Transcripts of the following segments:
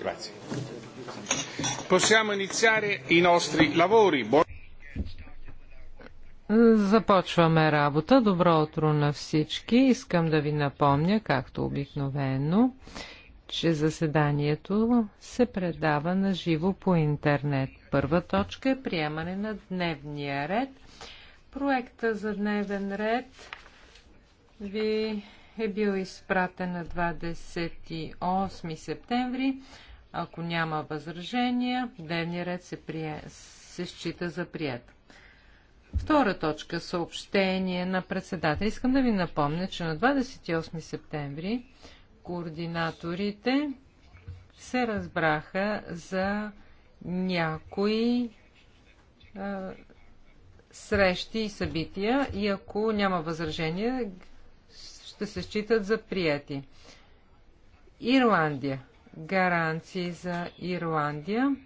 Grazie. Possiamo iniziare i nostri lavori. Започваме работа. Добро утро на всички. Искам да ви напомня, както обикновено, че заседанието се предава на живо по интернет. Първа точка е приемане на дневния ред. Проекта за дневен ред ви е бил изпратен на 28 септември. Ако няма възражения, дневния ред се, прие... се счита за прият. Втора точка – съобщение на председател. Искам да ви напомня, че на 28 септември координаторите се разбраха за някои а, срещи и събития и ако няма възражения, ще се считат за прияти. Ирландия. Гаранции за Ирландия.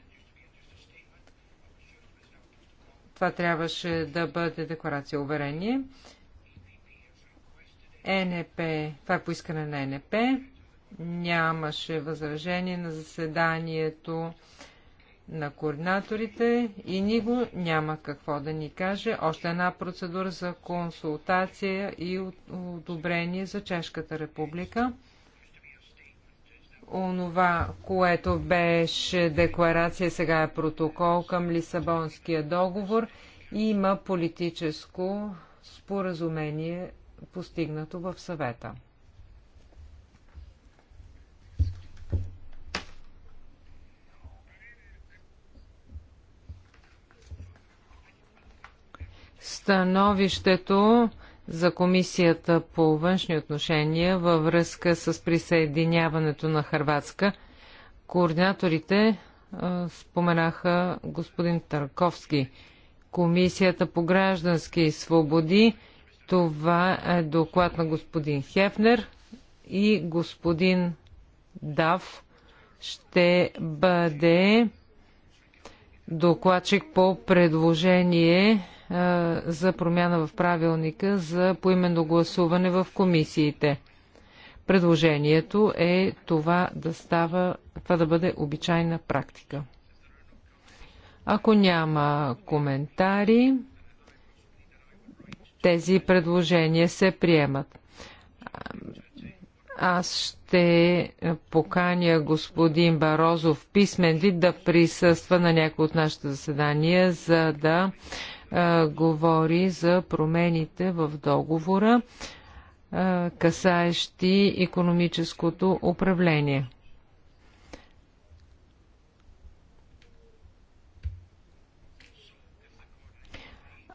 Това трябваше да бъде декларация уверение. НП, това е поискане на НП. Нямаше възражение на заседанието на координаторите и Ниго няма какво да ни каже. Още една процедура за консултация и одобрение за Чешката република. Онова, което беше декларация, сега е протокол към Лисабонския договор и има политическо споразумение, постигнато в съвета. Становището за Комисията по външни отношения във връзка с присъединяването на Харватска. Координаторите а, споменаха господин Тарковски. Комисията по граждански свободи. Това е доклад на господин Хефнер и господин Дав ще бъде докладчик по предложение за промяна в правилника за поименно гласуване в комисиите. Предложението е това да става, това да бъде обичайна практика. Ако няма коментари, тези предложения се приемат. Аз ще поканя господин Барозов писмен вид да присъства на някои от нашите заседания, за да говори за промените в договора, касаещи економическото управление.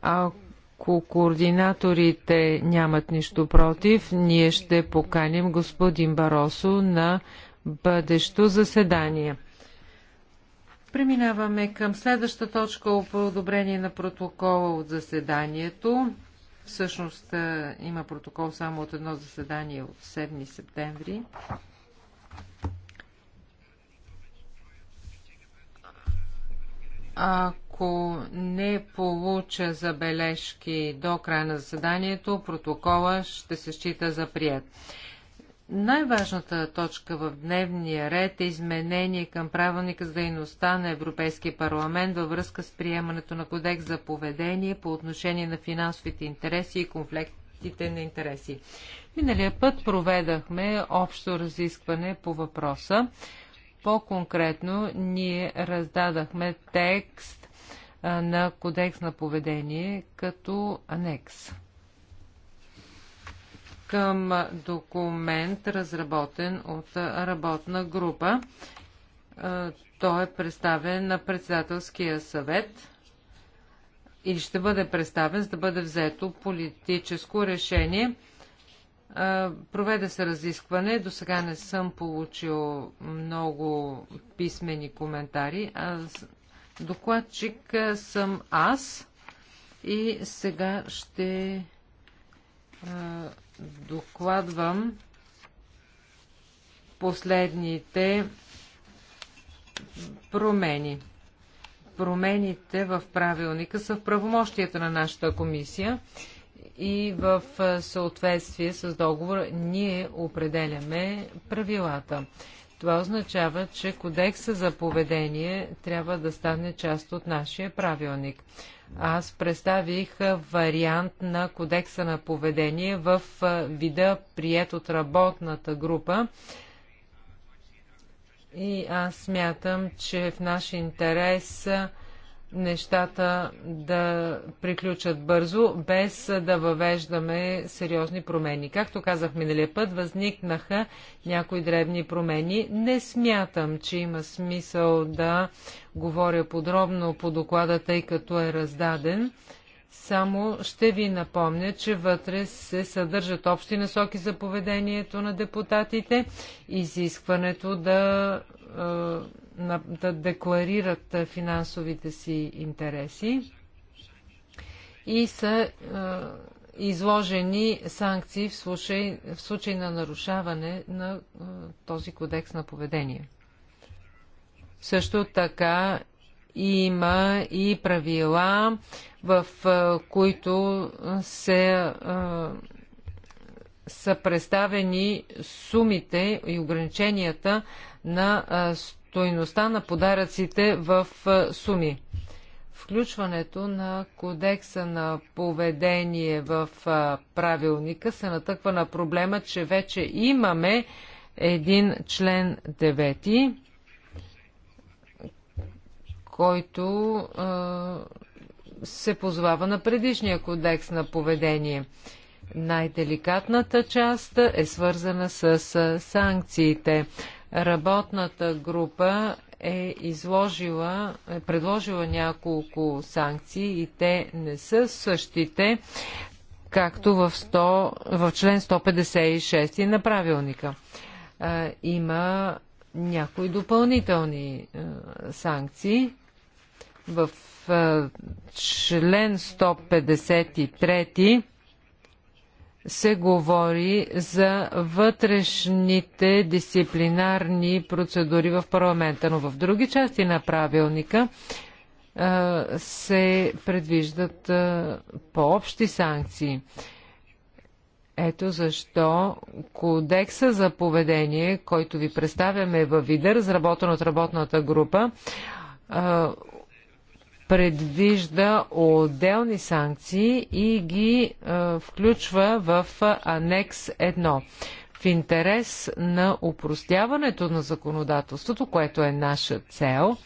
Ако ако координаторите нямат нищо против, ние ще поканим господин Баросо на бъдещо заседание. Преминаваме към следваща точка по на протокола от заседанието. Всъщност има протокол само от едно заседание от 7 септември. Ако не получа забележки до края на заседанието, протокола ще се счита за прият. Най-важната точка в дневния ред е изменение към правилника за дейността на Европейския парламент във връзка с приемането на кодекс за поведение по отношение на финансовите интереси и конфликтите на интереси. Миналия път проведахме общо разискване по въпроса. По-конкретно ние раздадахме текст на кодекс на поведение като анекс към документ, разработен от работна група. Той е представен на председателския съвет и ще бъде представен, за да бъде взето политическо решение. Проведе се разискване. До сега не съм получил много писмени коментари. Аз, докладчик съм аз и сега ще докладвам последните промени. Промените в правилника са в правомощията на нашата комисия и в съответствие с договора ние определяме правилата. Това означава, че кодекса за поведение трябва да стане част от нашия правилник. Аз представих вариант на кодекса на поведение в вида прият от работната група. И аз смятам, че в наш интерес нещата да приключат бързо, без да въвеждаме сериозни промени. Както казах миналия път, възникнаха някои дребни промени. Не смятам, че има смисъл да говоря подробно по доклада, тъй като е раздаден. Само ще ви напомня, че вътре се съдържат общи насоки за поведението на депутатите, изискването да да декларират финансовите си интереси и са изложени санкции в случай, в случай на нарушаване на този кодекс на поведение. Също така има и правила, в които се, са представени сумите и ограниченията на стойността на подаръците в суми. Включването на кодекса на поведение в правилника се натъква на проблема, че вече имаме един член 9, който се позвава на предишния кодекс на поведение. Най-деликатната част е свързана с санкциите. Работната група е изложила, е предложила няколко санкции и те не са същите, както в, 100, в член 156 на правилника. А, има някои допълнителни а, санкции. В а, член 153 се говори за вътрешните дисциплинарни процедури в парламента, но в други части на правилника се предвиждат по-общи санкции. Ето защо кодекса за поведение, който ви представяме във вида, разработен от работната група, предвижда отделни санкции и ги включва в анекс 1. В интерес на упростяването на законодателството, което е наша цел,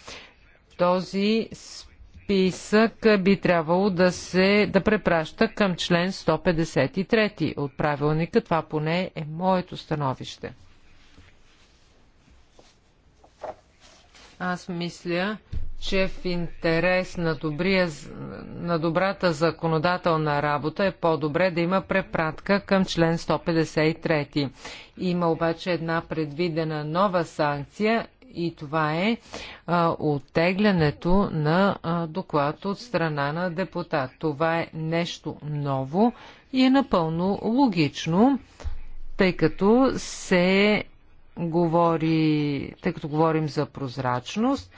този списък би трябвало да се да препраща към член 153 от правилника. Това поне е моето становище. Аз мисля, че в интерес на, добрия, на добрата законодателна работа е по-добре да има препратка към член 153. Има обаче една предвидена нова санкция и това е а, оттеглянето на а, доклад от страна на депутат. Това е нещо ново и е напълно логично, тъй като се говори, тъй като говорим за прозрачност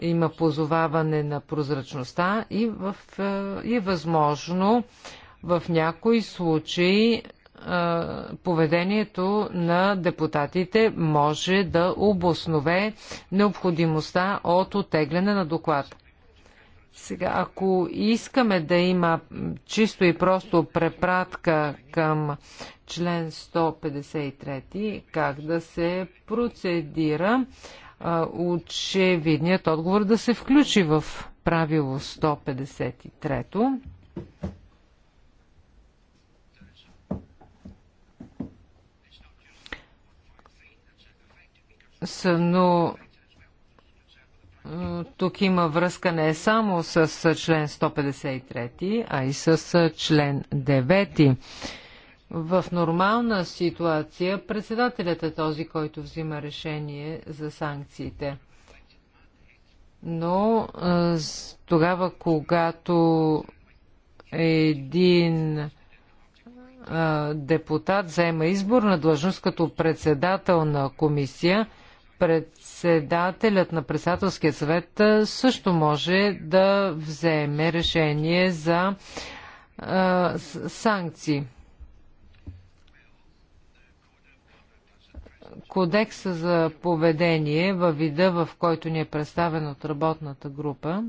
има позоваване на прозрачността и, в, е, и е възможно в някои случаи е, поведението на депутатите може да обоснове необходимостта от отегляне на доклад. Сега, ако искаме да има чисто и просто препратка към член 153, как да се процедира, очевидният отговор да се включи в правило 153. но тук има връзка не само с член 153, а и с член в нормална ситуация председателят е този, който взима решение за санкциите. Но тогава, когато един депутат взема изборна длъжност като председател на комисия, председателят на председателския съвет също може да вземе решение за санкции. Кодекса за поведение във вида, в който ни е представен от работната група,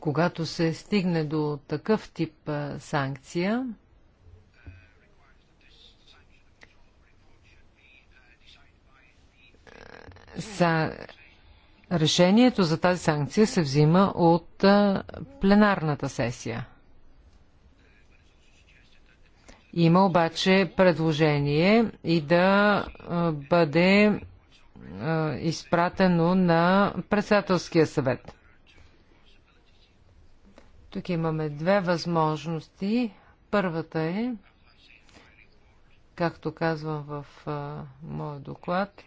когато се стигне до такъв тип санкция, са, решението за тази санкция се взима от пленарната сесия. Има обаче предложение и да бъде изпратено на председателския съвет. Тук имаме две възможности. Първата е, както казвам в моят доклад,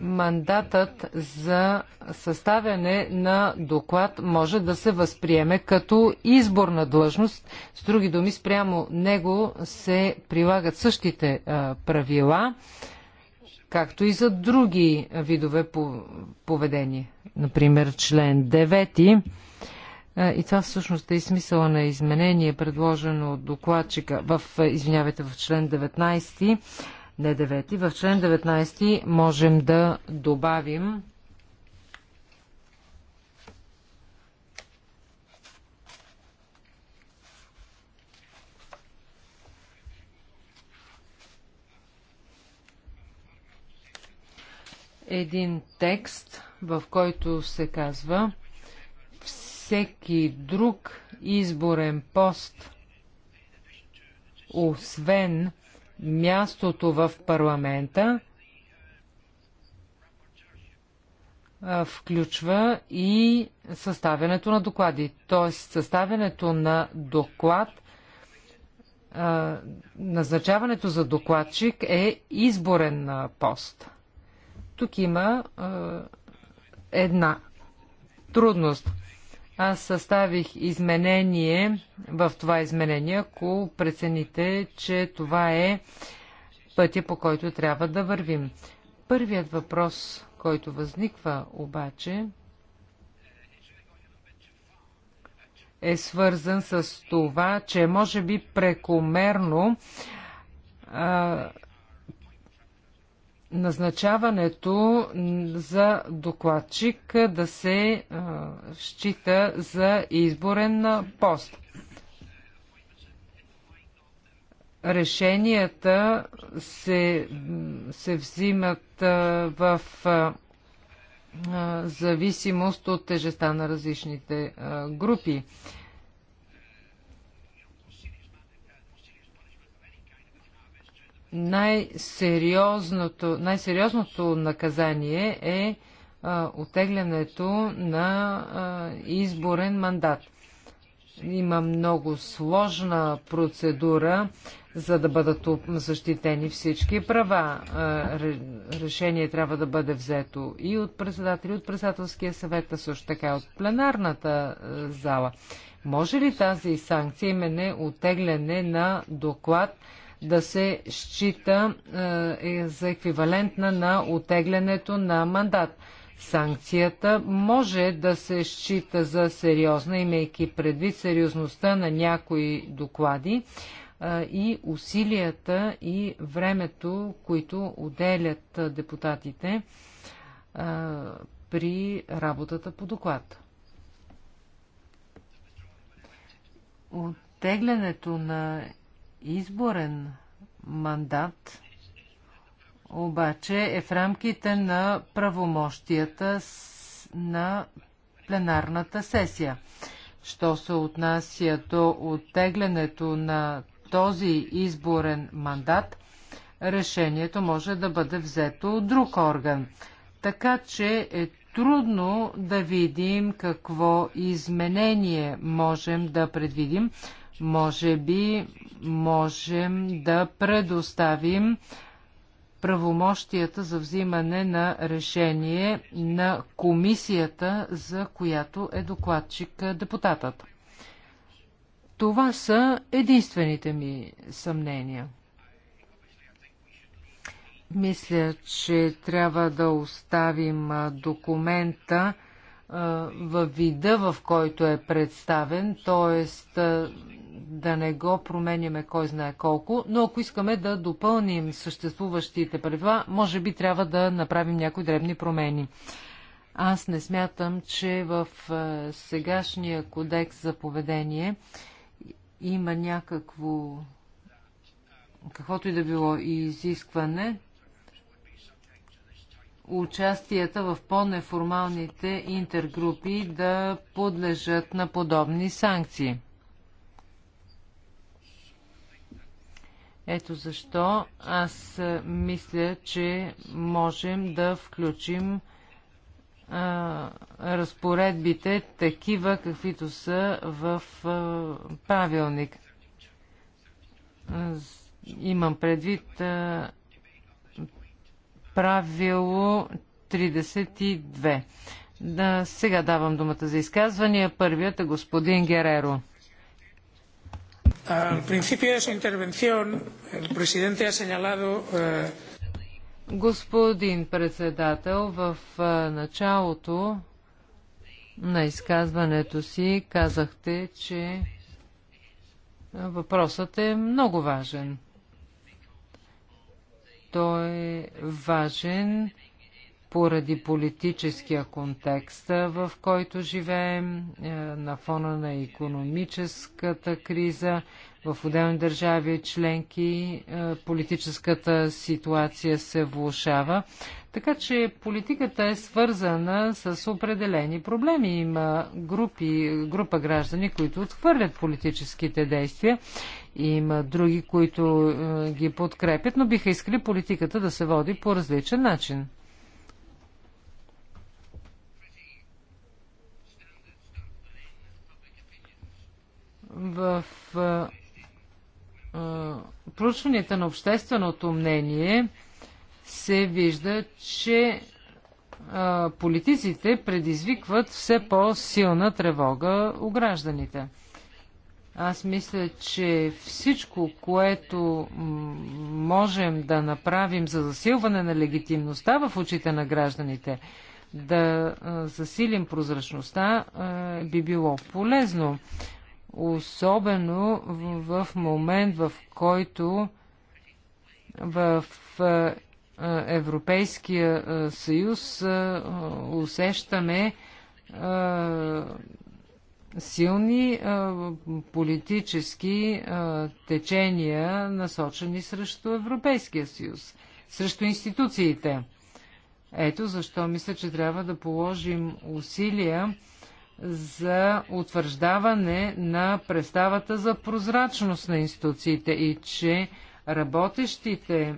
мандатът за съставяне на доклад може да се възприеме като изборна длъжност. С други думи, спрямо него се прилагат същите правила, както и за други видове поведение. Например, член 9. И това всъщност е и смисъла на изменение, предложено от докладчика в, извинявайте, в член 19 не 9. В член 19 можем да добавим един текст, в който се казва всеки друг изборен пост, освен мястото в парламента включва и съставянето на доклади. Т.е. съставянето на доклад, назначаването за докладчик е изборен пост. Тук има една трудност. Аз съставих изменение в това изменение, ако прецените, че това е пътя, по който трябва да вървим. Първият въпрос, който възниква обаче, е свързан с това, че може би прекомерно а, назначаването за докладчик да се а, счита за изборен пост. Решенията се, се взимат а, в а, зависимост от тежеста на различните групи. най-сериозното, най-сериозното наказание е а, отеглянето на а, изборен мандат. Има много сложна процедура, за да бъдат защитени всички права. решение трябва да бъде взето и от и от председателския съвет, а също така и от пленарната зала. Може ли тази санкция, имене отегляне на доклад, да се счита е, е, за еквивалентна на отеглянето на мандат. Санкцията може да се счита за сериозна, имайки предвид сериозността на някои доклади е, и усилията и времето, които отделят депутатите е, при работата по доклад. Оттеглянето на изборен мандат обаче е в рамките на правомощията на пленарната сесия. Що се отнася до оттеглянето на този изборен мандат, решението може да бъде взето от друг орган. Така че е трудно да видим какво изменение можем да предвидим, може би можем да предоставим правомощията за взимане на решение на комисията, за която е докладчик депутатът. Това са единствените ми съмнения. Мисля, че трябва да оставим документа във вида, в който е представен, т.е. да не го променяме кой знае колко, но ако искаме да допълним съществуващите правила, може би трябва да направим някои дребни промени. Аз не смятам, че в сегашния кодекс за поведение има някакво каквото и да било изискване, участията в по-неформалните интергрупи да подлежат на подобни санкции. Ето защо аз мисля, че можем да включим а, разпоредбите такива, каквито са в а, правилник. Имам предвид а, правило 32. Да, сега давам думата за изказвания. Първият е господин Гереро. Al principio de su intervención, el presidente ha señalado. Eh, господин председател, в началото на изказването си казахте, че въпросът е много важен. Той е важен поради политическия контекст, в който живеем, е, на фона на економическата криза, в отделни държави членки е, политическата ситуация се влушава. Така че политиката е свързана с определени проблеми. Има групи, група граждани, които отхвърлят политическите действия има други, които е, ги подкрепят, но биха искали политиката да се води по различен начин. в а, е, е, проучванията на общественото мнение се вижда, че политиците предизвикват все по-силна тревога у гражданите. Аз мисля, че всичко, което можем да направим за засилване на легитимността в очите на гражданите, да засилим прозрачността, би било полезно. Особено в момент, в който в Европейския съюз усещаме силни политически течения, насочени срещу Европейския съюз, срещу институциите. Ето защо мисля, че трябва да положим усилия за утвърждаване на представата за прозрачност на институциите и че работещите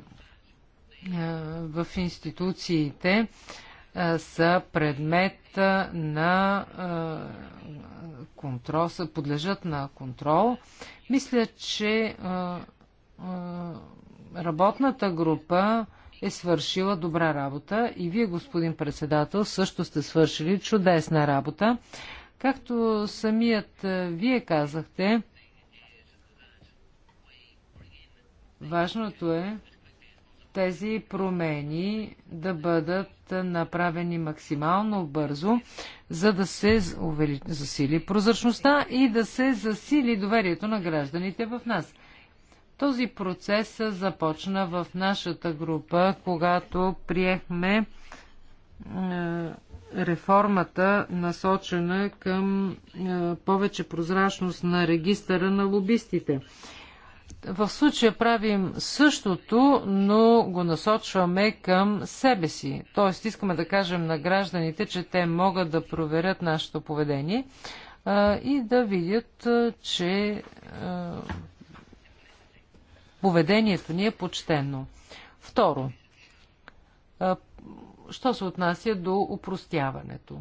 в институциите са предмет на контрол, са подлежат на контрол. Мисля, че работната група е свършила добра работа и вие, господин председател, също сте свършили чудесна работа. Както самият вие казахте, важното е тези промени да бъдат направени максимално бързо, за да се засили прозрачността и да се засили доверието на гражданите в нас. Този процес започна в нашата група, когато приехме е, реформата, насочена към е, повече прозрачност на регистъра на лобистите. В случая правим същото, но го насочваме към себе си. Тоест искаме да кажем на гражданите, че те могат да проверят нашето поведение а, и да видят, че а, поведението ни е почтено. Второ, а, що се отнася до упростяването?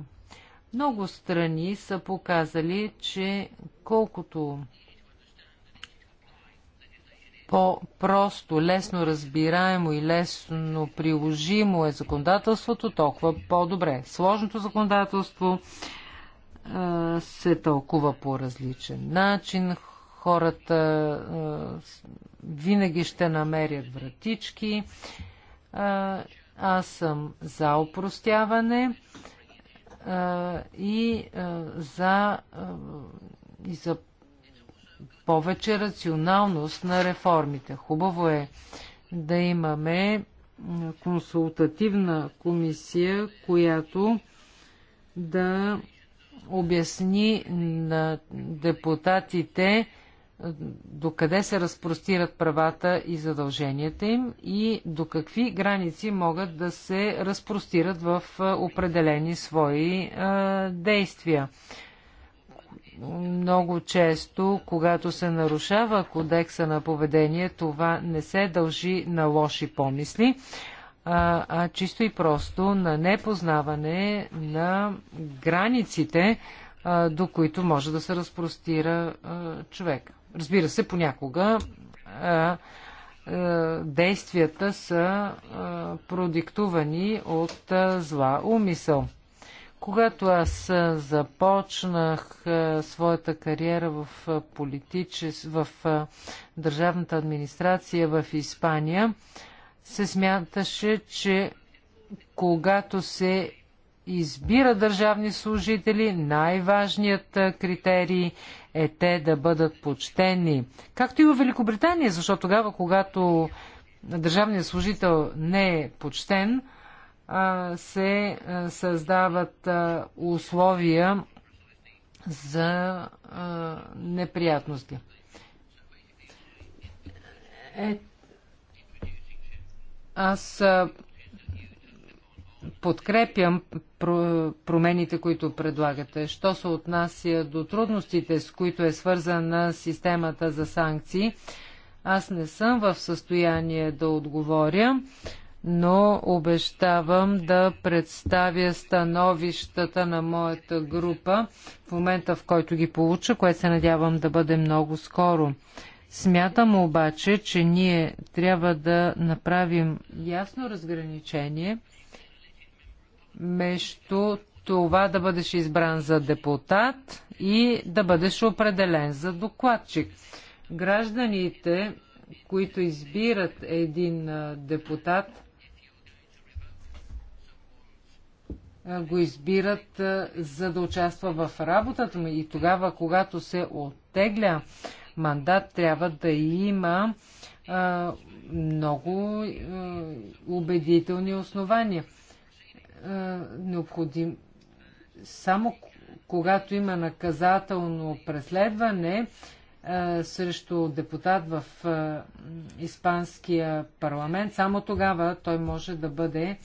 Много страни са показали, че колкото по-просто, лесно разбираемо и лесно приложимо е законодателството, толкова по-добре. Сложното законодателство се тълкува по различен начин. Хората винаги ще намерят вратички. аз съм за опростяване и за, и за повече рационалност на реформите. Хубаво е да имаме консултативна комисия, която да обясни на депутатите е, докъде се разпростират правата и задълженията им и до какви граници могат да се разпростират в е, определени свои а, е, действия много често, когато се нарушава кодекса на поведение, това не се дължи на лоши помисли, а, а чисто и просто на непознаване на границите, а, до които може да се разпростира а, човек. Разбира се, понякога а, а, действията са а, продиктувани от а, зла умисъл. Когато аз започнах своята кариера в, политичес... в държавната администрация в Испания, се смяташе, че когато се избира държавни служители, най-важният критерий е те да бъдат почтени. Както и в Великобритания, защото тогава, когато държавният служител не е почтен, се създават условия за неприятности. Е, аз подкрепям промените, които предлагате. Що се отнася до трудностите, с които е свързана системата за санкции, аз не съм в състояние да отговоря но обещавам да представя становищата на моята група в момента, в който ги получа, което се надявам да бъде много скоро. Смятам обаче, че ние трябва да направим ясно разграничение между това да бъдеш избран за депутат и да бъдеш определен за докладчик. Гражданите, които избират един депутат, го избират, за да участва в работата му. И тогава, когато се оттегля мандат, трябва да има много убедителни основания. необходим... Само когато има наказателно преследване срещу депутат в Испанския парламент, само тогава той може да бъде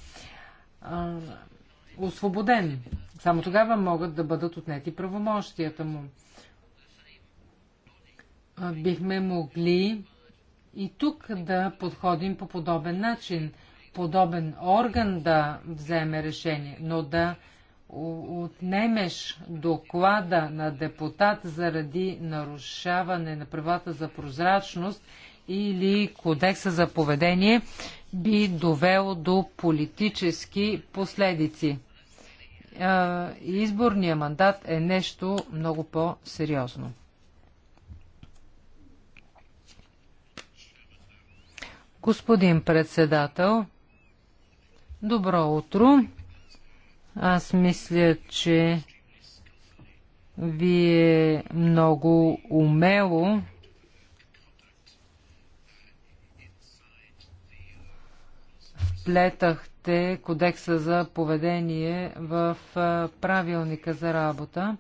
освободен. Само тогава могат да бъдат отнети правомощията му. Бихме могли и тук да подходим по подобен начин, подобен орган да вземе решение, но да отнемеш доклада на депутат заради нарушаване на правата за прозрачност – или кодекса за поведение би довело до политически последици. Изборния мандат е нещо много по-сериозно. Господин председател, добро утро. Аз мисля, че вие много умело вплетахте кодекса за поведение в правилника за работа.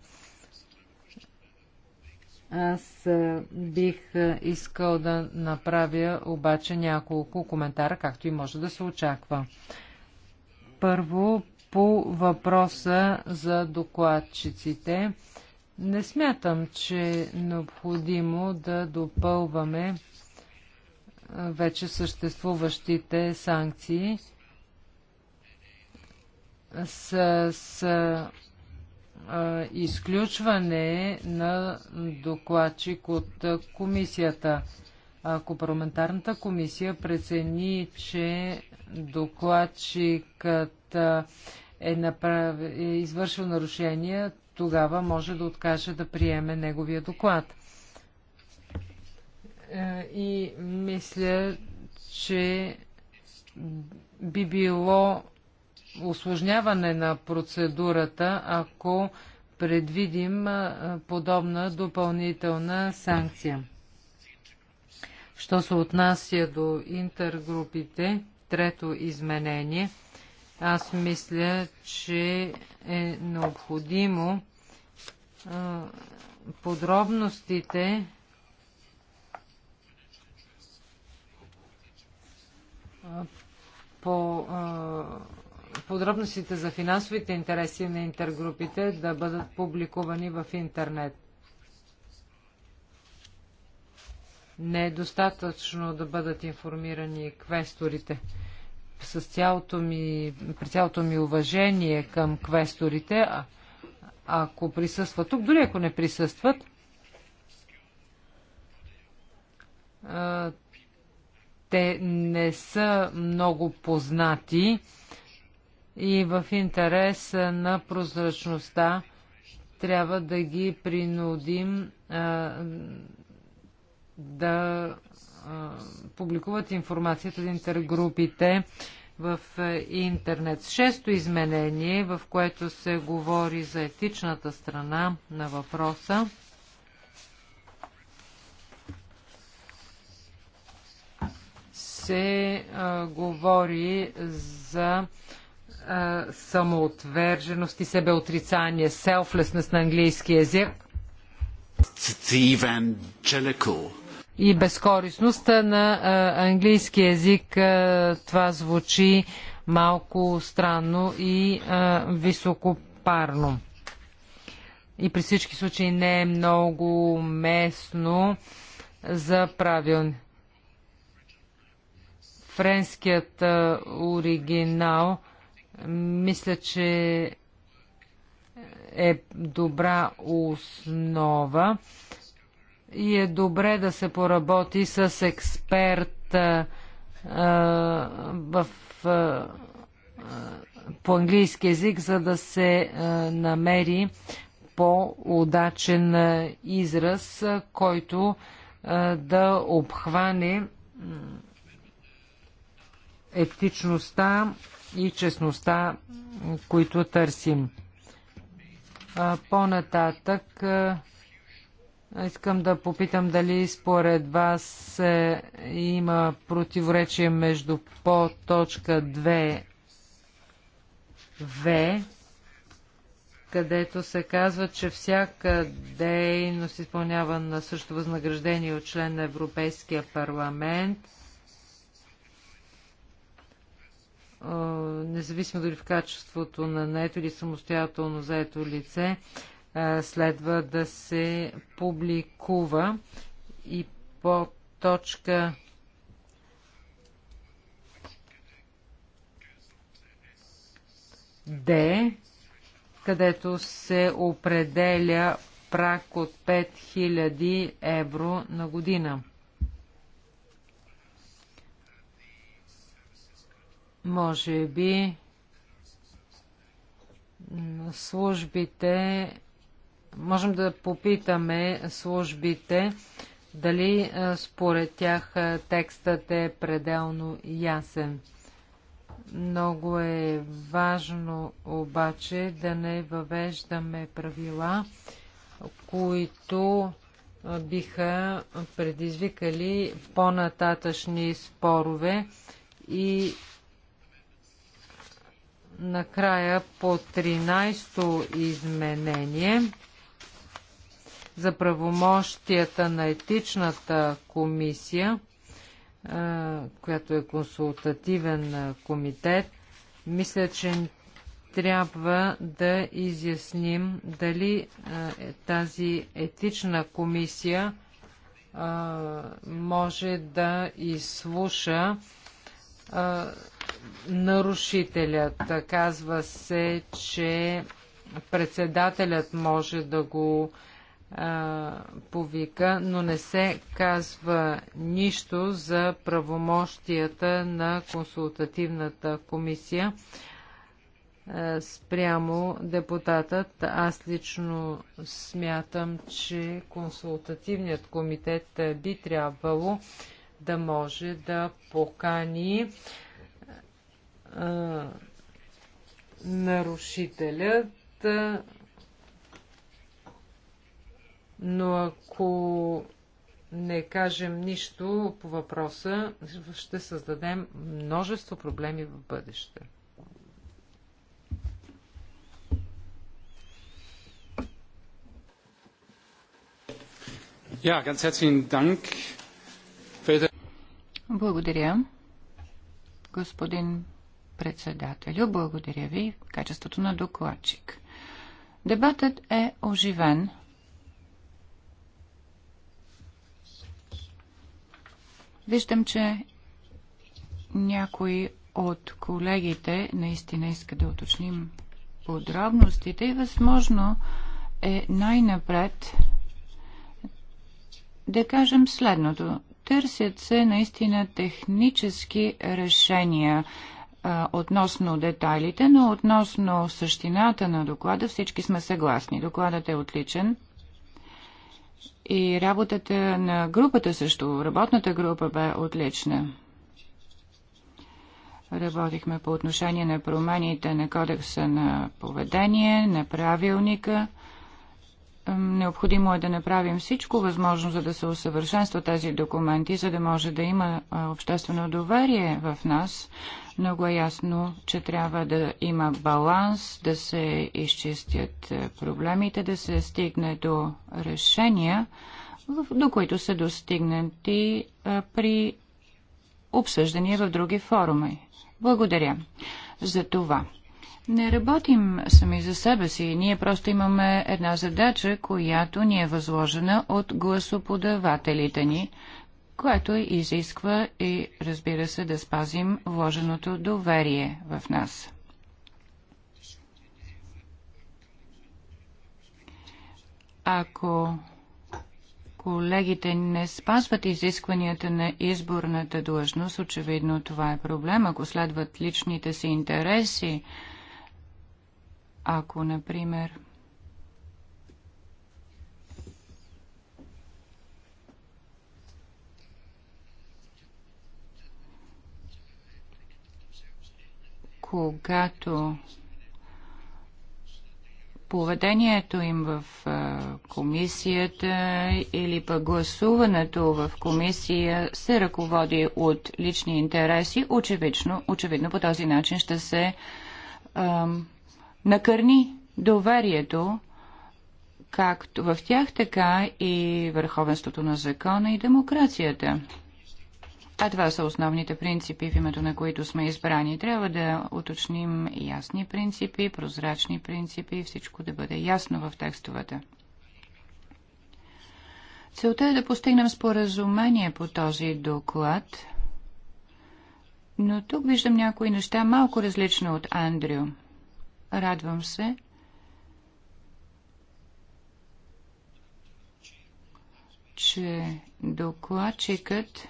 Аз бих искал да направя обаче няколко коментара, както и може да се очаква. Първо, по въпроса за докладчиците. Не смятам, че е необходимо да допълваме вече съществуващите санкции с, с а, изключване на докладчик от комисията. Ако парламентарната комисия прецени, че докладчикът е, направ... е извършил нарушения, тогава може да откаже да приеме неговия доклад. Е, и мисля, че би било осложняване на процедурата, ако предвидим е, подобна допълнителна санкция. Що се отнася до интергрупите, трето изменение, аз мисля, че е необходимо е, подробностите по подробностите за финансовите интереси на интергрупите да бъдат публикувани в интернет. Не е достатъчно да бъдат информирани квесторите. С цялото ми, при цялото ми уважение към квесторите, а, ако присъстват тук, дори ако не присъстват, те не са много познати и в интерес на прозрачността трябва да ги принудим а, да а, публикуват информацията за интергрупите в интернет. Шесто изменение, в което се говори за етичната страна на въпроса. се а, говори за а, самоотверженост и себеотрицание, selflessness на английски язик и безкорисността на а, английски язик а, това звучи малко странно и а, високопарно. И при всички случаи не е много местно за правилни френският оригинал мисля, че е добра основа и е добре да се поработи с експерт а, в, а, по английски язик, за да се а, намери по-удачен израз, който а, да обхване етичността и честността, които търсим. По-нататък искам да попитам дали според вас има противоречие между по точка 2 В, където се казва, че всяка дейност изпълнява на също възнаграждение от член на Европейския парламент – независимо дали в качеството на наето или самостоятелно заето лице, следва да се публикува и по точка Д, където се определя прак от 5000 евро на година. Може би службите, можем да попитаме службите, дали според тях текстът е пределно ясен. Много е важно обаче да не въвеждаме правила, които биха предизвикали по-нататъчни спорове и Накрая по 13-то изменение за правомощията на етичната комисия, която е консултативен комитет, мисля, че трябва да изясним дали е, тази етична комисия може да изслуша нарушителят. Казва се, че председателят може да го а, повика, но не се казва нищо за правомощията на консултативната комисия а, спрямо депутатът. Аз лично смятам, че консултативният комитет би трябвало да може да покани а, нарушителят. А, но ако не кажем нищо по въпроса, ще създадем множество проблеми в бъдеще. Ja, ganz herzlichen Dank. Благодаря, господин председателю. Благодаря ви в качеството на докладчик. Дебатът е оживен. Виждам, че някои от колегите наистина иска да уточним подробностите и възможно е най-напред да кажем следното. Търсят се наистина технически решения а, относно детайлите, но относно същината на доклада всички сме съгласни. Докладът е отличен. И работата на групата също, работната група бе отлична. Работихме по отношение на промените на кодекса на поведение, на правилника. Необходимо е да направим всичко възможно, за да се усъвършенства тези документи, за да може да има обществено доверие в нас, много е ясно, че трябва да има баланс, да се изчистят е, проблемите, да се стигне до решения, до които са достигнати е, при обсъждания в други форуми. Благодаря за това. Не работим сами за себе си. Ние просто имаме една задача, която ни е възложена от гласоподавателите ни, което изисква и, разбира се, да спазим вложеното доверие в нас. Ако колегите не спазват изискванията на изборната длъжност, очевидно това е проблем. Ако следват личните си интереси, ако, например, когато поведението им в комисията или пък гласуването в комисия се ръководи от лични интереси, очевидно, очевидно по този начин ще се ам, накърни доверието както в тях, така и върховенството на закона и демокрацията. А това са основните принципи, в името на които сме избрани. Трябва да уточним ясни принципи, прозрачни принципи, всичко да бъде ясно в текстовете. Целта е да постигнем споразумение по този доклад, но тук виждам някои неща малко различно от Андрю. Радвам се, че докладчикът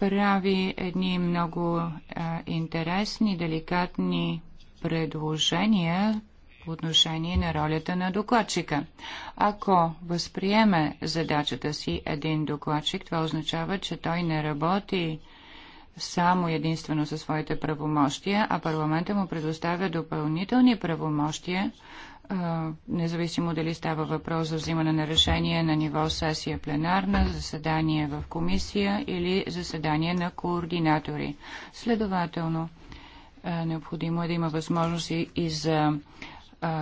прави едни много а, интересни, деликатни предложения по отношение на ролята на докладчика. Ако възприеме задачата си един докладчик, това означава, че той не работи само единствено със своите правомощия, а парламента му предоставя допълнителни правомощия, независимо дали става въпрос за взимане на решение на ниво сесия пленарна, заседание в комисия или заседание на координатори. Следователно, необходимо е да има възможност и за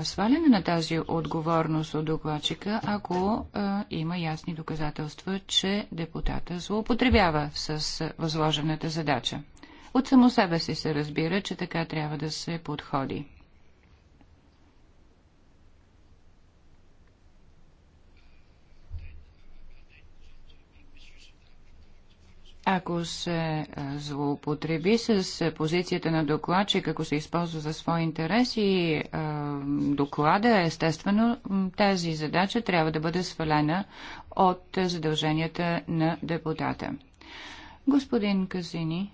сваляне на тази отговорност от докладчика, ако има ясни доказателства, че депутата злоупотребява с възложената задача. От само себе си се разбира, че така трябва да се подходи. Ако се е, злоупотреби с е, позицията на докладчик, ако се използва за интерес и е, доклада, естествено, тази задача трябва да бъде свалена от задълженията на депутата. Господин Казини,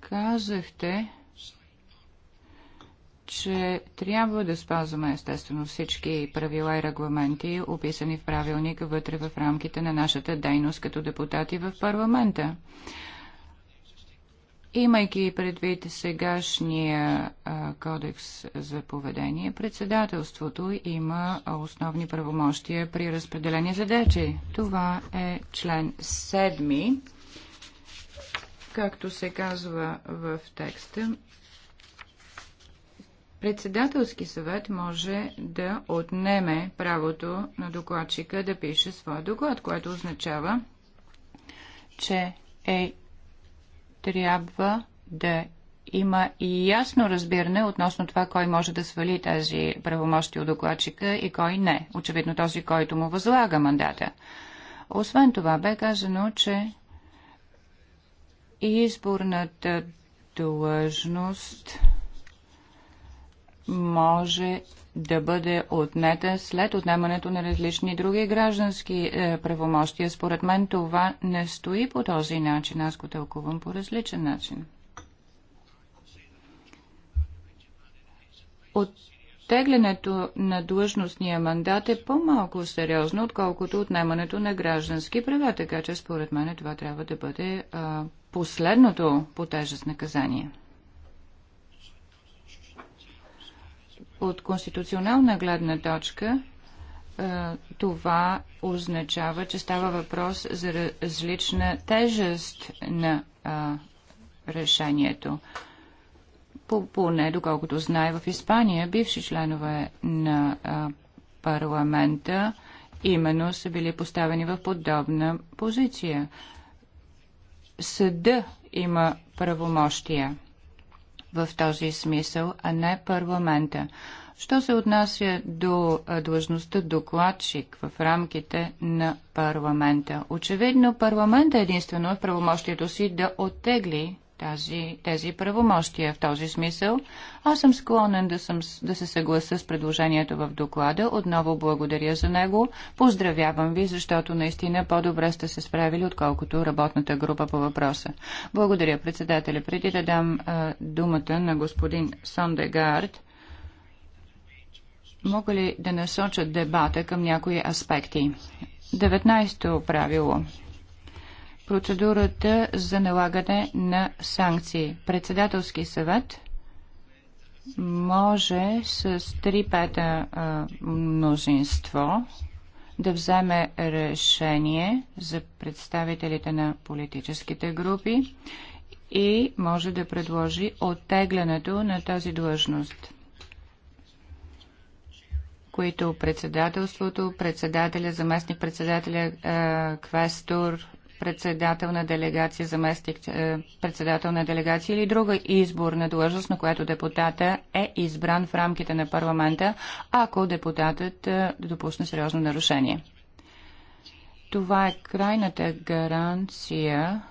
казахте, че трябва да спазваме естествено всички правила и регламенти, описани в правилника вътре в рамките на нашата дейност като депутати в парламента. Имайки предвид сегашния а, кодекс за поведение, председателството има основни правомощия при разпределение задачи. Това е член 7, както се казва в текста Председателски съвет може да отнеме правото на докладчика да пише своя доклад, което означава, че е трябва да има и ясно разбиране относно това, кой може да свали тази правомощи от докладчика и кой не. Очевидно този, който му възлага мандата. Освен това бе казано, че изборната длъжност може да бъде отнета след отнемането на различни други граждански е, правомощия. Според мен това не стои по този начин. Аз го тълкувам по различен начин. Оттеглянето на длъжностния мандат е по-малко сериозно, отколкото отнемането на граждански права, така че според мен това трябва да бъде е, последното по тежест наказание. От конституционална гледна точка е, това означава, че става въпрос за различна тежест на а, решението. По, поне, доколкото знае, в Испания бивши членове на а, парламента именно са били поставени в подобна позиция. Съда има правомощия в този смисъл, а не парламента. Що се отнася до длъжността докладчик в рамките на парламента? Очевидно парламента е единствено е в правомощието си да оттегли тази, тези правомощия в този смисъл. Аз съм склонен да, съм, да се съгласа с предложението в доклада. Отново благодаря за него. Поздравявам ви, защото наистина по-добре сте се справили, отколкото работната група по въпроса. Благодаря, председателя. Преди да дам а, думата на господин Сондегард, мога ли да насочат дебата към някои аспекти? 19-то правило – процедурата за налагане на санкции. Председателски съвет може с три пета мнозинство да вземе решение за представителите на политическите групи и може да предложи оттеглянето на тази длъжност които председателството, председателя, заместник-председателя, квестор председател на делегация, заместник е, председател на делегация или друга изборна длъжност, на която депутата е избран в рамките на парламента, ако депутатът е, допусне сериозно нарушение. Това е крайната гаранция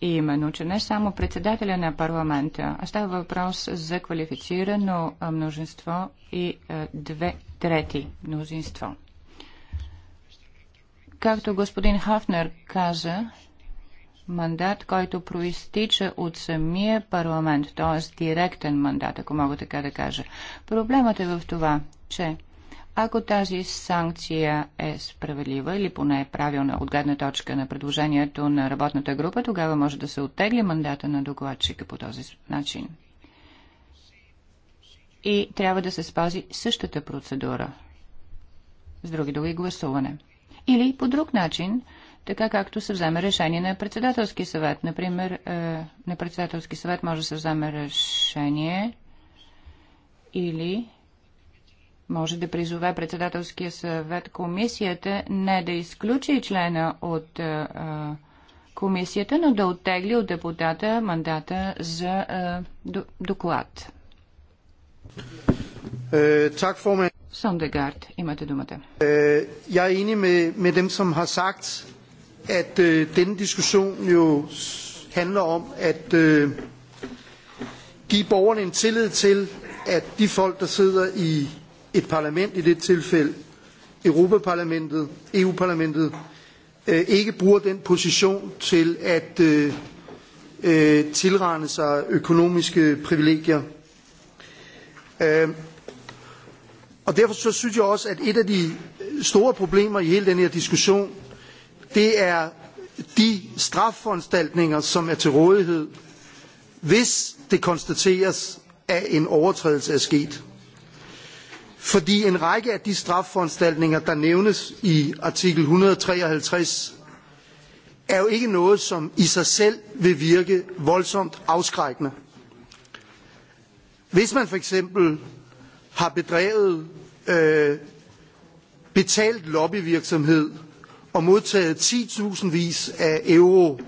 Именно, че не само председателя на парламента, а става въпрос за квалифицирано множество и е, две трети мнозинство. Както господин Хафнер каза, мандат, който проистича от самия парламент, т.е. директен мандат, ако мога така да кажа. Проблемът е в това, че ако тази санкция е справедлива или поне е правилна от гледна точка на предложението на работната група, тогава може да се оттегли мандата на докладчика по този начин. И трябва да се спази същата процедура. С други думи, гласуване или по друг начин, така както се вземе решение на председателски съвет. Например, е, на председателски съвет може да се вземе решение или може да призове председателския съвет комисията не да изключи члена от е, е, комисията, но да оттегли от депутата мандата за доклад. Tak, formand. имате думата. Jeg er enig med, med dem, som har sagt, at øh, denne diskussion jo handler om at øh, give borgerne en tillid til, at de folk, der sidder i et parlament, i det tilfælde Europaparlamentet, EU-parlamentet, øh, ikke bruger den position til at øh, tilrende sig økonomiske privilegier og derfor så synes jeg også, at et af de store problemer i hele den her diskussion, det er de strafforanstaltninger, som er til rådighed, hvis det konstateres, at en overtrædelse er sket. Fordi en række af de strafforanstaltninger, der nævnes i artikel 153, er jo ikke noget, som i sig selv vil virke voldsomt afskrækkende. Hvis man for eksempel har bedrevet betalt lobbyvirksomhed og modtaget vis af euro,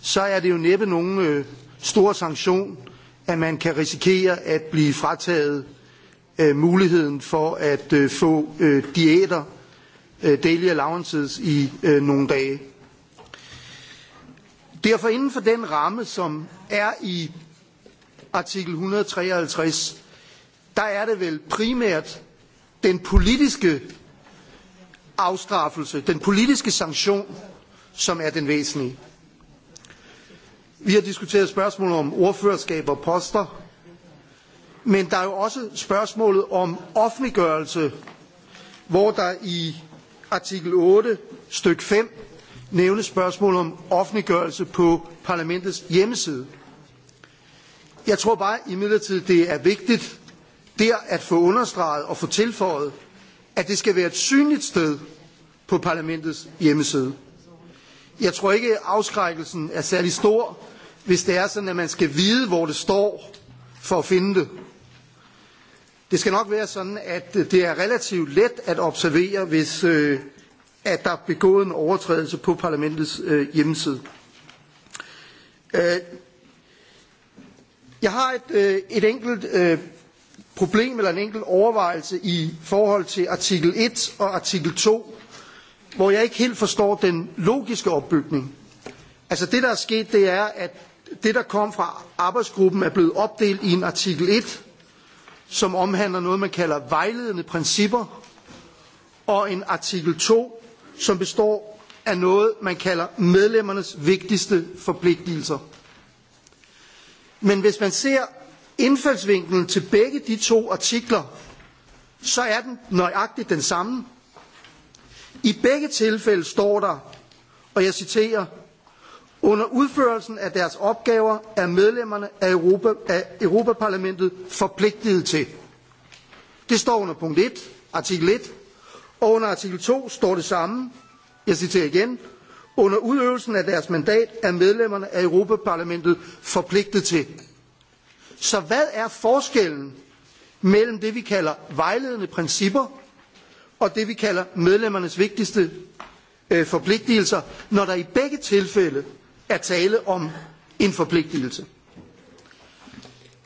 så er det jo næppe nogen stor sanktion, at man kan risikere at blive frataget muligheden for at få diæter, daily allowances, i nogle dage. Derfor inden for den ramme, som er i artikel en hundrede og tre og halvtreds der er det vel primært den politiske afstraffelse den politiske sanktion som er den væsentlige vi har diskuteret spørgsmålet om ordførerskab og poster men der er jo også spørgsmålet om offentliggørelse hvor der i artikel otte stykke fem nævnes spørgsmålet om offentliggørelse på parlamentets hjemmeside Jeg tror bare imidlertid, det er vigtigt der at få understreget og få tilføjet, at det skal være et synligt sted på parlamentets hjemmeside. Jeg tror ikke, at afskrækkelsen er særlig stor, hvis det er sådan, at man skal vide, hvor det står, for at finde det. Det skal nok være sådan, at det er relativt let at observere, hvis at der er begået en overtrædelse på parlamentets hjemmeside. Jeg har et, et enkelt problem eller en enkelt overvejelse i forhold til artikel 1 og artikel 2, hvor jeg ikke helt forstår den logiske opbygning. Altså det, der er sket, det er, at det, der kom fra arbejdsgruppen, er blevet opdelt i en artikel 1, som omhandler noget, man kalder vejledende principper, og en artikel 2, som består af noget, man kalder medlemmernes vigtigste forpligtelser. Men hvis man ser indfaldsvinkelen til begge de to artikler, så er den nøjagtigt den samme. I begge tilfælde står der, og jeg citerer, under udførelsen af deres opgaver er medlemmerne af, Europa, af Europaparlamentet forpligtet til. Det står under punkt 1, artikel 1, og under artikel 2 står det samme. Jeg citerer igen. Under udøvelsen af deres mandat er medlemmerne af Europa Parlamentet forpligtet til. Så hvad er forskellen mellem det, vi kalder vejledende principper, og det, vi kalder medlemmernes vigtigste forpligtelser, når der i begge tilfælde er tale om en forpligtelse?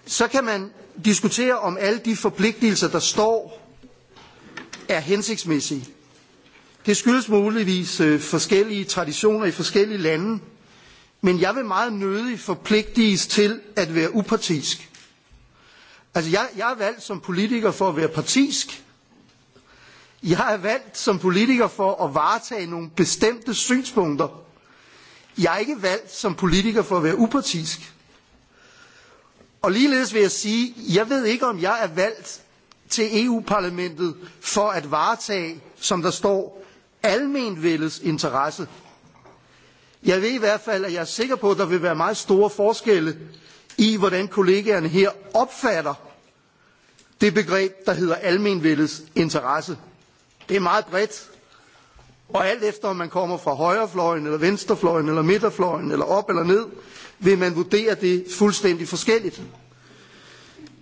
Så kan man diskutere, om alle de forpligtelser, der står, er hensigtsmæssige. Det skyldes muligvis forskellige traditioner i forskellige lande, men jeg vil meget nødig forpligtiges til at være upartisk. Altså, jeg, jeg er valgt som politiker for at være partisk. Jeg er valgt som politiker for at varetage nogle bestemte synspunkter. Jeg er ikke valgt som politiker for at være upartisk. Og ligeledes vil jeg sige, jeg ved ikke, om jeg er valgt til EU-parlamentet for at varetage, som der står, almenvældets interesse. Jeg ved i hvert fald, at jeg er sikker på, at der vil være meget store forskelle i, hvordan kollegaerne her opfatter det begreb, der hedder almenvældets interesse. Det er meget bredt, og alt efter om man kommer fra højrefløjen, eller venstrefløjen, eller midterfløjen, eller op eller ned, vil man vurdere det fuldstændig forskelligt.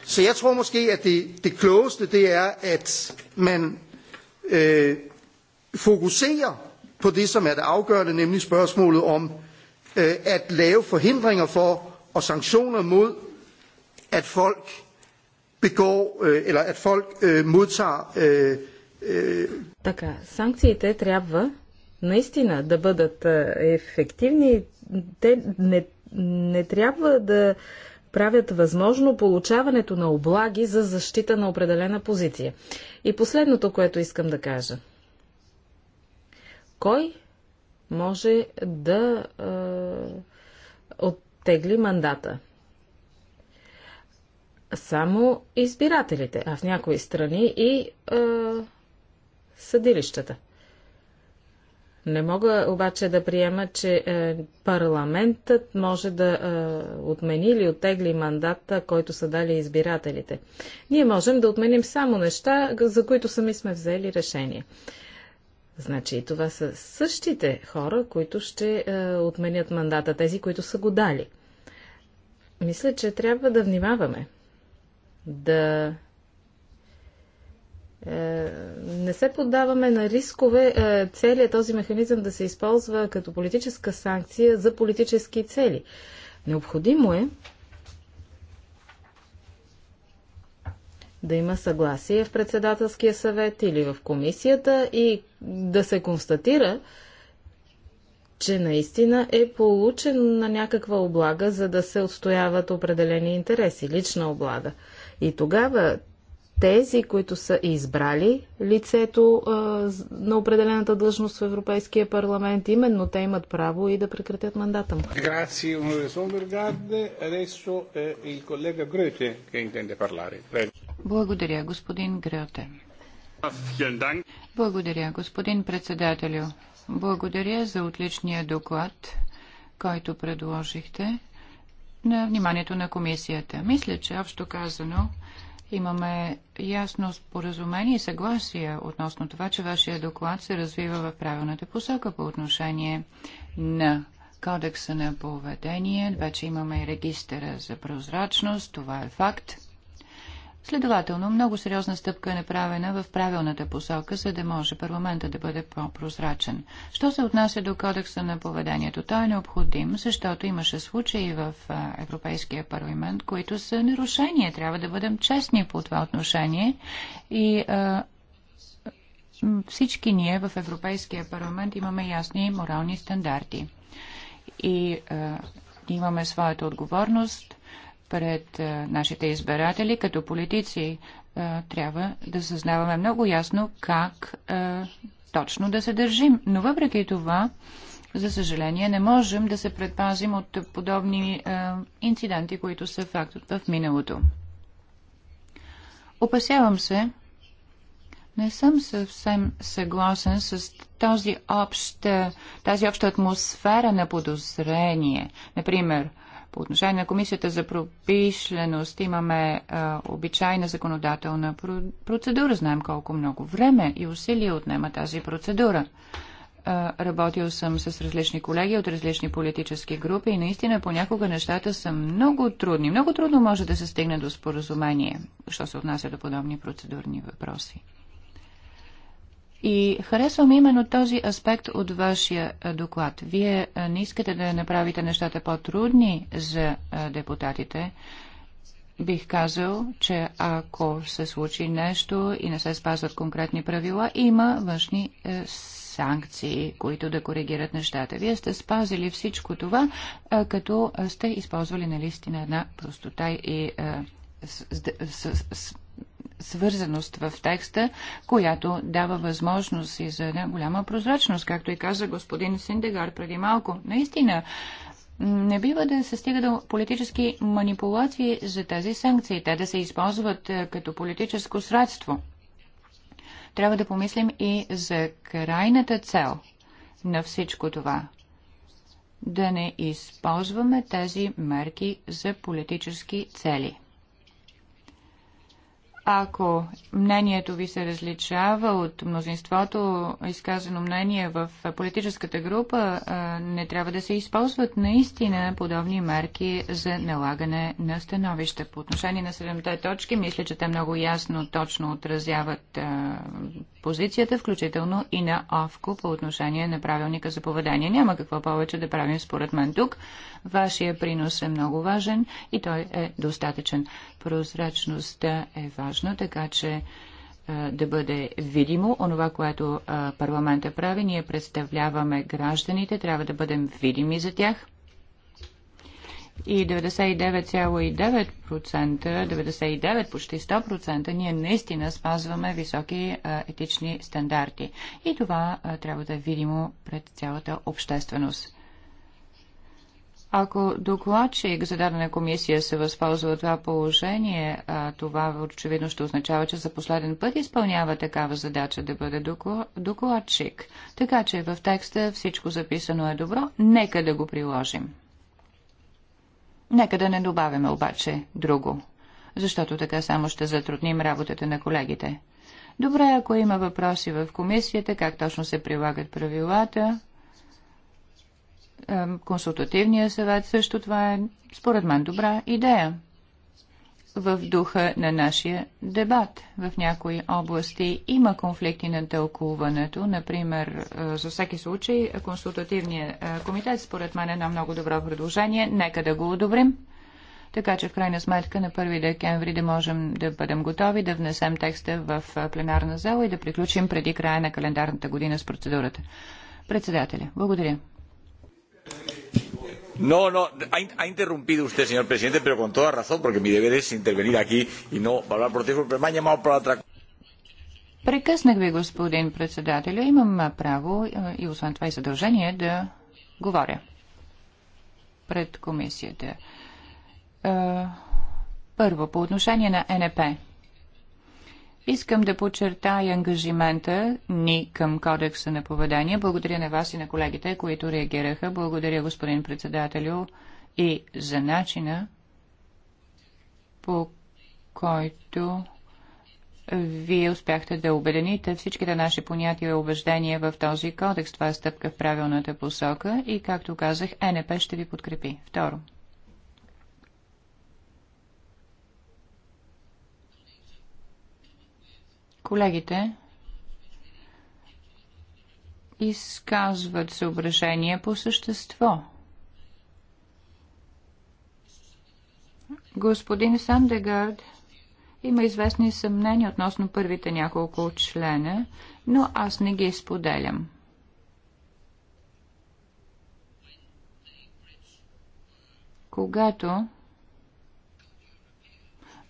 Så jeg tror måske, at det, det klogeste det er, at man øh, fokuserer på det, som er det afgørende, nemlig spørgsmålet om øh, at lave forhindringer for og sanktioner mod, at folk begår, øh, eller at folk øh, modtager. Така, санкциите трябва наистина да бъдат е, ефективни. Те не, не трябва да правят възможно получаването на облаги за защита на определена позиция. И последното, което искам да кажа – кой може да е, оттегли мандата. Само избирателите, а в някои страни и е, съдилищата. Не мога обаче да приема, че е, парламентът може да е, отмени или оттегли мандата, който са дали избирателите. Ние можем да отменим само неща, за които сами сме взели решение. Значи това са същите хора, които ще е, отменят мандата, тези, които са го дали. Мисля, че трябва да внимаваме, да е, не се поддаваме на рискове е, целият този механизъм да се използва като политическа санкция за политически цели. Необходимо е да има съгласие в председателския съвет или в комисията и да се констатира, че наистина е получен на някаква облага, за да се отстояват определени интереси, лична облага. И тогава тези, които са избрали лицето а, на определената длъжност в Европейския парламент, именно те имат право и да прекратят мандата му. Е Благодаря, господин Грете. Благодаря, господин председателю. Благодаря за отличния доклад, който предложихте на вниманието на комисията. Мисля, че общо казано Имаме ясно споразумение и съгласие относно това, че вашия доклад се развива в правилната посока по отношение на кодекса на поведение. Вече имаме и регистъра за прозрачност. Това е факт. Следователно, много сериозна стъпка е направена в правилната посока, за да може парламента да бъде по-прозрачен. Що се отнася до кодекса на поведението? Той е необходим, защото имаше случаи в Европейския парламент, които са нарушения. Трябва да бъдем честни по това отношение и а, всички ние в Европейския парламент имаме ясни морални стандарти. И а, имаме своята отговорност пред е, нашите избиратели, като политици е, трябва да съзнаваме много ясно как е, точно да се държим. Но въпреки това, за съжаление, не можем да се предпазим от подобни инциденти, които са факт в миналото. Опасявам се, не съм съвсем съгласен с този общ, тази обща атмосфера на подозрение. Например, по отношение на Комисията за пропишленост имаме а, обичайна законодателна процедура. Знаем колко много време и усилия отнема тази процедура. А, работил съм с различни колеги от различни политически групи и наистина понякога нещата са много трудни. Много трудно може да се стигне до споразумение, що се отнася до подобни процедурни въпроси. И харесвам именно този аспект от вашия доклад. Вие не искате да направите нещата по-трудни за депутатите. Бих казал, че ако се случи нещо и не се спазват конкретни правила, има външни е, санкции, които да коригират нещата. Вие сте спазили всичко това, като сте използвали на нали, листина една простота и е, с, с, с, свързаност в текста, която дава възможност и за една голяма прозрачност, както и каза господин Синдегар преди малко. Наистина, не бива да се стига до политически манипулации за тези санкции, те да се използват е, като политическо средство. Трябва да помислим и за крайната цел на всичко това. Да не използваме тези мерки за политически цели. Ако мнението ви се различава от мнозинството, изказано мнение в политическата група, не трябва да се използват наистина подобни мерки за налагане на становища. По отношение на седемте точки, мисля, че те много ясно, точно отразяват позицията, включително и на ОВКО по отношение на правилника за поведение. Няма какво повече да правим според мен тук. Вашия принос е много важен и той е достатъчен. Прозрачността е важна, така че е, да бъде видимо онова, което е, парламента прави. Ние представляваме гражданите, трябва да бъдем видими за тях. И 99,9%, 99 почти 100% ние наистина спазваме високи е, етични стандарти. И това трябва да е видимо пред цялата общественост. Ако докладчик за дадена комисия се възползва от това положение, това очевидно ще означава, че за последен път изпълнява такава задача да бъде докладчик. Така че в текста всичко записано е добро, нека да го приложим. Нека да не добавяме обаче друго, защото така само ще затрудним работата на колегите. Добре, ако има въпроси в комисията, как точно се прилагат правилата, е, консултативния съвет също това е, според мен, добра идея в духа на нашия дебат. В някои области има конфликти на тълкуването. Например, е, за всеки случай, консултативният е, комитет, според мен, е на много добро предложение. Нека да го одобрим. Така че в крайна сметка на 1 декември да можем да бъдем готови, да внесем текста в пленарна зала и да приключим преди края на календарната година с процедурата. Председателя, благодаря. No, no, ha, interrumpido usted, señor presidente, pero con toda razón, porque mi deber es intervenir aquí y no hablar por teléfono, pero me ha llamado para otra cosa. Прекъснах ви, господин председателю. Имам право и освен това и задължение да говоря пред комисията. Първо, по отношение на НП. Искам да подчертая ангажимента ни към кодекса на поведение. Благодаря на вас и на колегите, които реагираха. Благодаря, господин председателю, и за начина, по който вие успяхте да обедините всичките наши понятия и убеждения в този кодекс. Това е стъпка в правилната посока и, както казах, НП ще ви подкрепи. Второ – Колегите изказват съображения по същество. Господин Сандегард има известни съмнения относно първите няколко члена, но аз не ги споделям. Когато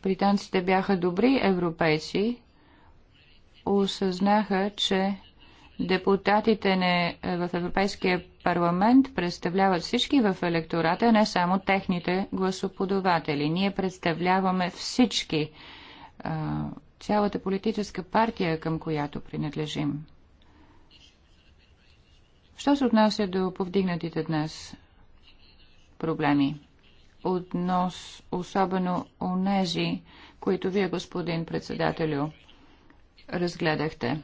британците бяха добри европейци, осъзнаха, че депутатите не, е, в Европейския парламент представляват всички в електората, не само техните гласоподаватели. Ние представляваме всички, е, цялата политическа партия, към която принадлежим. Що се отнася до повдигнатите днес проблеми? Относ особено онези, които вие, господин председателю, разгледахте.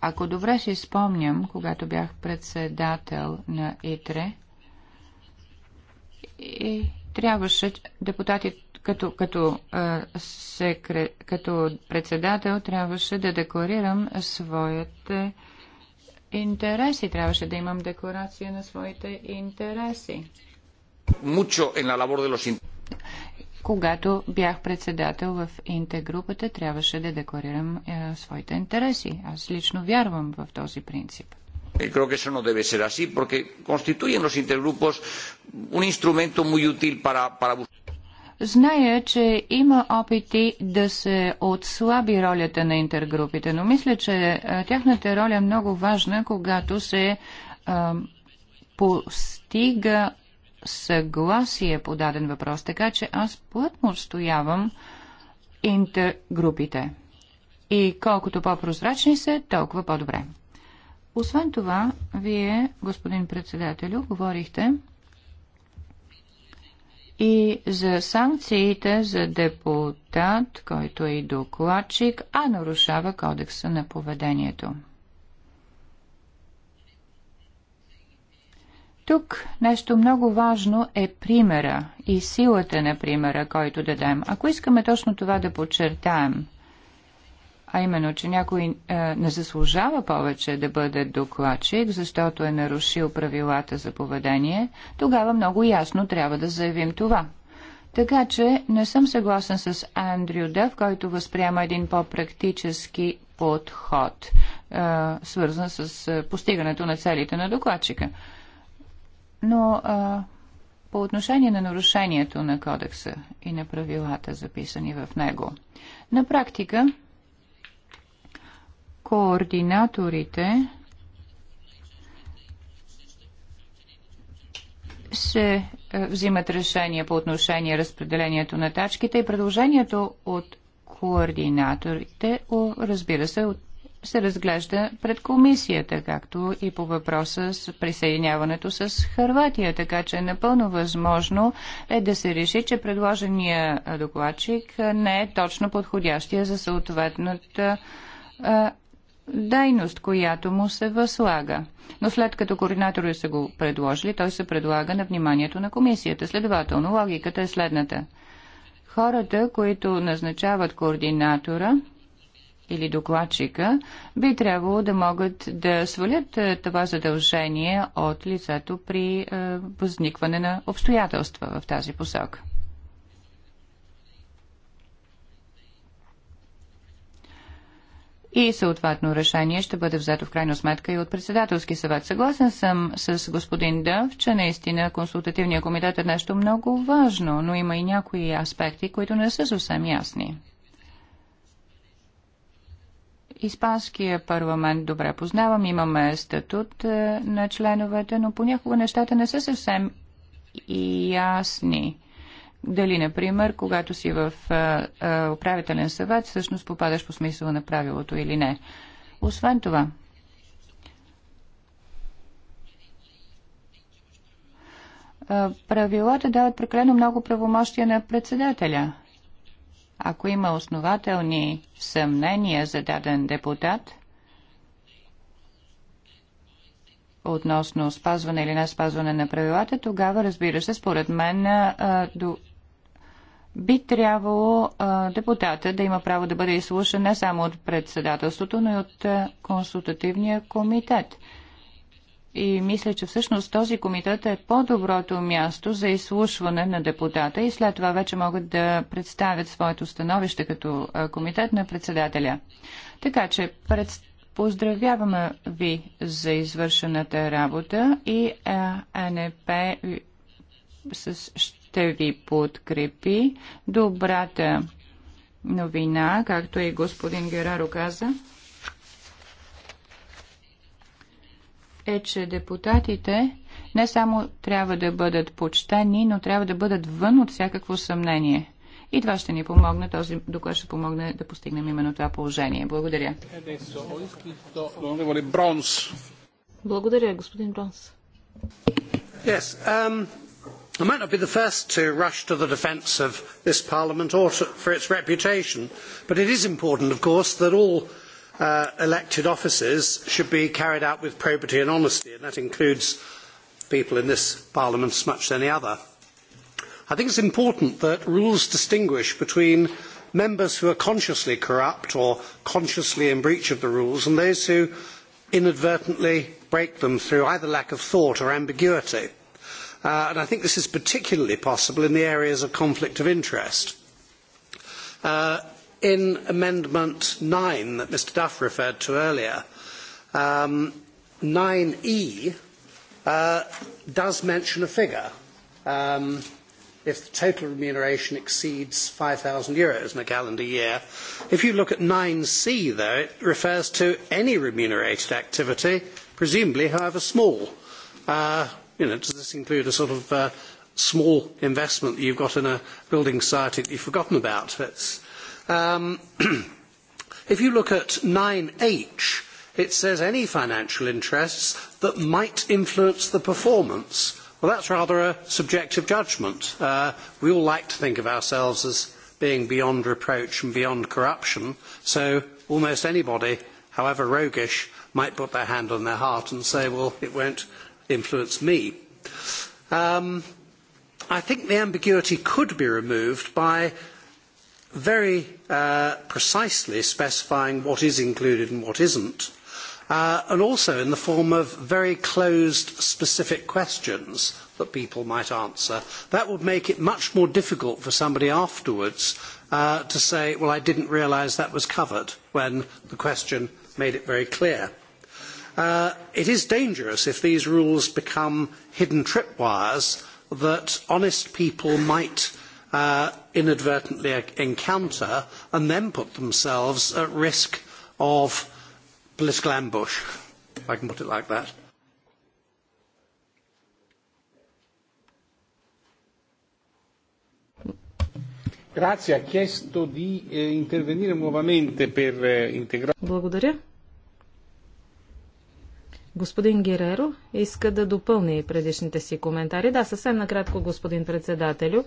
Ако добре си спомням, когато бях председател на ИТРЕ, и трябваше депутати като, като, а, секре, като председател трябваше да декларирам своите интереси. Трябваше да имам декларация на своите интереси. Mucho en la labor de los когато бях председател в Интегрупата, трябваше да декларирам е, своите интереси. Аз лично вярвам в този принцип. Е, creo que eso no debe ser así, porque constituyen los intergrupos un instrumento muy útil para, para Зная, че има опити да се отслаби ролята на интергрупите, но мисля, че е, тяхната роля е много важна, когато се а, е, постига съгласие по даден въпрос, така че аз плътно отстоявам интергрупите. И колкото по-прозрачни са, толкова по-добре. Освен това, вие, господин председателю, говорихте и за санкциите за депутат, който е и докладчик, а нарушава кодекса на поведението. Тук нещо много важно е примера и силата на примера, който дадем. Ако искаме точно това да подчертаем, а именно, че някой е, не заслужава повече да бъде докладчик, защото е нарушил правилата за поведение, тогава много ясно трябва да заявим това. Така че не съм съгласен с Андрю Дъв, който възприема един по-практически подход, е, свързан с е, постигането на целите на докладчика. Но а, по отношение на нарушението на кодекса и на правилата, записани в него, на практика координаторите се взимат решения по отношение разпределението на тачките и предложението от координаторите, разбира се, от се разглежда пред комисията, както и по въпроса с присъединяването с Харватия, така че е напълно възможно е да се реши, че предложения докладчик не е точно подходящия за съответната а, дейност, която му се възлага. Но след като координатори са го предложили, той се предлага на вниманието на комисията. Следователно, логиката е следната. Хората, които назначават координатора, или докладчика би трябвало да могат да свалят е, това задължение от лицето при е, възникване на обстоятелства в тази посока. И съответно решение ще бъде взето в крайна сметка и от председателски съвет. Съгласен съм с господин Дъв, че наистина консултативния комитет е нещо много важно, но има и някои аспекти, които не са съвсем ясни. Испанския парламент добре познавам, имаме статут е, на членовете, но понякога нещата не са съвсем ясни. Дали, например, когато си в е, е, управителен съвет, всъщност попадаш по смисъла на правилото или не. Освен това, правилата дават прекалено много правомощия на председателя. Ако има основателни съмнения за даден депутат относно спазване или не спазване на правилата, тогава, разбира се, според мен до би трябвало а, депутата да има право да бъде изслушан не само от председателството, но и от а, консултативния комитет и мисля, че всъщност този комитет е по-доброто място за изслушване на депутата и след това вече могат да представят своето становище като комитет на председателя. Така че пред... поздравяваме ви за извършената работа и НП ще ви подкрепи. Добрата новина, както и господин Гераро каза, е, че депутатите не само трябва да бъдат почтени, но трябва да бъдат вън от всякакво съмнение. И това ще ни помогне, този доклад ще помогне да постигнем именно това положение. Благодаря. Благодаря, господин Бронс. Yes, um, I might not be the first to rush to the defence of this Parliament or for its reputation, but it is important, of course, that all elected offices should be carried out with probity and honesty, and that includes people in this Parliament as much as any other. I think it is important that rules distinguish between members who are consciously corrupt or consciously in breach of the rules and those who inadvertently break them through either lack of thought or ambiguity. I think this is particularly possible in the areas of conflict of interest in Amendment nine that Mr Duff referred to earlier, nine e does mention a figure if the total remuneration exceeds EUR 5,000 euros in a calendar year. If you look at nine c though, it refers to any remunerated activity, presumably however small. does this include a sort of small investment that you've got in a building society that you've forgotten about? It's if you look at 9H, it says any financial interests that might influence the performance. Well, that's rather a subjective judgment. we all like to think of ourselves as being beyond reproach and beyond corruption, so almost anybody, however roguish, might put their hand on their heart and say, well, it won't influence me. I think the ambiguity could be removed by very precisely specifying what is included and what isn't, and also in the form of very closed, specific questions that people might answer. That would make it much more difficult for somebody afterwards to say, well, I didn't realise that was covered, when the question made it very clear. it is dangerous if these rules become hidden tripwires that honest people might Uh, inadvertently encounter and then put themselves at risk of political ambush, if I can put it like that. Eh, eh, Благодаря. Господин Гереро иска да допълни предишните си коментари. Да, съвсем накратко, господин председателю.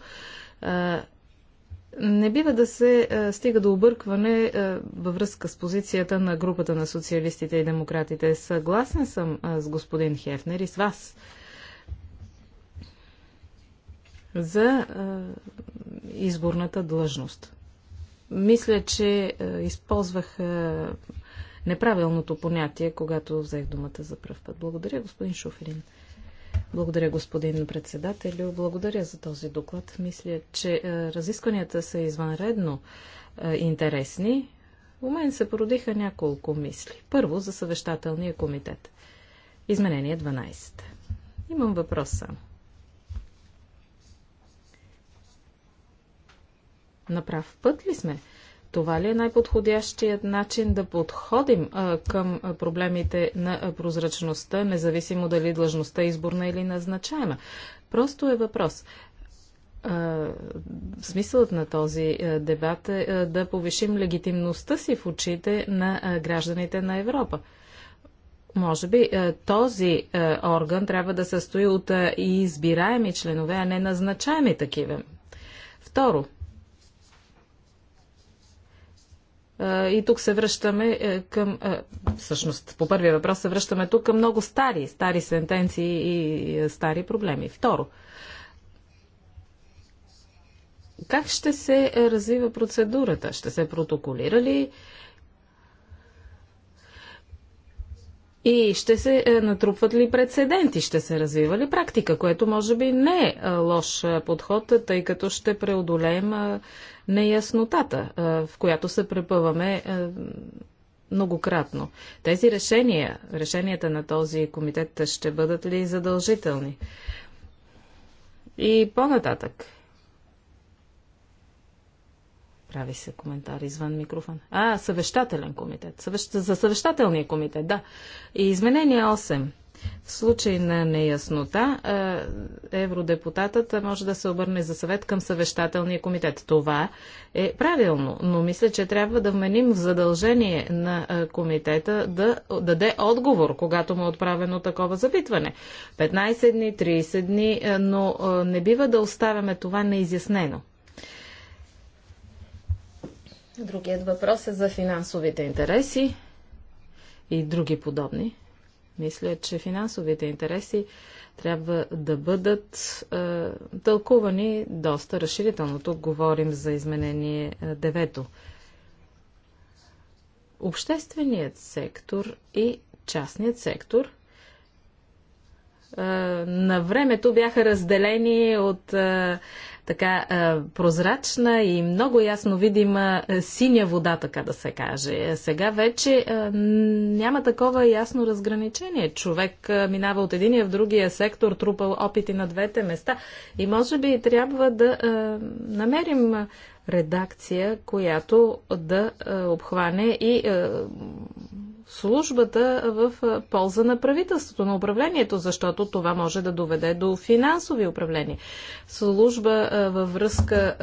Не бива да се стига до объркване във връзка с позицията на групата на социалистите и демократите. Съгласен съм с господин Хефнер и с вас за изборната длъжност. Мисля, че използвах неправилното понятие, когато взех думата за пръв път. Благодаря, господин Шуферин. Благодаря, господин председателю. Благодаря за този доклад. Мисля, че е, разискванията са извънредно е, интересни. У мен се породиха няколко мисли. Първо за съвещателния комитет. Изменение 12. Имам въпрос само. На прав път ли сме? Това ли е най-подходящият начин да подходим а, към проблемите на прозрачността, независимо дали длъжността е изборна или назначаема? Просто е въпрос. А, смисълът на този а, дебат е а, да повишим легитимността си в очите на а, гражданите на Европа. Може би този орган трябва да състои от избираеми членове, а не назначаеми такива. Второ, И тук се връщаме е, към, всъщност по първия въпрос се връщаме тук към много стари, стари сентенции и е, стари проблеми. Второ, как ще се е, развива процедурата? Ще се протоколира ли? И ще се е, натрупват ли прецеденти, ще се развива ли практика, което може би не е, е лош е, подход, тъй като ще преодолеем неяснотата, в която се препъваме многократно. Тези решения, решенията на този комитет ще бъдат ли задължителни? И по-нататък, прави се коментар извън микрофон. А, съвещателен комитет. Съвещ... За съвещателния комитет, да. И изменение 8. В случай на неяснота, е, евродепутатът може да се обърне за съвет към съвещателния комитет. Това е правилно, но мисля, че трябва да вменим в задължение на е, комитета да даде отговор, когато му е отправено такова запитване. 15 дни, 30 дни, е, но не бива да оставяме това неизяснено. Другият въпрос е за финансовите интереси и други подобни. Мисля, че финансовите интереси трябва да бъдат е, тълкувани доста разширително. Тук говорим за изменение е, девето. Общественият сектор и частният сектор е, на времето бяха разделени от е, така прозрачна и много ясно видима синя вода, така да се каже. Е, сега вече няма такова ясно разграничение. Човек минава от единия в другия сектор, трупал опити на двете места и може би трябва да намерим редакция, която да обхване и службата в полза на правителството, на управлението, защото това може да доведе до финансови управления. Служба във връзка,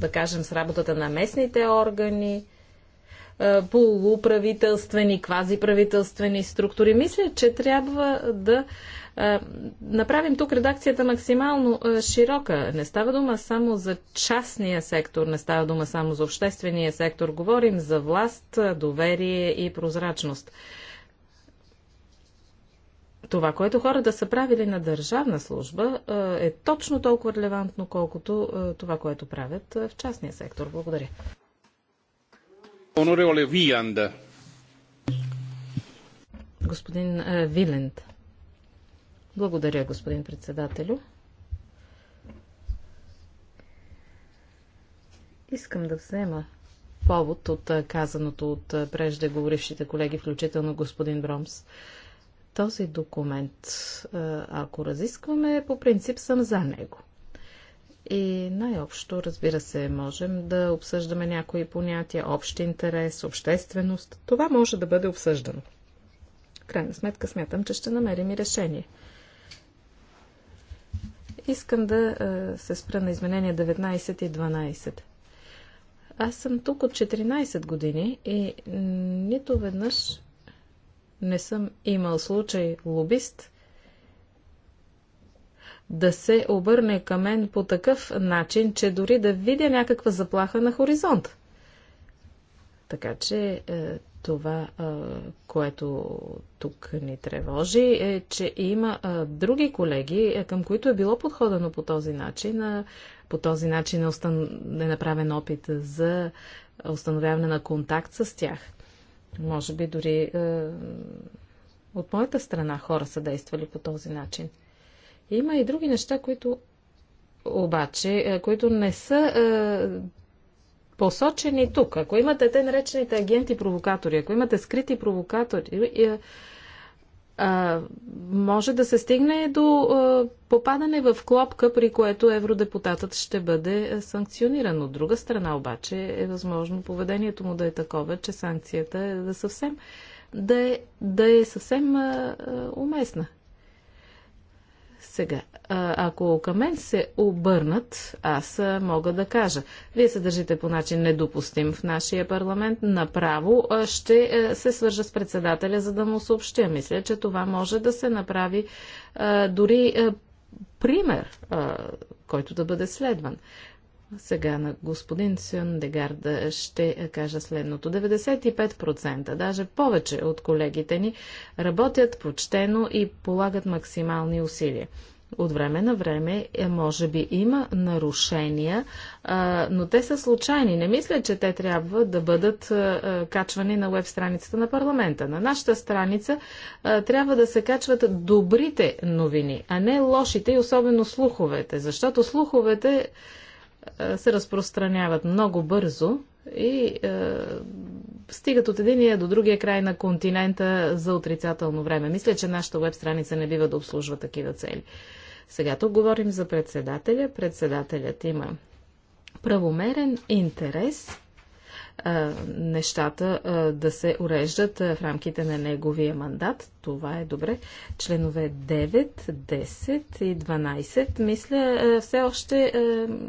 да кажем, с работата на местните органи, полуправителствени, квазиправителствени структури. Мисля, че трябва да е, направим тук редакцията максимално е, широка. Не става дума само за частния сектор, не става дума само за обществения сектор. Говорим за власт, доверие и прозрачност. Това, което хората са правили на държавна служба, е, е точно толкова релевантно, колкото това, което правят в частния сектор. Благодаря. Господин Виленд. Благодаря, господин председателю. Искам да взема повод от казаното от преждеговорившите колеги, включително господин Бромс. Този документ, ако разискваме, по принцип съм за него. И най-общо, разбира се, можем да обсъждаме някои понятия, общ интерес, общественост. Това може да бъде обсъждано. В крайна сметка смятам, че ще намерим и решение – Искам да се спра на изменения 19 и 12. Аз съм тук от 14 години и нито веднъж не съм имал случай лобист да се обърне към мен по такъв начин, че дори да видя някаква заплаха на хоризонт. Така че е, това, което тук ни тревожи, е, че има други колеги, е, към които е било подходено по този начин. По този начин е, е направен опит за установяване на контакт с тях. Може би дори от моята страна хора са действали по този начин. Има и други неща, които обаче, които не са посочени тук. Ако имате те наречените агенти-провокатори, ако имате скрити провокатори, е, може да се стигне до е, попадане в клопка, при което евродепутатът ще бъде е, санкциониран. От друга страна обаче е възможно поведението му да е такова, че санкцията е да съвсем да е, да е съвсем а, уместна. Сега, ако към мен се обърнат, аз мога да кажа. Вие се държите по начин недопустим в нашия парламент. Направо ще се свържа с председателя, за да му съобщя. Мисля, че това може да се направи дори пример, който да бъде следван. Сега на господин Сюн Дегарда ще кажа следното. 95%, даже повече от колегите ни, работят почтено и полагат максимални усилия. От време на време, е, може би, има нарушения, но те са случайни. Не мисля, че те трябва да бъдат качвани на веб страницата на парламента. На нашата страница трябва да се качват добрите новини, а не лошите и особено слуховете, защото слуховете е, се разпространяват много бързо и е, стигат от единия до другия край на континента за отрицателно време. Мисля, че нашата веб страница не бива да обслужва такива цели. Сега тук говорим за председателя. Председателят има правомерен интерес нещата да се уреждат в рамките на неговия мандат. Това е добре. Членове 9, 10 и 12, мисля, все още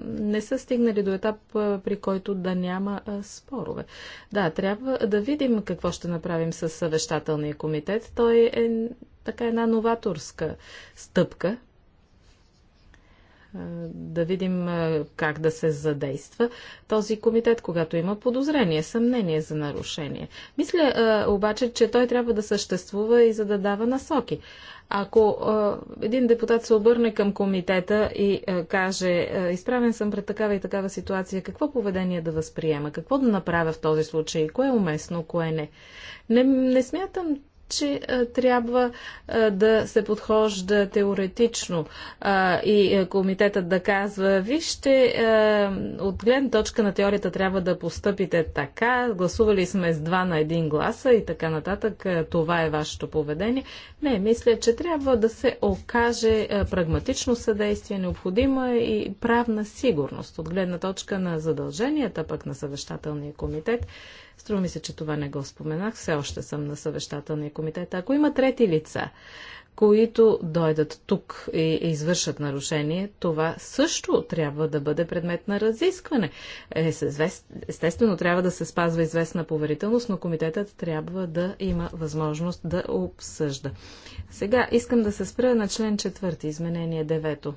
не са стигнали до етап, при който да няма спорове. Да, трябва да видим какво ще направим с съвещателния комитет. Той е така една новаторска стъпка, да видим как да се задейства този комитет, когато има подозрение, съмнение за нарушение. Мисля обаче, че той трябва да съществува и за да дава насоки. Ако един депутат се обърне към комитета и каже, изправен съм пред такава и такава ситуация, какво поведение да възприема, какво да направя в този случай, кое е уместно, кое не. Не, не смятам, че трябва да се подхожда теоретично и комитетът да казва, вижте, от гледна точка на теорията трябва да постъпите така, гласували сме с два на един гласа и така нататък, това е вашето поведение. Не, мисля, че трябва да се окаже прагматично съдействие, необходима е и правна сигурност от гледна точка на задълженията пък на съвещателния комитет Струва ми се, че това не го споменах. Все още съм на съвещателния комитет. Ако има трети лица, които дойдат тук и извършат нарушение, това също трябва да бъде предмет на разискване. Е, естествено, трябва да се спазва известна поверителност, но комитетът трябва да има възможност да обсъжда. Сега искам да се спра на член 4, изменение 9.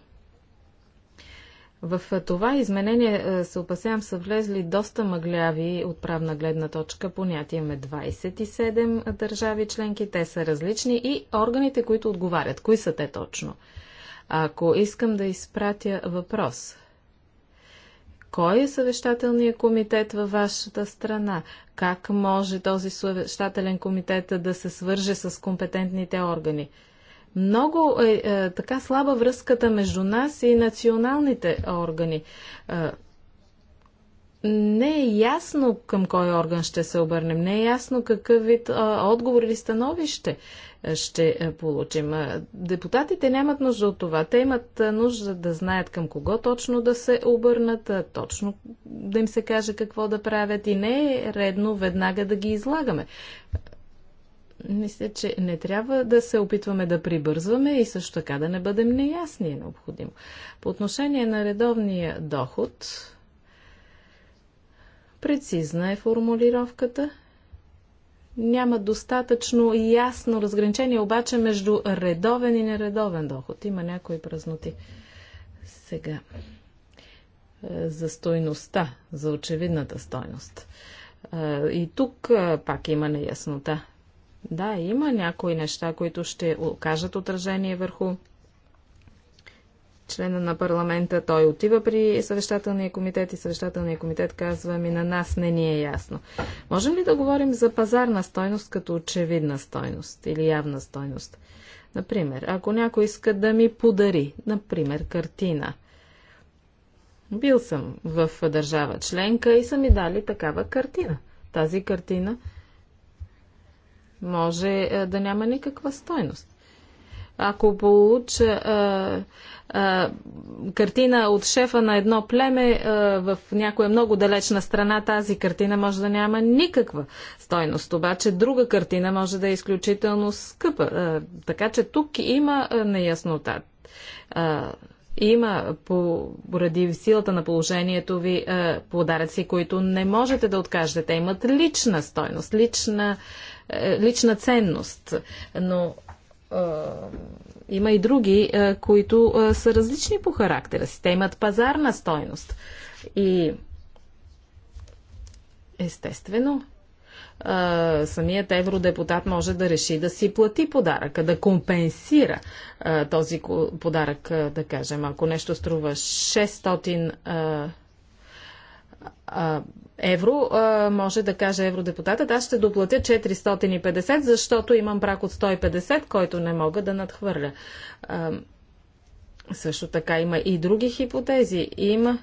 В това изменение се опасявам са влезли доста мъгляви от правна гледна точка. Понятие имаме 27 държави членки, те са различни и органите, които отговарят. Кои са те точно? Ако искам да изпратя въпрос, кой е съвещателният комитет във вашата страна? Как може този съвещателен комитет да се свърже с компетентните органи? Много е, е така слаба връзката между нас и националните органи. Е, не е ясно към кой орган ще се обърнем, не е ясно какъв вид е, отговор или становище е, ще е, получим. Е, депутатите нямат нужда от това. Те имат нужда да знаят към кого точно да се обърнат, точно да им се каже какво да правят и не е редно веднага да ги излагаме мисля, че не трябва да се опитваме да прибързваме и също така да не бъдем неясни е необходимо. По отношение на редовния доход, прецизна е формулировката. Няма достатъчно ясно разграничение обаче между редовен и нередовен доход. Има някои празноти. Сега е, за стойността, за очевидната стойност. Е, и тук е, пак има неяснота. Да, има някои неща, които ще окажат отражение върху члена на парламента. Той отива при съвещателния комитет и съвещателния комитет казва ми на нас не ни е ясно. Можем ли да говорим за пазарна стойност като очевидна стойност или явна стойност? Например, ако някой иска да ми подари, например, картина. Бил съм в държава членка и са ми дали такава картина. Тази картина – може е, да няма никаква стойност. Ако получа а, е, а, е, картина от шефа на едно племе а, в някоя много далечна страна, тази картина може да няма никаква стойност. Обаче друга картина може да е изключително скъпа. А, така че тук има неяснота. А, има поради силата на положението ви подаръци, които не можете да откажете. Те имат лична стойност, лична е, лична ценност. Но е, има и други, е, които са различни по характера си. Те имат пазарна стойност. И естествено, самият евродепутат може да реши да си плати подаръка, да компенсира този подарък, да кажем. Ако нещо струва 600 евро, може да каже евродепутатът, аз ще доплатя 450, защото имам брак от 150, който не мога да надхвърля. Също така има и други хипотези. Има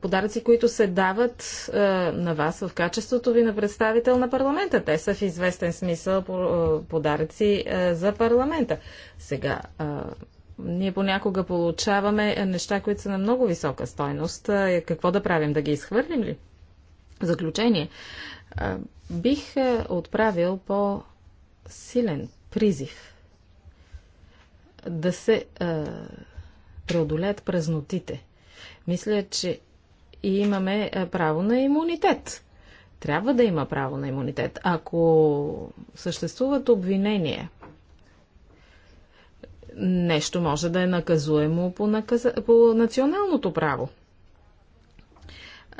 подаръци, които се дават на вас в качеството ви на представител на парламента. Те са в известен смисъл подаръци за парламента. Сега ние понякога получаваме неща, които са на много висока стойност. Е, какво да правим? Да ги изхвърлим ли? заключение, бих отправил по-силен призив да се преодолеят празнотите. Мисля, че имаме право на имунитет трябва да има право на имунитет. Ако съществуват обвинения нещо може да е наказуемо по, наказ... по националното право.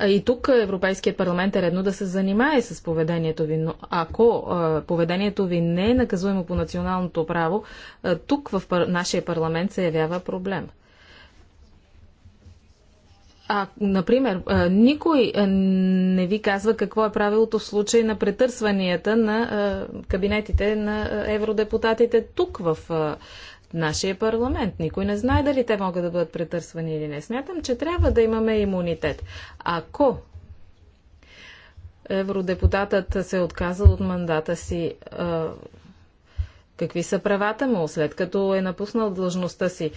И тук Европейският парламент е редно да се занимае с поведението ви, но ако поведението ви не е наказуемо по националното право, тук в нашия парламент се явява проблем. А, например, никой не ви казва какво е правилото в случай на претърсванията на кабинетите на евродепутатите тук в нашия парламент. Никой не знае дали те могат да бъдат претърсвани или не. Смятам, че трябва да имаме имунитет. Ако евродепутатът се е отказал от мандата си, какви са правата му, след като е напуснал длъжността си?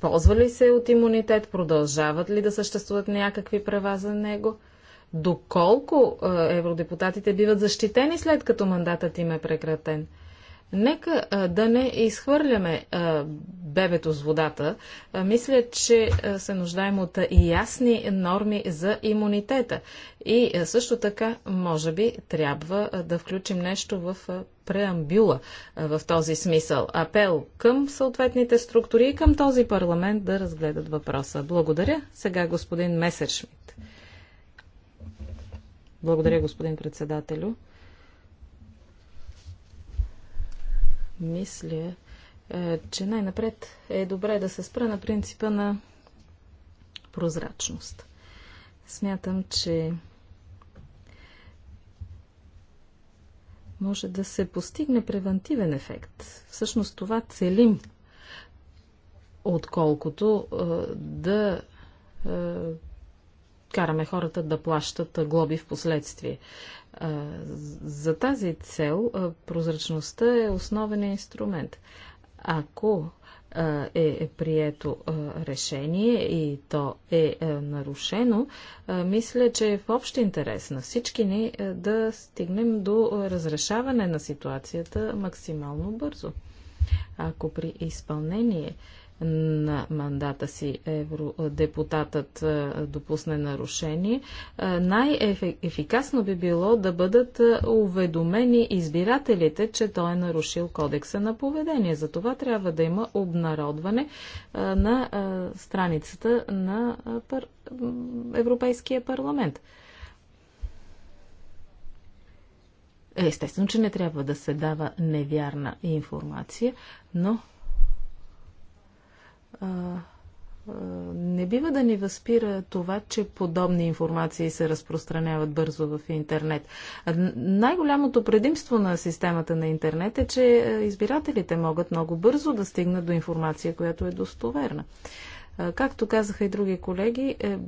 Ползва ли се от имунитет? Продължават ли да съществуват някакви права за него? Доколко евродепутатите биват защитени след като мандатът им е прекратен? Нека а, да не изхвърляме а, бебето с водата. А, мисля, че а, се нуждаем от а, ясни норми за имунитета. И а, също така, може би, трябва а, да включим нещо в а, преамбюла а, в този смисъл. Апел към съответните структури и към този парламент да разгледат въпроса. Благодаря. Сега господин Месершмит. Благодаря, господин председателю. Мисля, е, че най-напред е добре да се спра на принципа на прозрачност. Смятам, че може да се постигне превентивен ефект. Всъщност това целим, отколкото е, да е, караме хората да плащат глоби в последствие. За тази цел прозрачността е основен инструмент. Ако е, е прието решение и то е нарушено, мисля, че е в общ интерес на всички ни да стигнем до разрешаване на ситуацията максимално бързо. Ако при изпълнение на мандата си евродепутатът е, допусне нарушение, е, най-ефикасно би било да бъдат е, уведомени избирателите, че той е нарушил кодекса на поведение. За това трябва да има обнародване на страницата на Европейския парламент. Естествено, че не трябва да се дава невярна информация, но не бива да ни възпира това, че подобни информации се разпространяват бързо в интернет. Най-голямото предимство на системата на интернет е, че избирателите могат много бързо да стигнат до информация, която е достоверна. Както казаха и други колеги, е,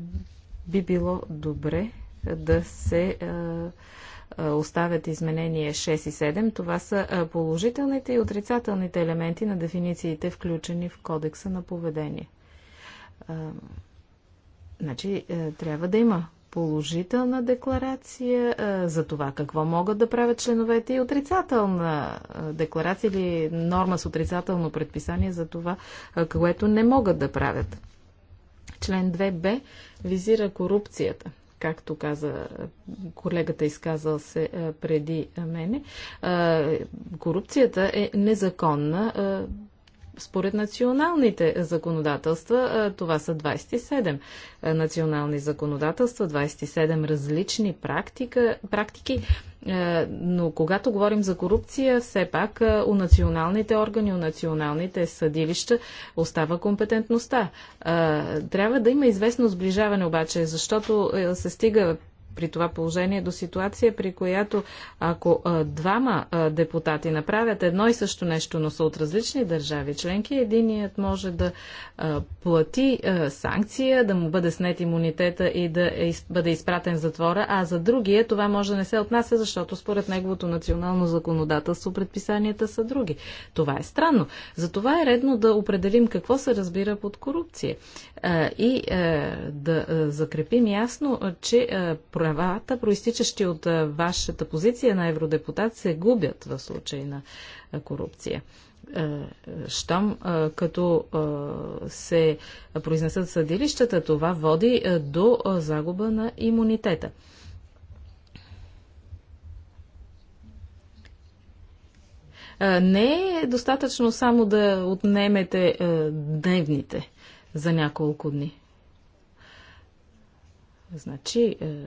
би било добре да се оставят изменения 6 и 7. Това са положителните и отрицателните елементи на дефинициите, включени в кодекса на поведение. Значи, трябва да има положителна декларация за това какво могат да правят членовете и отрицателна декларация или норма с отрицателно предписание за това, което не могат да правят. Член 2б визира корупцията както каза колегата изказал се преди мене, корупцията е незаконна според националните законодателства. Това са 27 национални законодателства, 27 различни практика, практики. Но когато говорим за корупция, все пак у националните органи, у националните съдилища остава компетентността. Трябва да има известно сближаване обаче, защото се стига при това положение до ситуация, при която ако а, двама а, депутати направят едно и също нещо, но са от различни държави членки, единият може да а, плати а, санкция, да му бъде снет имунитета и да е бъде изпратен в затвора, а за другия това може да не се отнася, защото според неговото национално законодателство предписанията са други. Това е странно. Затова е редно да определим какво се разбира под корупция а, и а, да а, закрепим ясно, че а, правата, проистичащи от вашата позиция на евродепутат, се губят в случай на корупция. Щом като се произнесат съдилищата, това води до загуба на имунитета. Не е достатъчно само да отнемете дневните за няколко дни. Значи, е,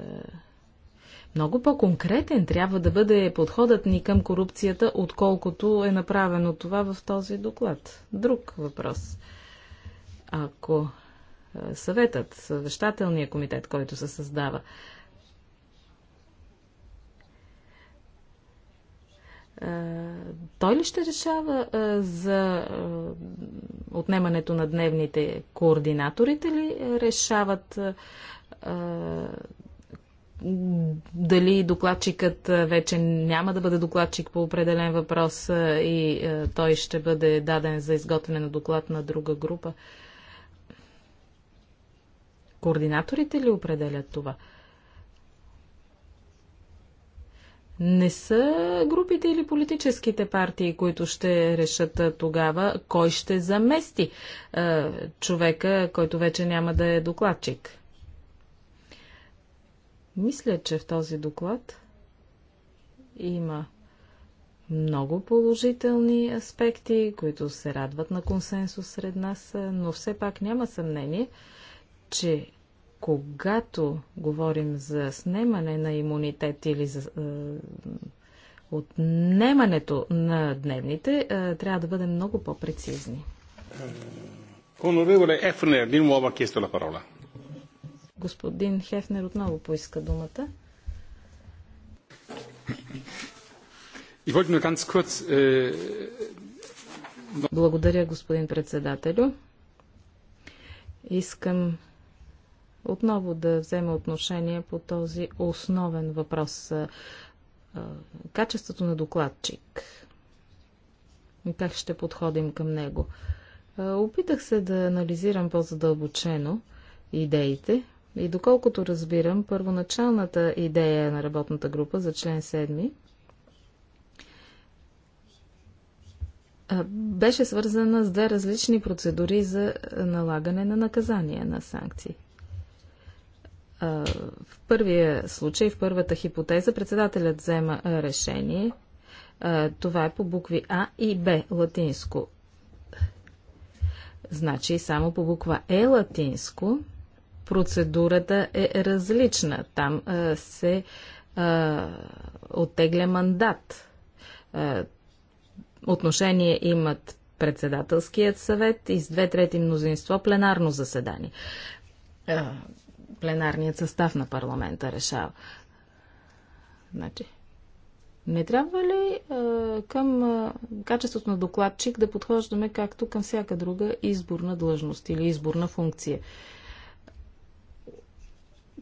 много по-конкретен трябва да бъде подходът ни към корупцията, отколкото е направено това в този доклад. Друг въпрос. Ако е, съветът, съвещателният комитет, който се създава, е, той ли ще решава за отнемането на дневните координаторите ли решават дали докладчикът вече няма да бъде докладчик по определен въпрос и той ще бъде даден за изготвяне на доклад на друга група. Координаторите ли определят това? Не са групите или политическите партии, които ще решат тогава кой ще замести човека, който вече няма да е докладчик. Мисля, че в този доклад има много положителни аспекти, които се радват на консенсус сред нас, но все пак няма съмнение, че когато говорим за снемане на имунитет или за е, отнемането на дневните, е, трябва да бъдем много по-прецизни. Е, Onorevole Ефнер, di nuovo ha chiesto la Господин Хефнер отново поиска думата. Äh, Благодаря, господин председателю. Искам отново да взема отношение по този основен въпрос. Качеството на докладчик. И как ще подходим към него? Опитах се да анализирам по-задълбочено идеите, и доколкото разбирам, първоначалната идея на работната група за член 7 беше свързана с две различни процедури за налагане на наказания на санкции. В първия случай, в първата хипотеза, председателят взема решение. Това е по букви А и Б, латинско. Значи само по буква Е латинско процедурата е различна. Там а, се а, оттегля мандат. А, отношение имат председателският съвет и с две трети мнозинство пленарно заседание. А, пленарният състав на парламента решава. Значи, не трябва ли а, към а, качеството на докладчик да подхождаме както към всяка друга изборна длъжност или изборна функция?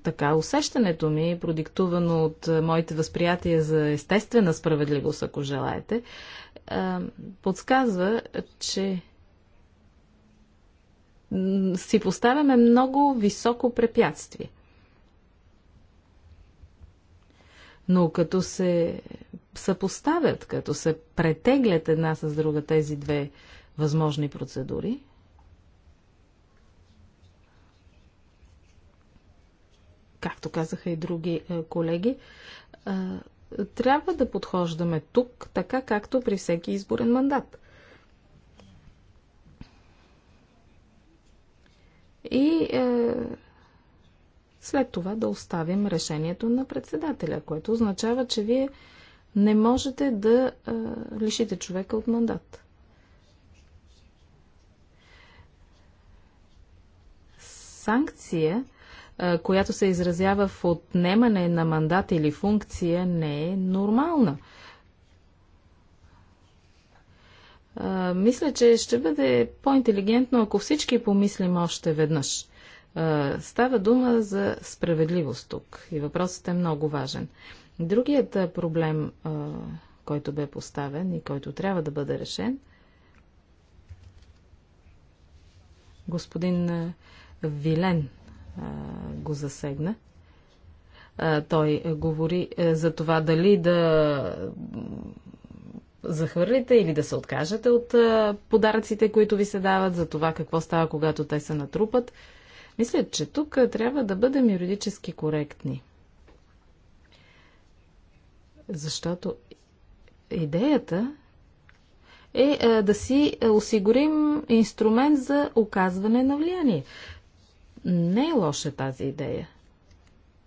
така усещането ми, продиктувано от е, моите възприятия за естествена справедливост, ако желаете, е, подсказва, че си поставяме много високо препятствие. Но като се съпоставят, като се претеглят една с друга тези две възможни процедури, както казаха и други е, колеги, е, трябва да подхождаме тук, така както при всеки изборен мандат. И е, след това да оставим решението на председателя, което означава, че вие не можете да е, лишите човека от мандат. Санкция която се изразява в отнемане на мандат или функция, не е нормална. Мисля, че ще бъде по-интелигентно, ако всички помислим още веднъж. Става дума за справедливост тук и въпросът е много важен. Другият проблем, който бе поставен и който трябва да бъде решен, господин Вилен го засегна. Той говори е, за това дали да захвърлите или да се откажете от подаръците, които ви се дават, за това какво става, когато те се натрупат. Мисля, че тук трябва да бъдем юридически коректни. Защото идеята е да си осигурим инструмент за оказване на влияние. Не е лоша тази идея.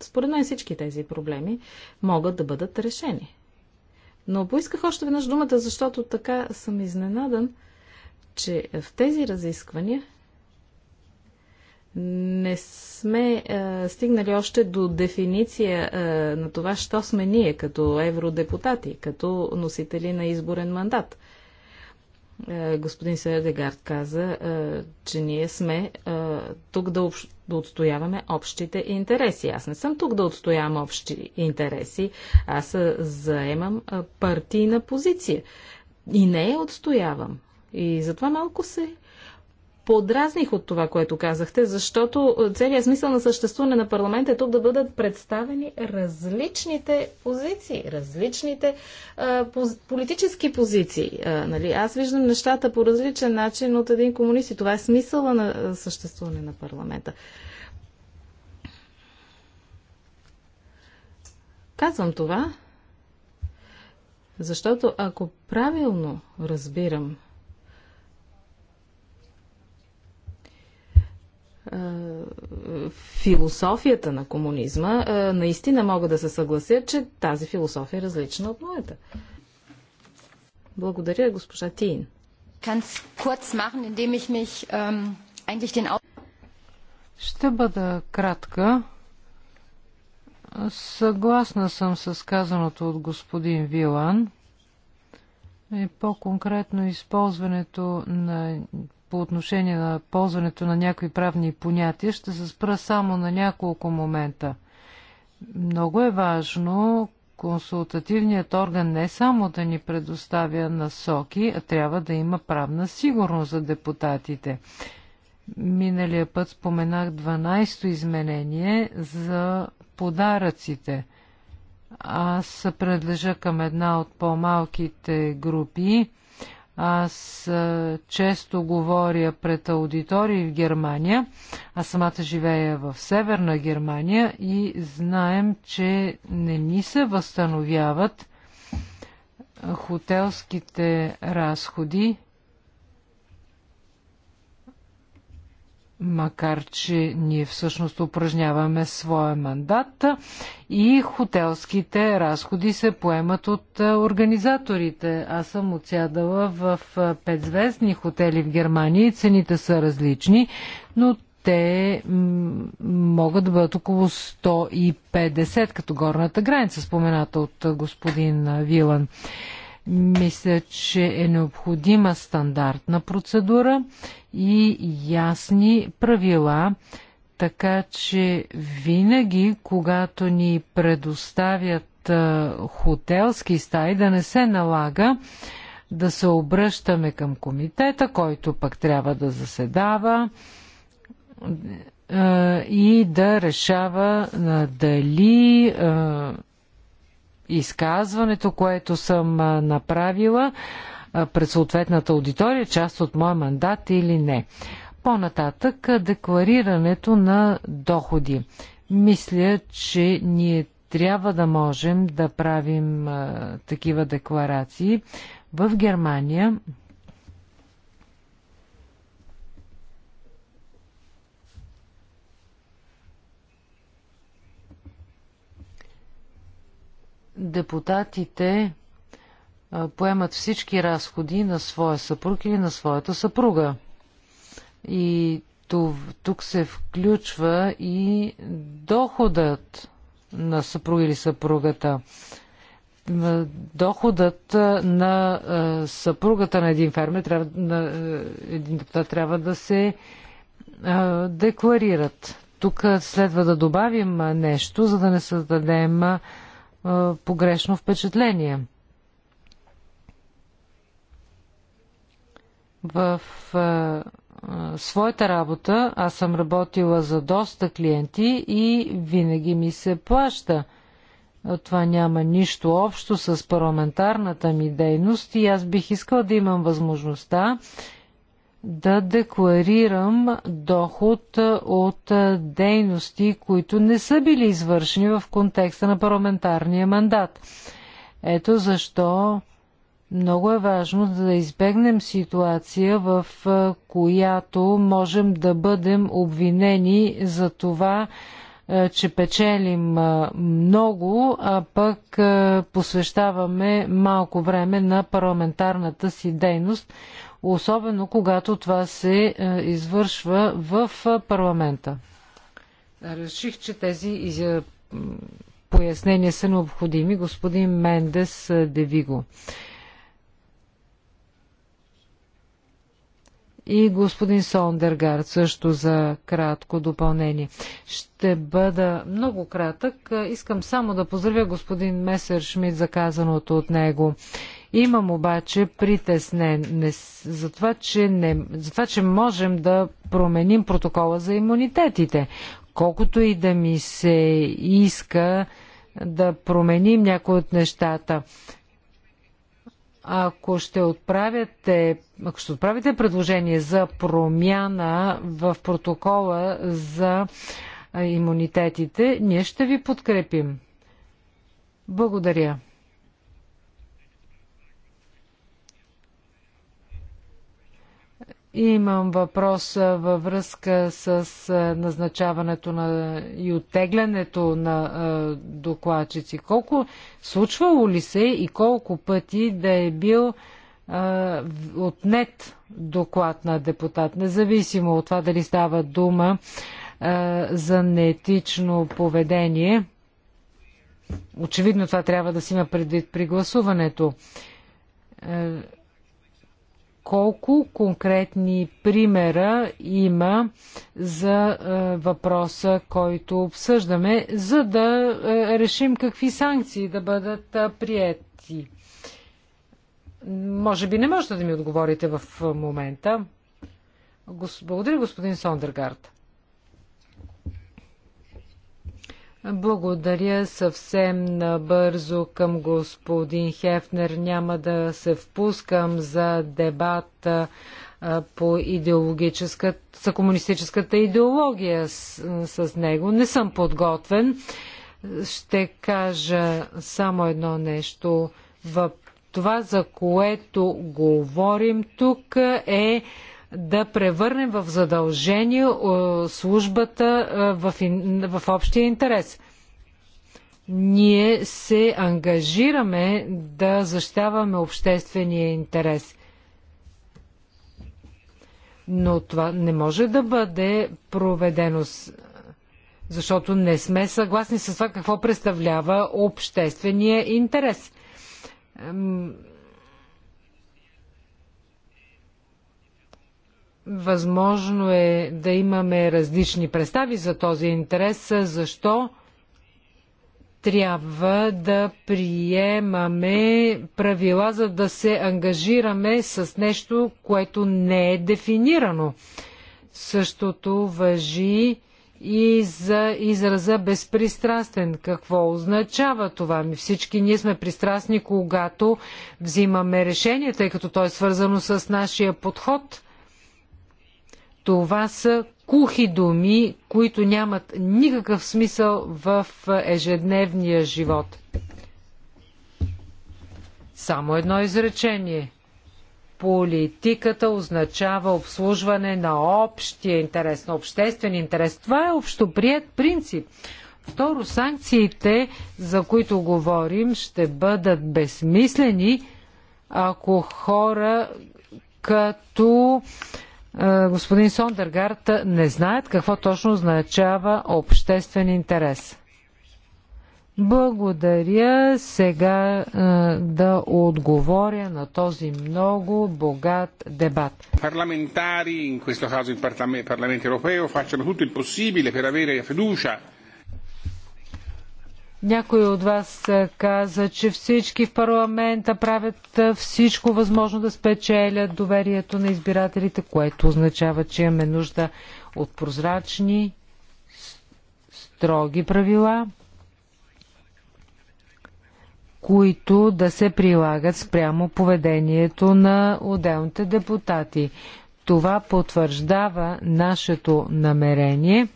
Според мен всички тези проблеми могат да бъдат решени. Но поисках още веднъж думата, защото така съм изненадан, че в тези разисквания не сме е, стигнали още до дефиниция е, на това, що сме ние като евродепутати, като носители на изборен мандат. Е, господин Седегард каза, е, че ние сме е, тук да, общ... да отстояваме общите интереси. Аз не съм тук да отстоявам общи интереси, аз заемам партийна позиция. И не я отстоявам. И затова малко се подразних от това, което казахте, защото е, целият смисъл на съществуване на парламент е тук да бъдат представени различните позиции, различните а, е, поз, политически позиции. А, е, нали? Аз виждам нещата по различен начин от един комунист и това е смисъла на съществуване на парламента. Казвам това, защото ако правилно разбирам философията на комунизма, наистина мога да се съглася, че тази философия е различна от моята. Благодаря, госпожа Тин. Ähm, Ще бъда кратка. Съгласна съм с казаното от господин Вилан. И по-конкретно използването на по отношение на ползването на някои правни понятия, ще се спра само на няколко момента. Много е важно консултативният орган не само да ни предоставя насоки, а трябва да има правна сигурност за депутатите. Миналия път споменах 12-то изменение за подаръците. Аз предлежа към една от по-малките групи аз често говоря пред аудитории в Германия. а самата живея в Северна Германия и знаем, че не ни се възстановяват хотелските разходи макар че ние всъщност упражняваме своя мандат и хотелските разходи се поемат от организаторите. Аз съм отсядала в петзвездни хотели в Германия и цените са различни, но те могат да бъдат около 150 като горната граница, спомената от господин Вилан. Мисля, че е необходима стандартна процедура и ясни правила, така че винаги, когато ни предоставят хотелски стаи, да не се налага да се обръщаме към комитета, който пък трябва да заседава и да решава дали изказването, което съм направила, пред съответната аудитория, част от моя мандат или не. По-нататък декларирането на доходи. Мисля, че ние трябва да можем да правим а, такива декларации. В Германия депутатите поемат всички разходи на своя съпруг или на своята съпруга. И тук се включва и доходът на съпруга или съпругата. Доходът на съпругата на един фермер, трябва, на един депутат трябва да се декларират. Тук следва да добавим нещо, за да не създадем погрешно впечатление. В а, своята работа аз съм работила за доста клиенти и винаги ми се плаща. Това няма нищо общо с парламентарната ми дейност и аз бих искала да имам възможността да декларирам доход от дейности, които не са били извършени в контекста на парламентарния мандат. Ето защо много е важно да избегнем ситуация, в която можем да бъдем обвинени за това, че печелим много, а пък посвещаваме малко време на парламентарната си дейност, особено когато това се извършва в парламента. Реших, че тези пояснения са необходими. Господин Мендес Девиго. и господин Сондергард също за кратко допълнение. Ще бъда много кратък. Искам само да поздравя господин Месер Шмидт за казаното от него. Имам обаче притеснен за, това, че не, за това, че можем да променим протокола за имунитетите. Колкото и да ми се иска да променим някои от нещата, ако ще отправяте ако ще отправите предложение за промяна в протокола за имунитетите, ние ще ви подкрепим. Благодаря. Имам въпрос във връзка с назначаването на и оттеглянето на докладчици. Колко случвало ли се и колко пъти да е бил отнет доклад на депутат, независимо от това дали става дума за неетично поведение. Очевидно това трябва да си има предвид при гласуването. Колко конкретни примера има за въпроса, който обсъждаме, за да решим какви санкции да бъдат приети? Може би не можете да ми отговорите в момента. Гос... Благодаря, господин Сондергард. Благодаря съвсем набързо към господин Хефнер. Няма да се впускам за дебат по идеологическата, за комунистическата идеология с, с него. Не съм подготвен. Ще кажа само едно нещо. Въп това, за което говорим тук е да превърнем в задължение е, службата е, в, в общия интерес. Ние се ангажираме да защитаваме обществения интерес. Но това не може да бъде проведено, защото не сме съгласни с това какво представлява обществения интерес. Възможно е да имаме различни представи за този интерес. Защо трябва да приемаме правила, за да се ангажираме с нещо, което не е дефинирано? Същото въжи и за израза безпристрастен. Какво означава това? Ми всички ние сме пристрастни, когато взимаме решение, тъй като то е свързано с нашия подход. Това са кухи думи, които нямат никакъв смисъл в ежедневния живот. Само едно изречение – политиката означава обслужване на общия интерес, на обществен интерес. Това е общоприят принцип. Второ, санкциите, за които говорим, ще бъдат безсмислени, ако хора като е, господин Сондергард не знаят какво точно означава обществен интерес. Благодаря сега е, да отговоря на този много богат дебат. Парламентари, in questo caso il Parlamento europeo, facciano tutto il possibile per avere fiducia. Някой от вас каза, че всички в парламента правят всичко възможно да спечелят доверието на избирателите, което означава, че имаме нужда от прозрачни, строги правила – които да се прилагат спрямо поведението на отделните депутати. Това потвърждава нашето намерение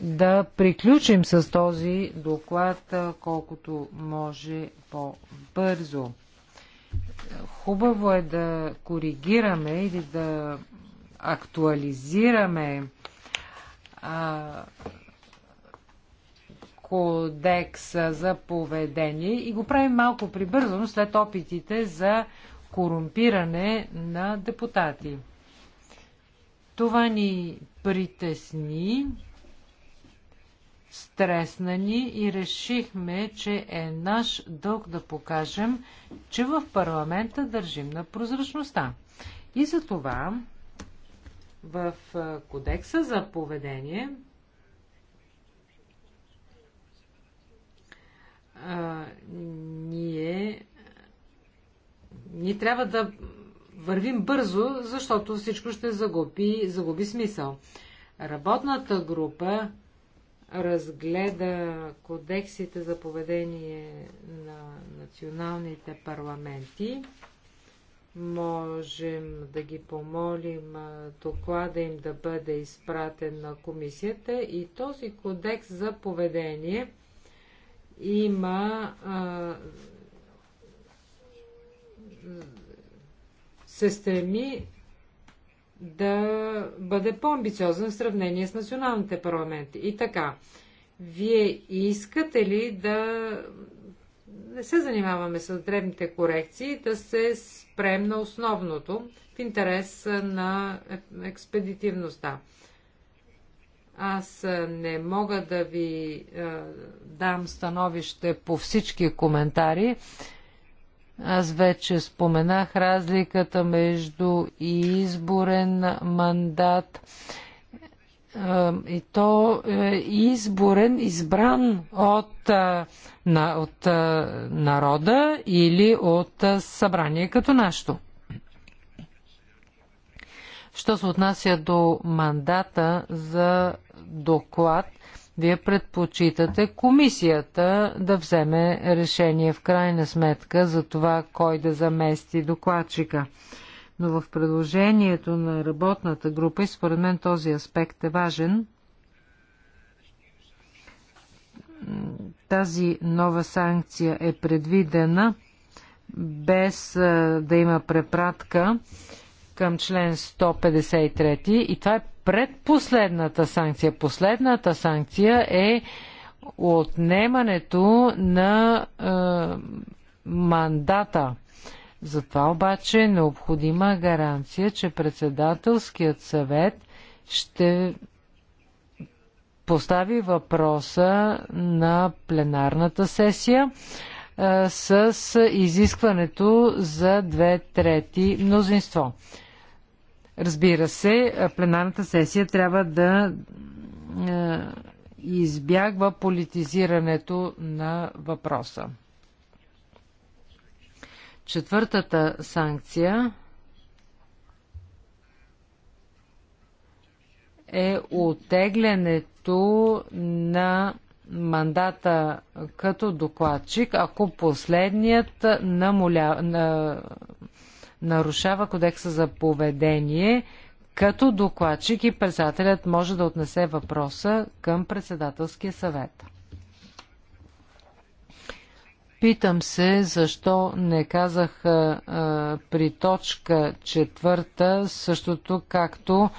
да приключим с този доклад колкото може по-бързо. Хубаво е да коригираме или да актуализираме а, кодекса за поведение и го правим малко прибързано след опитите за корумпиране на депутати. Това ни притесни, стресна ни и решихме, че е наш дълг да покажем, че в парламента държим на прозрачността. И за това в кодекса за поведение а, ние, ние трябва да вървим бързо, защото всичко ще загуби, загуби смисъл. Работната група разгледа кодексите за поведение на националните парламенти. Можем да ги помолим доклада им да бъде изпратен на комисията и този кодекс за поведение – има а, се стреми да бъде по-амбициозен в сравнение с националните парламенти. И така, вие искате ли да не се занимаваме с дребните корекции, да се спрем на основното в интерес на експедитивността? Аз не мога да ви дам становище по всички коментари. Аз вече споменах разликата между изборен мандат и то е изборен, избран от, на, от народа или от събрание като нашето. Що се отнася до мандата за доклад, вие предпочитате комисията да вземе решение в крайна сметка за това кой да замести докладчика. Но в предложението на работната група и според мен този аспект е важен, тази нова санкция е предвидена без да има препратка към член 153 и това е предпоследната санкция. Последната санкция е отнемането на е, мандата. Затова обаче е необходима гаранция, че председателският съвет ще постави въпроса на пленарната сесия е, с изискването за две трети мнозинство. Разбира се, пленарната сесия трябва да е, избягва политизирането на въпроса. Четвъртата санкция е отеглянето на мандата като докладчик, ако последният намоля, на, нарушава кодекса за поведение, като докладчик и председателят може да отнесе въпроса към председателския съвет. Питам се, защо не казах а, при точка четвърта същото, както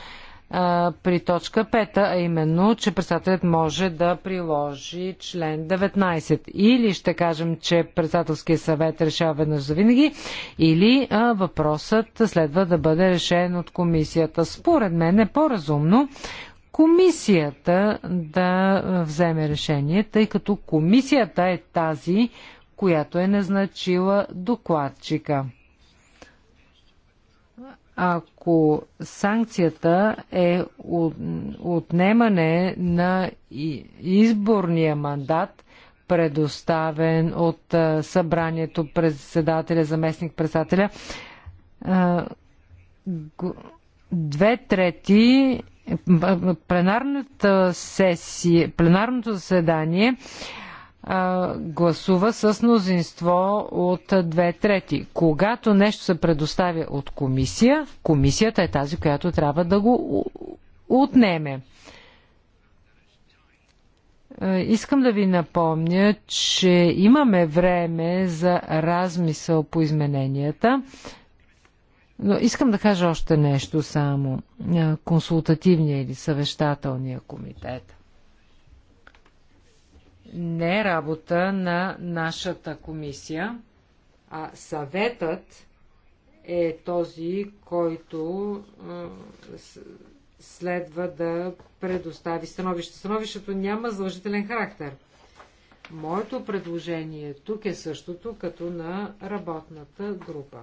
при точка 5, а именно, че председателят може да приложи член 19. Или ще кажем, че председателския съвет решава веднъж за винаги, или а, въпросът следва да бъде решен от комисията. Според мен е по-разумно комисията да вземе решение, тъй като комисията е тази, която е назначила докладчика ако санкцията е отнемане на изборния мандат, предоставен от събранието председателя, заместник председателя, две трети пленарната сесия, пленарното заседание гласува с мнозинство от две трети. Когато нещо се предоставя от комисия, комисията е тази, която трябва да го отнеме. Искам да ви напомня, че имаме време за размисъл по измененията, но искам да кажа още нещо само. Консултативния или съвещателния комитет не е работа на нашата комисия, а съветът е този, който следва да предостави становище. Становището няма задължителен характер. Моето предложение тук е същото като на работната група.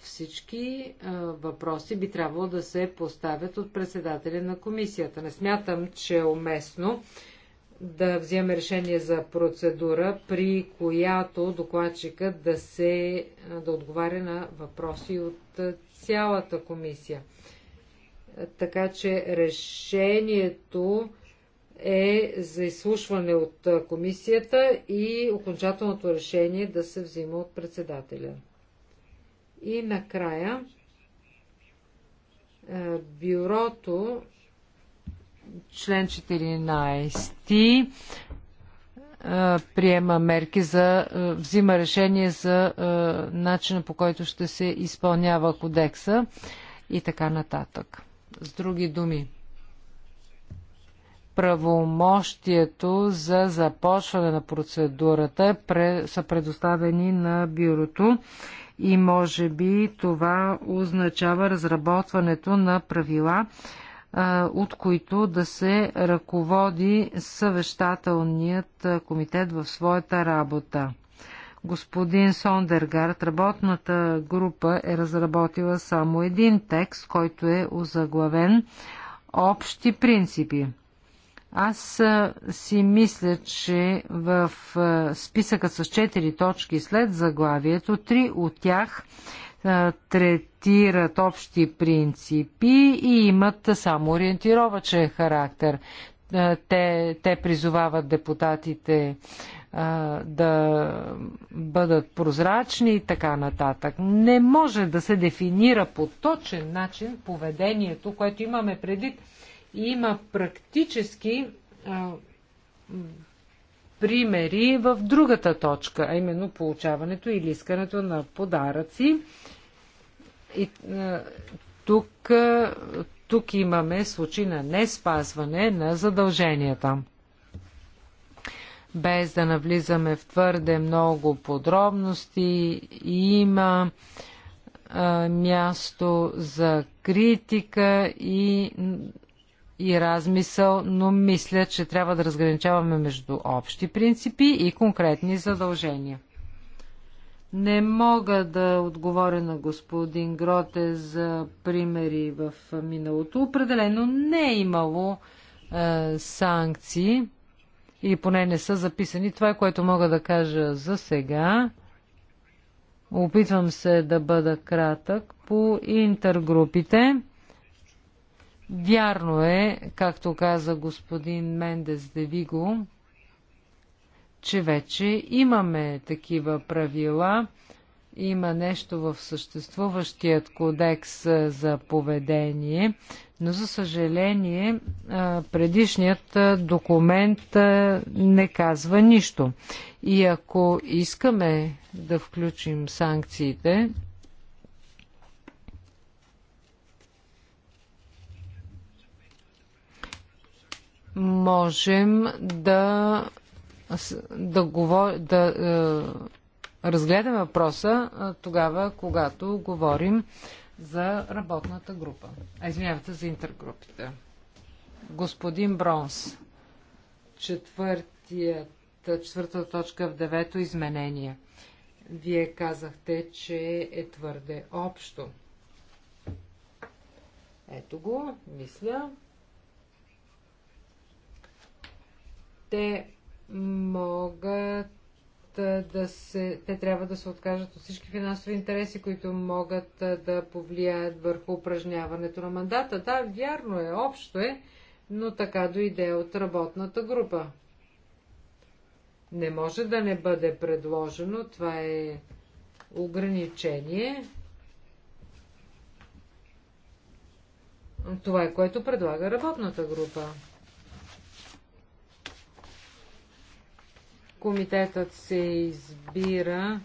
всички въпроси би трябвало да се поставят от председателя на комисията. Не смятам, че е уместно да вземем решение за процедура, при която докладчика да, се, да отговаря на въпроси от цялата комисия. Така че решението е за изслушване от комисията и окончателното решение да се взима от председателя. И накрая е, бюрото, член 14, е, приема мерки за, е, взима решение за начина по който ще се изпълнява кодекса и така нататък. С други думи, правомощието за започване на процедурата са предоставени на бюрото и може би това означава разработването на правила, от които да се ръководи съвещателният комитет в своята работа. Господин Сондергард, работната група е разработила само един текст, който е озаглавен Общи принципи. Аз си мисля, че в списъка с четири точки след заглавието, три от тях третират общи принципи и имат само ориентировачен характер. Те, те призовават депутатите да бъдат прозрачни и така нататък. Не може да се дефинира по точен начин поведението, което имаме предвид има практически а, примери в другата точка, а именно получаването или искането на подаръци. И, а, тук, а, тук имаме случай на не спазване на задълженията. Без да навлизаме в твърде много подробности, има а, място за критика и и размисъл, но мисля, че трябва да разграничаваме между общи принципи и конкретни задължения. Не мога да отговоря на господин Гроте за примери в миналото. Определено не е имало е, санкции или поне не са записани. Това е което мога да кажа за сега. Опитвам се да бъда кратък по интергрупите. Вярно е, както каза господин Мендес Девиго, че вече имаме такива правила. Има нещо в съществуващият кодекс за поведение, но за съжаление предишният документ не казва нищо. И ако искаме да включим санкциите, можем да, да, говор, да е, разгледаме въпроса е, тогава, когато говорим за работната група. А, извинявате за интергрупите. Господин Бронс, четвъртата четвърта точка в девето изменение. Вие казахте, че е твърде общо. Ето го, мисля. те могат да се, те трябва да се откажат от всички финансови интереси, които могат да повлияят върху упражняването на мандата. Да, вярно е, общо е, но така дойде от работната група. Не може да не бъде предложено, това е ограничение. Това е което предлага работната група. Комитетът се избира,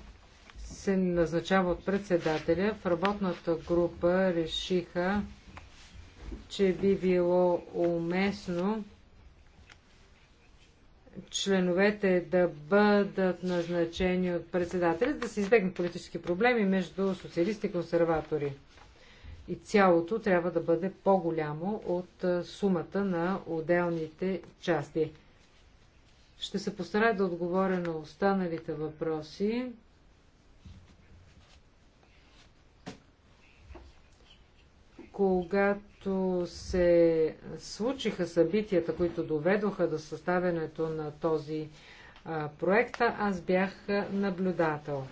се назначава от председателя. В работната група решиха, че би било уместно членовете да бъдат назначени от председателя, да се избегнат политически проблеми между социалисти и консерватори. И цялото трябва да бъде по-голямо от сумата на отделните части. Ще се постарая да отговоря на останалите въпроси. Когато се случиха събитията, които доведоха до съставянето на този а, проект, аз бях наблюдател.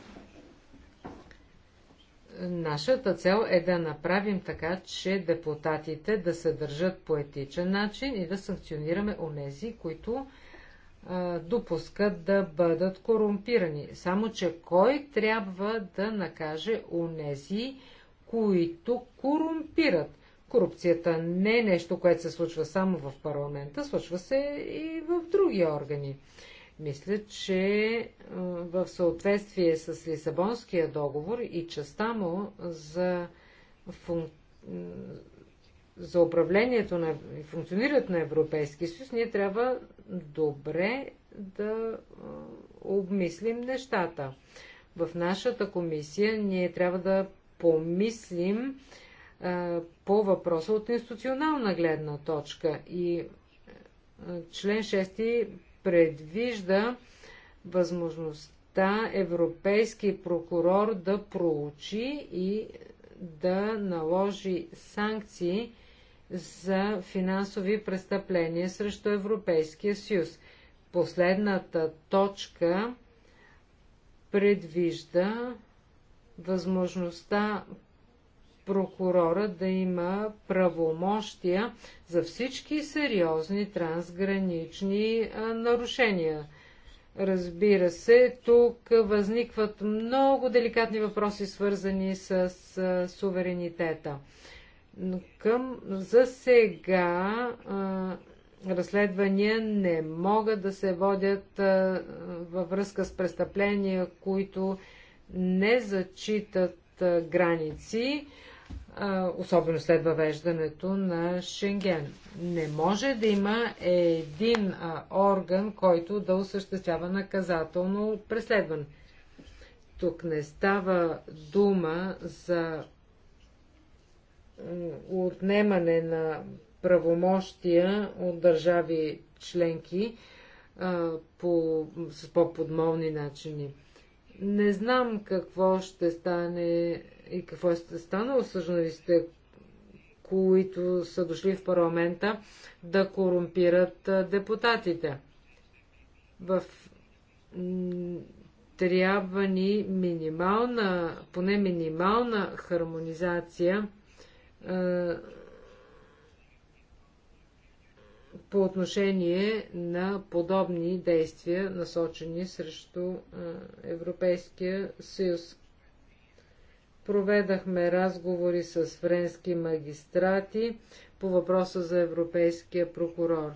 Нашата цел е да направим така, че депутатите да се държат по етичен начин и да санкционираме онези, които допускат да бъдат корумпирани. Само, че кой трябва да накаже унези, които корумпират? Корупцията не е нещо, което се случва само в парламента, случва се и в други органи. Мисля, че в съответствие с Лисабонския договор и частта му за, фун... за управлението на функционирането на Европейския съюз, ние трябва добре да обмислим нещата. В нашата комисия ние трябва да помислим по въпроса от институционална гледна точка. И член 6 предвижда възможността европейски прокурор да проучи и да наложи санкции за финансови престъпления срещу Европейския съюз. Последната точка предвижда възможността прокурора да има правомощия за всички сериозни трансгранични нарушения. Разбира се, тук възникват много деликатни въпроси, свързани с суверенитета. Но към за сега а, разследвания не могат да се водят а, във връзка с престъпления, които не зачитат а, граници, а, особено след въвеждането на Шенген. Не може да има един а, орган, който да осъществява наказателно преследване. Тук не става дума за отнемане на правомощия от държави членки а, по, с по-подмолни начини. Не знам какво ще стане и какво ще стане с които са дошли в парламента да корумпират депутатите. В... Трябва ни минимална, поне минимална хармонизация е, по отношение на подобни действия, насочени срещу е, Европейския съюз. Проведахме разговори с френски магистрати по въпроса за Европейския прокурор.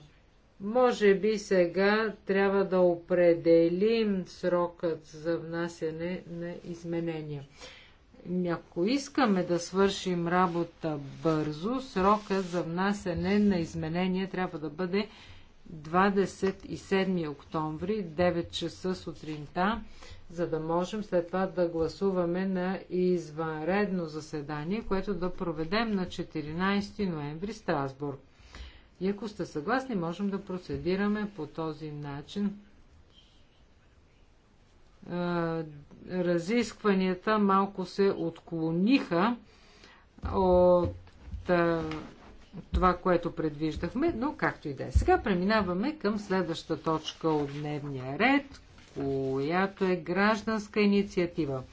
Може би сега трябва да определим срокът за внасяне на изменения ако искаме да свършим работа бързо, срока за внасене на изменения трябва да бъде 27 октомври, 9 часа сутринта, за да можем след това да гласуваме на извънредно заседание, което да проведем на 14 ноември Страсбург. И ако сте съгласни, можем да процедираме по този начин разискванията малко се отклониха от това, което предвиждахме, но както и да е. Сега преминаваме към следваща точка от дневния ред, която е гражданска инициатива.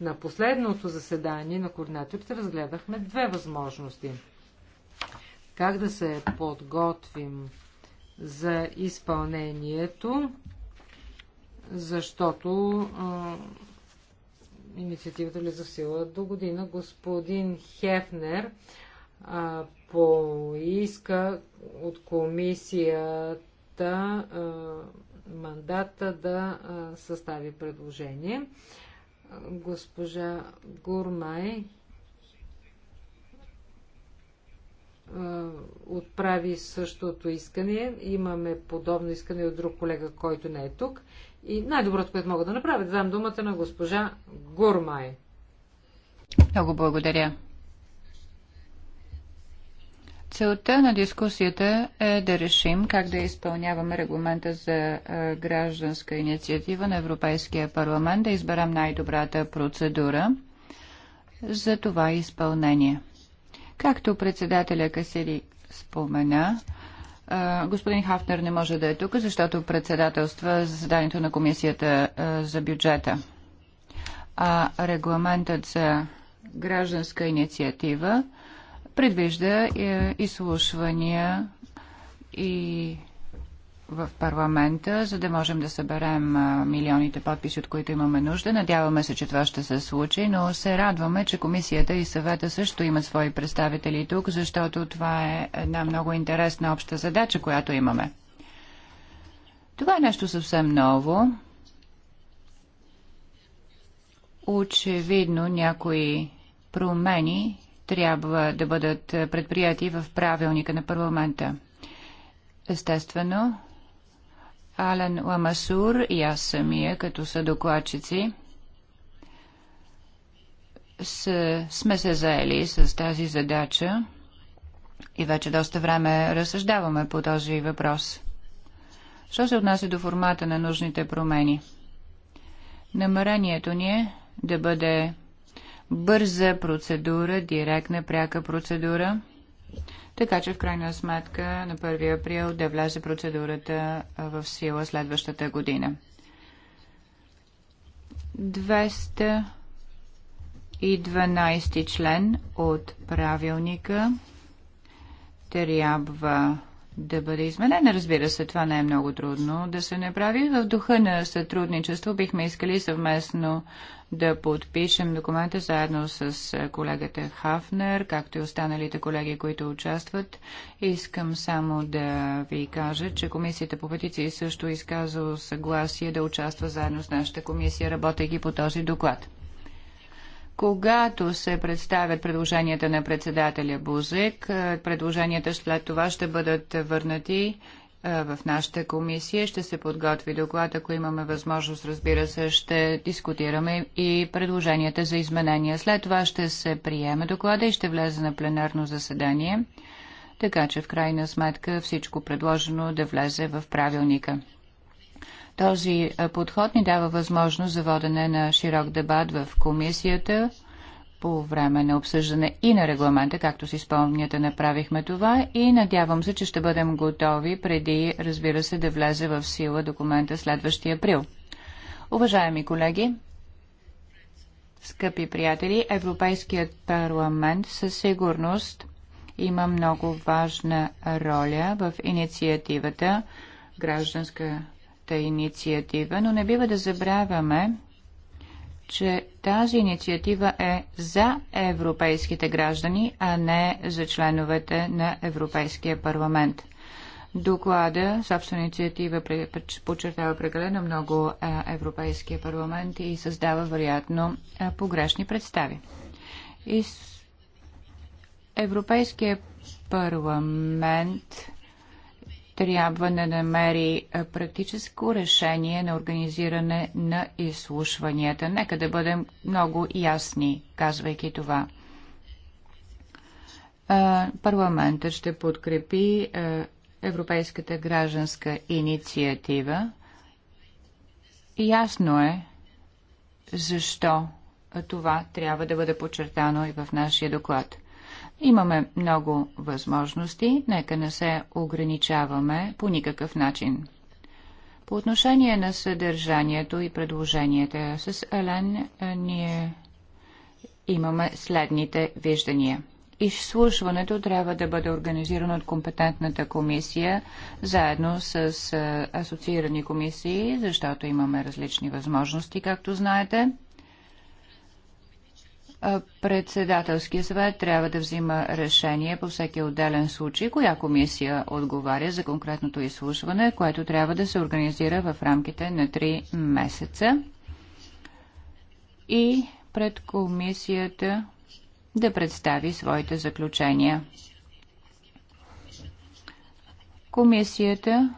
На последното заседание на координаторите разгледахме две възможности. Как да се подготвим за изпълнението, защото инициативата влиза в сила до година. Господин Хефнер а, поиска от комисията а, мандата да а, състави предложение. Госпожа Гурмай отправи същото искане. Имаме подобно искане от друг колега, който не е тук. И най-доброто, което мога да направя, е да дам думата на госпожа Гормай. Много благодаря. Целта на дискусията е да решим как да изпълняваме регламента за гражданска инициатива на Европейския парламент, да изберем най-добрата процедура за това изпълнение. Както председателя Касири спомена, Господин Хафнер не може да е тук, защото председателства заседанието на комисията за бюджета. А регламентът за гражданска инициатива предвижда е, изслушвания и в парламента, за да можем да съберем милионите подписи, от които имаме нужда. Надяваме се, че това ще се случи, но се радваме, че комисията и съвета също имат свои представители тук, защото това е една много интересна обща задача, която имаме. Това е нещо съвсем ново. Очевидно някои промени трябва да бъдат предприяти в правилника на парламента. Естествено, Ален Ламасур и аз самия, като са докладчици, с, сме се заели с тази задача и вече доста време разсъждаваме по този въпрос. Що се отнася до формата на нужните промени? Намерението ни е да бъде бърза процедура, директна пряка процедура – така че в крайна сметка на 1 април да влезе процедурата в сила следващата година. 212 член от правилника трябва да бъде изменена. Разбира се, това не е много трудно да се направи. В духа на сътрудничество бихме искали съвместно да подпишем документа заедно с е, колегата Хафнер, както и останалите колеги, които участват. Искам само да ви кажа, че Комисията по петиции също изказва съгласие да участва заедно с нашата комисия, работейки по този доклад. Когато се представят предложенията на председателя Бузик, е, предложенията след това ще бъдат върнати е, в нашата комисия. Ще се подготви доклад, ако имаме възможност, разбира се, ще дискутираме и предложенията за изменения. След това ще се приеме доклада и ще влезе на пленарно заседание, така че в крайна сметка всичко предложено да влезе в правилника. Този е, подход ни дава възможност за водене на широк дебат в комисията по време на обсъждане и на регламента, както си спомняте, направихме това и надявам се, че ще бъдем готови преди, разбира се, да влезе в сила документа следващия април. Уважаеми колеги, скъпи приятели, Европейският парламент със сигурност има много важна роля в инициативата, гражданската инициатива, но не бива да забравяме, че тази инициатива е за европейските граждани, а не за членовете на Европейския парламент. Доклада, собствена инициатива, подчертава прекалено много Европейския парламент и създава, вероятно, погрешни представи. И Европейския парламент трябва да намери е, практическо решение на организиране на изслушванията. Нека да бъдем много ясни, казвайки това. Е, парламентът ще подкрепи е, Европейската гражданска инициатива. Ясно е защо това трябва да бъде подчертано и в нашия доклад. Имаме много възможности, нека не се ограничаваме по никакъв начин. По отношение на съдържанието и предложенията с Елен е, ние имаме следните виждания. Изслушването трябва да бъде организирано от компетентната комисия, заедно с е, асоциирани комисии, защото имаме различни възможности, както знаете. Председателския съвет трябва да взима решение по всеки отделен случай, коя комисия отговаря за конкретното изслушване, което трябва да се организира в рамките на 3 месеца и пред комисията да представи своите заключения. Комисията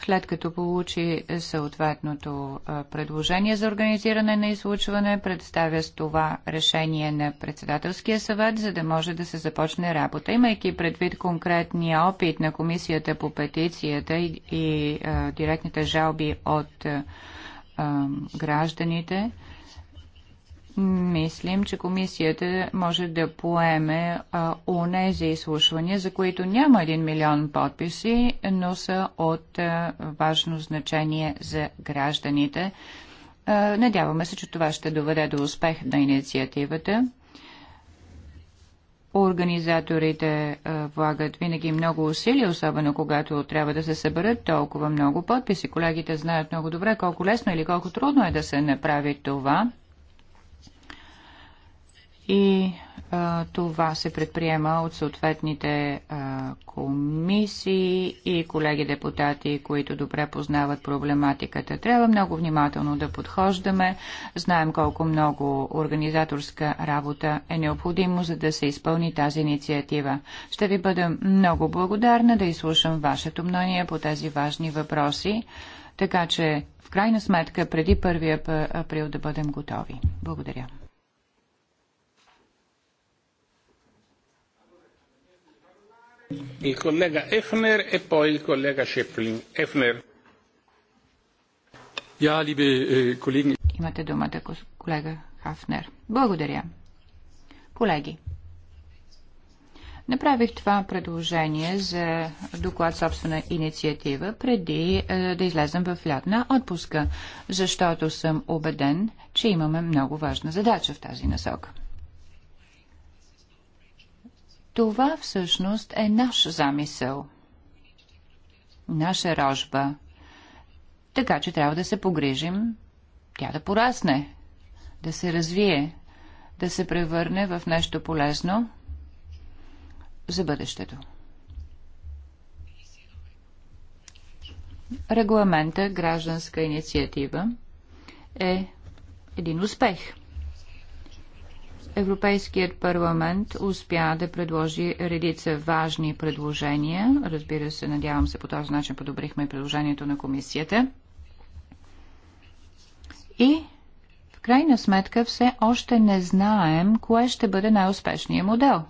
след като получи съответното предложение за организиране на излучване, представя с това решение на председателския съвет, за да може да се започне работа. Имайки предвид конкретния опит на комисията по петицията и, и а, директните жалби от а, гражданите, Мислим, че комисията може да поеме онези изслушвания, за които няма 1 милион подписи, но са от а, важно значение за гражданите. А, надяваме се, че това ще доведе до успех на инициативата. Организаторите а, влагат винаги много усилия, особено когато трябва да се съберат толкова много подписи. Колегите знаят много добре колко лесно или колко трудно е да се направи това и а, това се предприема от съответните а, комисии и колеги депутати, които добре познават проблематиката. Трябва много внимателно да подхождаме. Знаем колко много организаторска работа е необходимо, за да се изпълни тази инициатива. Ще ви бъда много благодарна да изслушам вашето мнение по тези важни въпроси, така че в крайна сметка преди 1 април да бъдем готови. Благодаря. Il collega Effner e poi il collega Effner. Ja, liebe eh, Kollegen. Имате думата, колега Хафнер. Благодаря. Колеги, направих това предложение за доклад собствена инициатива преди е, да излезем в лятна отпуска, защото съм убеден, че имаме много важна задача в тази насока. Това всъщност е наш замисъл, наша рожба. Така че трябва да се погрижим тя да порасне, да се развие, да се превърне в нещо полезно за бъдещето. Регламента гражданска инициатива е един успех – Европейският парламент успя да предложи редица важни предложения. Разбира се, надявам се по този начин подобрихме и предложението на комисията. И в крайна сметка все още не знаем кое ще бъде най-успешният модел.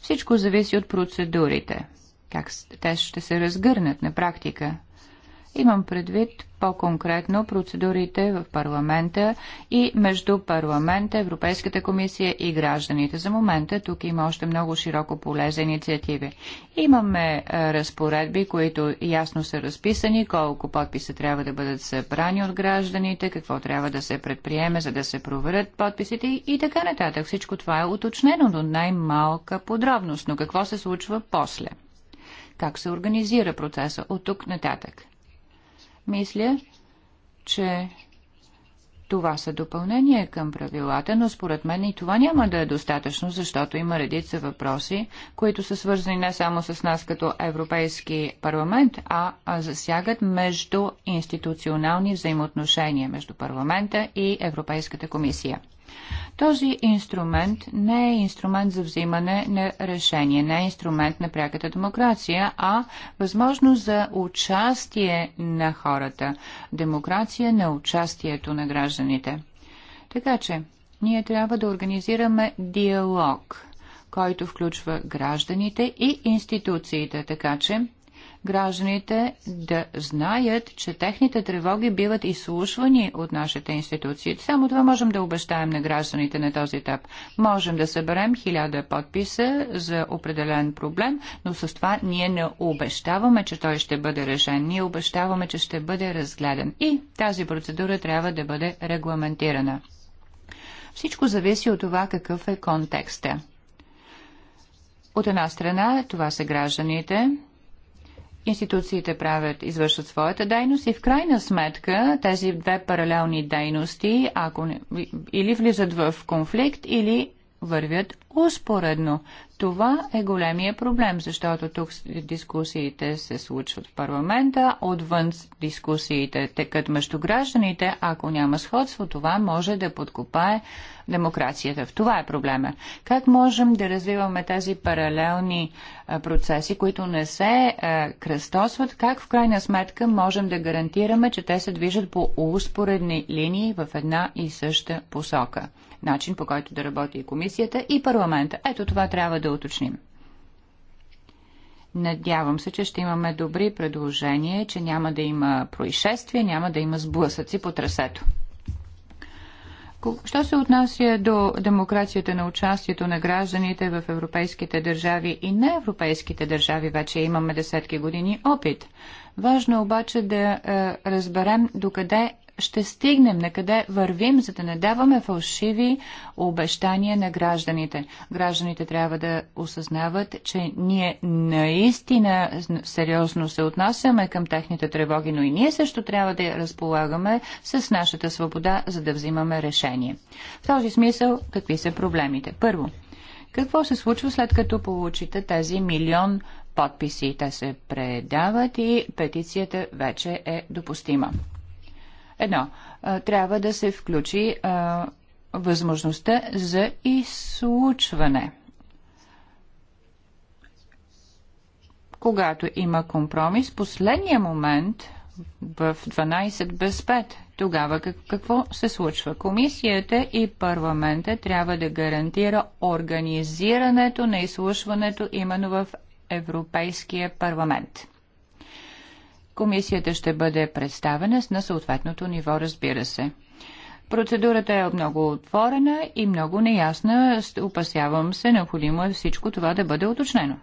Всичко зависи от процедурите. Как те ще се разгърнат на практика. Имам предвид по-конкретно процедурите в парламента и между парламента, Европейската комисия и гражданите. За момента тук има още много широко поле за инициативи. Имаме е, разпоредби, които ясно са разписани, колко подписа трябва да бъдат събрани от гражданите, какво трябва да се предприеме, за да се проверят подписите и така нататък. Всичко това е уточнено до най-малка подробност. Но какво се случва после? Как се организира процеса от тук нататък? Мисля, че това са допълнение към правилата, но според мен и това няма да е достатъчно, защото има редица въпроси, които са свързани не само с нас като Европейски парламент, а засягат между институционални взаимоотношения между парламента и Европейската комисия. Този инструмент не е инструмент за взимане на решение, не е инструмент на пряката демокрация, а възможност за участие на хората. Демокрация на участието на гражданите. Така че, ние трябва да организираме диалог, който включва гражданите и институциите, така че гражданите да знаят, че техните тревоги биват изслушвани от нашите институции. Само това можем да обещаем на гражданите на този етап. Можем да съберем хиляда подписа за определен проблем, но с това ние не обещаваме, че той ще бъде решен. Ние обещаваме, че ще бъде разгледан. И тази процедура трябва да бъде регламентирана. Всичко зависи от това какъв е контекста. От една страна, това са гражданите, институциите правят, извършват своята дейност и в крайна сметка тези две паралелни дейности ако не, или влизат в конфликт, или вървят успоредно. Това е големия проблем, защото тук дискусиите се случват в парламента, отвън дискусиите текат между гражданите. Ако няма сходство, това може да подкопае демокрацията. В това е проблема. Как можем да развиваме тези паралелни процеси, които не се кръстосват? Как в крайна сметка можем да гарантираме, че те се движат по успоредни линии в една и съща посока? начин, по който да работи и комисията, и парламента. Ето това трябва да уточним. Надявам се, че ще имаме добри предложения, че няма да има происшествия, няма да има сблъсъци по трасето. Що се отнася до демокрацията на участието на гражданите в европейските държави и на европейските държави, вече имаме десетки години опит. Важно е обаче да е, разберем докъде ще стигнем, на къде вървим, за да не даваме фалшиви обещания на гражданите. Гражданите трябва да осъзнават, че ние наистина сериозно се отнасяме към техните тревоги, но и ние също трябва да разполагаме с нашата свобода, за да взимаме решение. В този смисъл, какви са проблемите? Първо, какво се случва след като получите тези милион подписи? Те се предават и петицията вече е допустима. Едно, трябва да се включи а, възможността за изслучване. Когато има компромис, последния момент в 12 без 5, тогава какво се случва? Комисията и парламента трябва да гарантира организирането на изслушването именно в Европейския парламент. Комисията ще бъде представена на съответното ниво, разбира се. Процедурата е много отворена и много неясна. Опасявам се, необходимо е всичко това да бъде уточнено.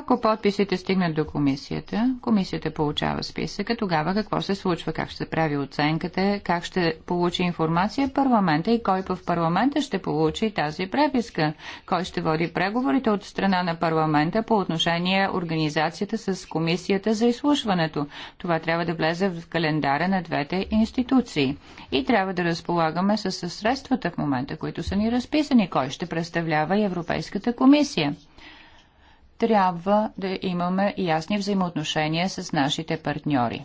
Ако подписите стигнат до комисията, комисията получава списъка, тогава какво се случва, как ще се прави оценката, как ще получи информация парламента и кой в парламента ще получи тази преписка, кой ще води преговорите от страна на парламента по отношение организацията с комисията за изслушването. Това трябва да влезе в календара на двете институции. И трябва да разполагаме с средствата в момента, които са ни разписани, кой ще представлява Европейската комисия трябва да имаме ясни взаимоотношения с нашите партньори.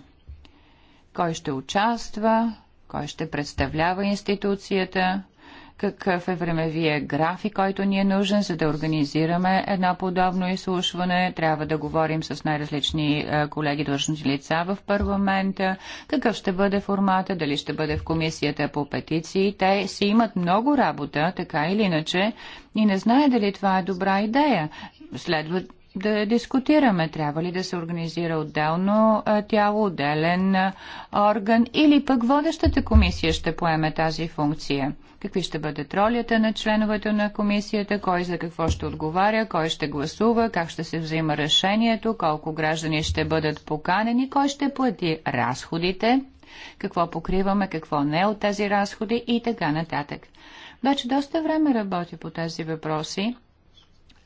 Кой ще участва, кой ще представлява институцията, какъв е времевия график, който ни е нужен, за да организираме едно подобно изслушване. Трябва да говорим с най-различни е, колеги, длъжности лица в парламента, какъв ще бъде формата, дали ще бъде в комисията по петиции. Те си имат много работа, така или иначе, и не знае дали това е добра идея следва да дискутираме. Трябва ли да се организира отделно тяло, отделен орган или пък водещата комисия ще поеме тази функция? Какви ще бъдат ролята на членовете на комисията, кой за какво ще отговаря, кой ще гласува, как ще се взима решението, колко граждани ще бъдат поканени, кой ще плати разходите, какво покриваме, какво не от тези разходи и така нататък. Вече доста време работя по тези въпроси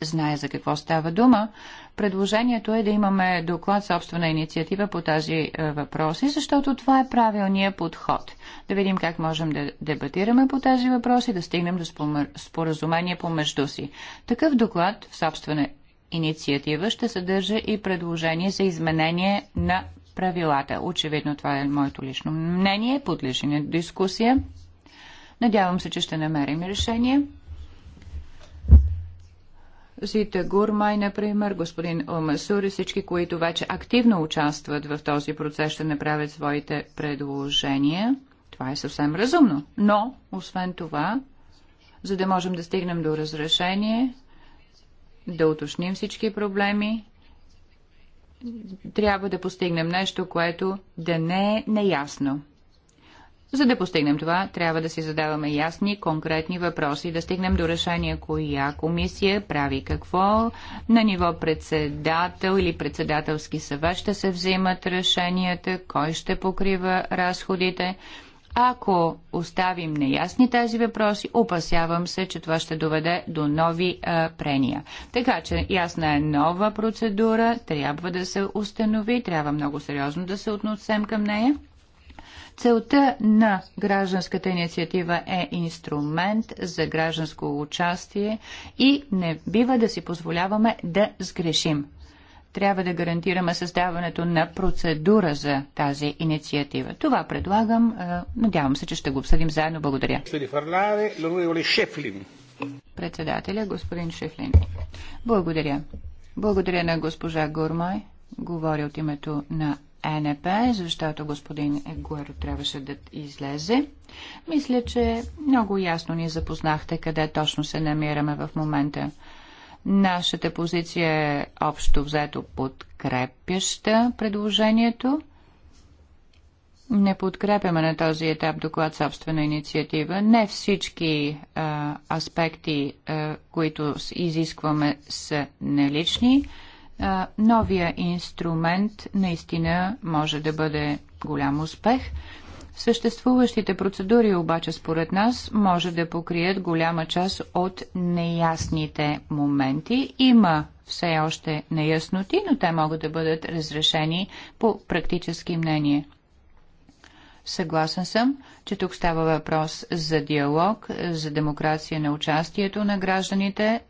знае за какво става дума. Предложението е да имаме доклад собствена инициатива по тази е, въпроси, защото това е правилният подход. Да видим как можем да дебатираме по тези въпроси, да стигнем до споразумение помежду си. Такъв доклад в собствена инициатива ще съдържа и предложение за изменение на правилата. Очевидно това е моето лично мнение, подлежи на дискусия. Надявам се, че ще намерим решение. Зита Гурмай, например, господин Омасури, всички, които вече активно участват в този процес, ще направят своите предложения. Това е съвсем разумно. Но, освен това, за да можем да стигнем до разрешение, да уточним всички проблеми, трябва да постигнем нещо, което да не е неясно. За да постигнем това, трябва да си задаваме ясни, конкретни въпроси, да стигнем до решение коя комисия прави какво, на ниво председател или председателски съвет ще се взимат решенията, кой ще покрива разходите. Ако оставим неясни тези въпроси, опасявам се, че това ще доведе до нови а, прения. Така че ясна е нова процедура, трябва да се установи, трябва много сериозно да се относим към нея. Целта на гражданската инициатива е инструмент за гражданско участие и не бива да си позволяваме да сгрешим. Трябва да гарантираме създаването на процедура за тази инициатива. Това предлагам. Е, надявам се, че ще го обсъдим заедно. Благодаря. Председателя, господин Шефлин. Благодаря. Благодаря на госпожа Гурмай. Говоря от името на ЕНП, защото господин Егуеро трябваше да излезе. Мисля, че много ясно ни запознахте къде точно се намираме в момента. Нашата позиция е общо взето подкрепяща предложението. Не подкрепяме на този етап доклад собствена инициатива. Не всички а, аспекти, а, които изискваме, са налични новия инструмент наистина може да бъде голям успех. Съществуващите процедури обаче според нас може да покрият голяма част от неясните моменти. Има все още неясноти, но те могат да бъдат разрешени по практически мнение. Съгласен съм, че тук става въпрос за диалог, за демокрация на участието на гражданите,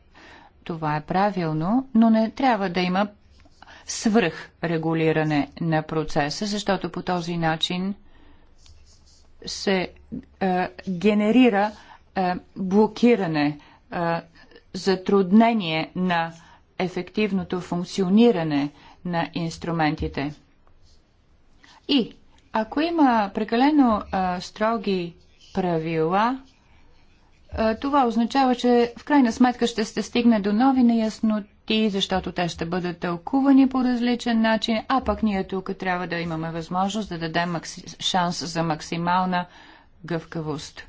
това е правилно, но не трябва да има свръхрегулиране на процеса, защото по този начин се е, генерира е, блокиране, е, затруднение на ефективното функциониране на инструментите. И ако има прекалено е, строги правила, това означава, че в крайна сметка ще се стигне до нови неясноти, защото те ще бъдат тълкувани по различен начин, а пък ние тук трябва да имаме възможност да дадем макси... шанс за максимална гъвкавост.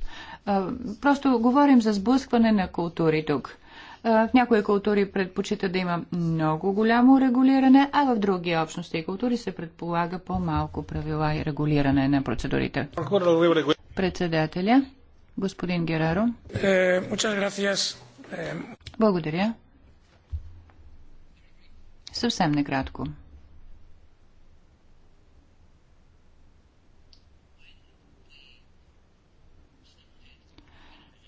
Просто говорим за сблъскване на култури тук. В някои култури предпочита да има много голямо регулиране, а в други общности и култури се предполага по-малко правила и регулиране на процедурите. Председателя. Господин Гераро. Е, е, Благодаря. Съвсем некратко.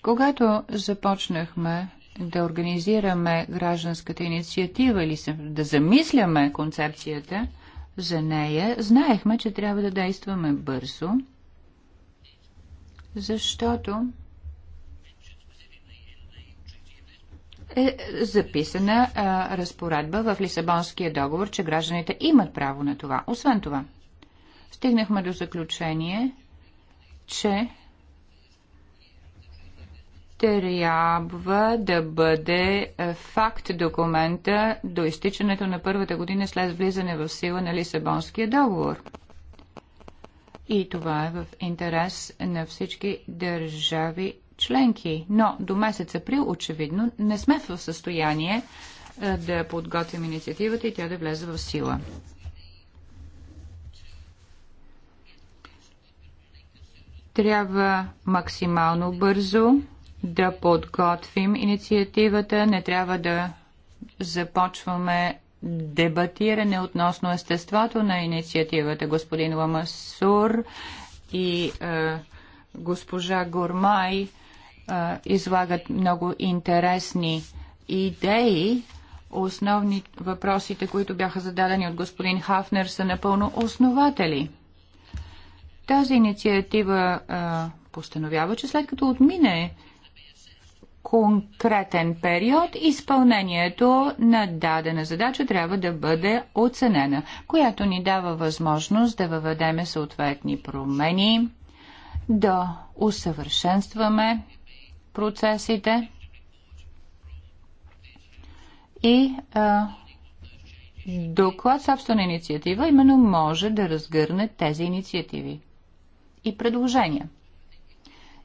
Когато започнахме да организираме гражданската инициатива или да замисляме концепцията за нея, знаехме, че трябва да действаме бързо – защото е записана а, разпоредба в Лисабонския договор, че гражданите имат право на това. Освен това, стигнахме до заключение, че трябва да бъде факт документа до изтичането на първата година след влизане в сила на Лисабонския договор. И това е в интерес на всички държави членки. Но до месец април, очевидно, не сме в състояние е, да подготвим инициативата и тя да влезе в сила. Трябва максимално бързо да подготвим инициативата. Не трябва да започваме дебатиране относно естеството на инициативата. Господин Ламасур и е, госпожа Гормай е, излагат много интересни идеи. Основни въпросите, които бяха зададени от господин Хафнер, са напълно основатели. Тази инициатива е, постановява, че след като отмине конкретен период изпълнението на дадена задача трябва да бъде оценена, която ни дава възможност да въведеме съответни промени, да усъвършенстваме процесите и а, доклад собствена инициатива именно може да разгърне тези инициативи и предложения.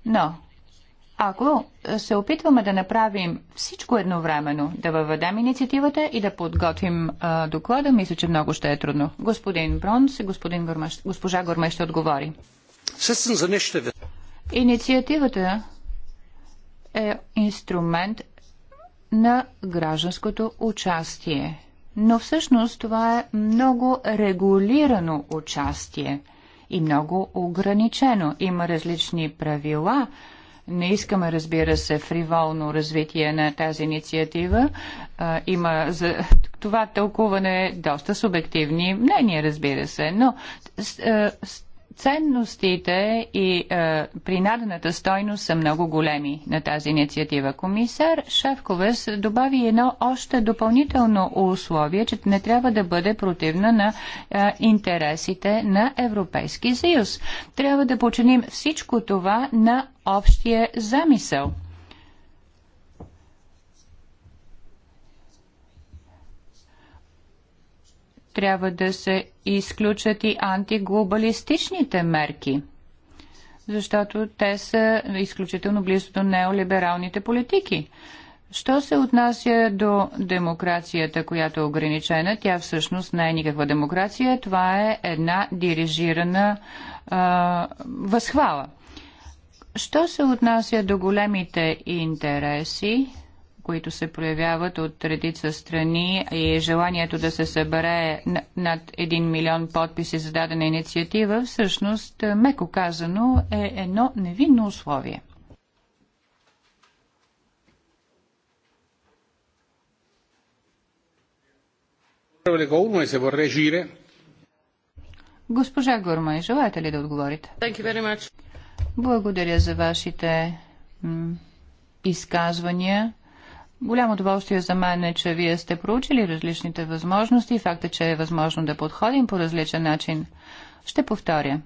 Но ако е, се опитваме да направим всичко едновременно, да въведем инициативата и да подготвим а, е, доклада, мисля, че много ще е трудно. Господин Бронс и господин Гормеш, госпожа Горме ще отговори. Инициативата е инструмент на гражданското участие. Но всъщност това е много регулирано участие и много ограничено. Има различни правила, не искаме, разбира се, фриволно развитие на тази инициатива. А, има за това тълкуване доста субективни мнения, разбира се, но с, с, ценностите и е, принадената стойност са много големи на тази инициатива. Комисар Шевковес добави едно още допълнително условие, че не трябва да бъде противна на е, интересите на Европейски съюз. Трябва да починим всичко това на общия замисъл – трябва да се изключат и антиглобалистичните мерки, защото те са изключително близо до неолибералните политики. Що се отнася до демокрацията, която е ограничена, тя всъщност не е никаква демокрация, това е една дирижирана а, възхвала. Що се отнася до големите интереси, които се проявяват от редица страни и желанието да се събере над 1 милион подписи за дадена инициатива, всъщност, е, меко казано, е едно невинно условие. Госпожа Гурмай, желаете ли да отговорите? Благодаря за вашите изказвания. Голямо удоволствие за мен е, че вие сте проучили различните възможности и факта, че е възможно да подходим по различен начин. Ще повторя.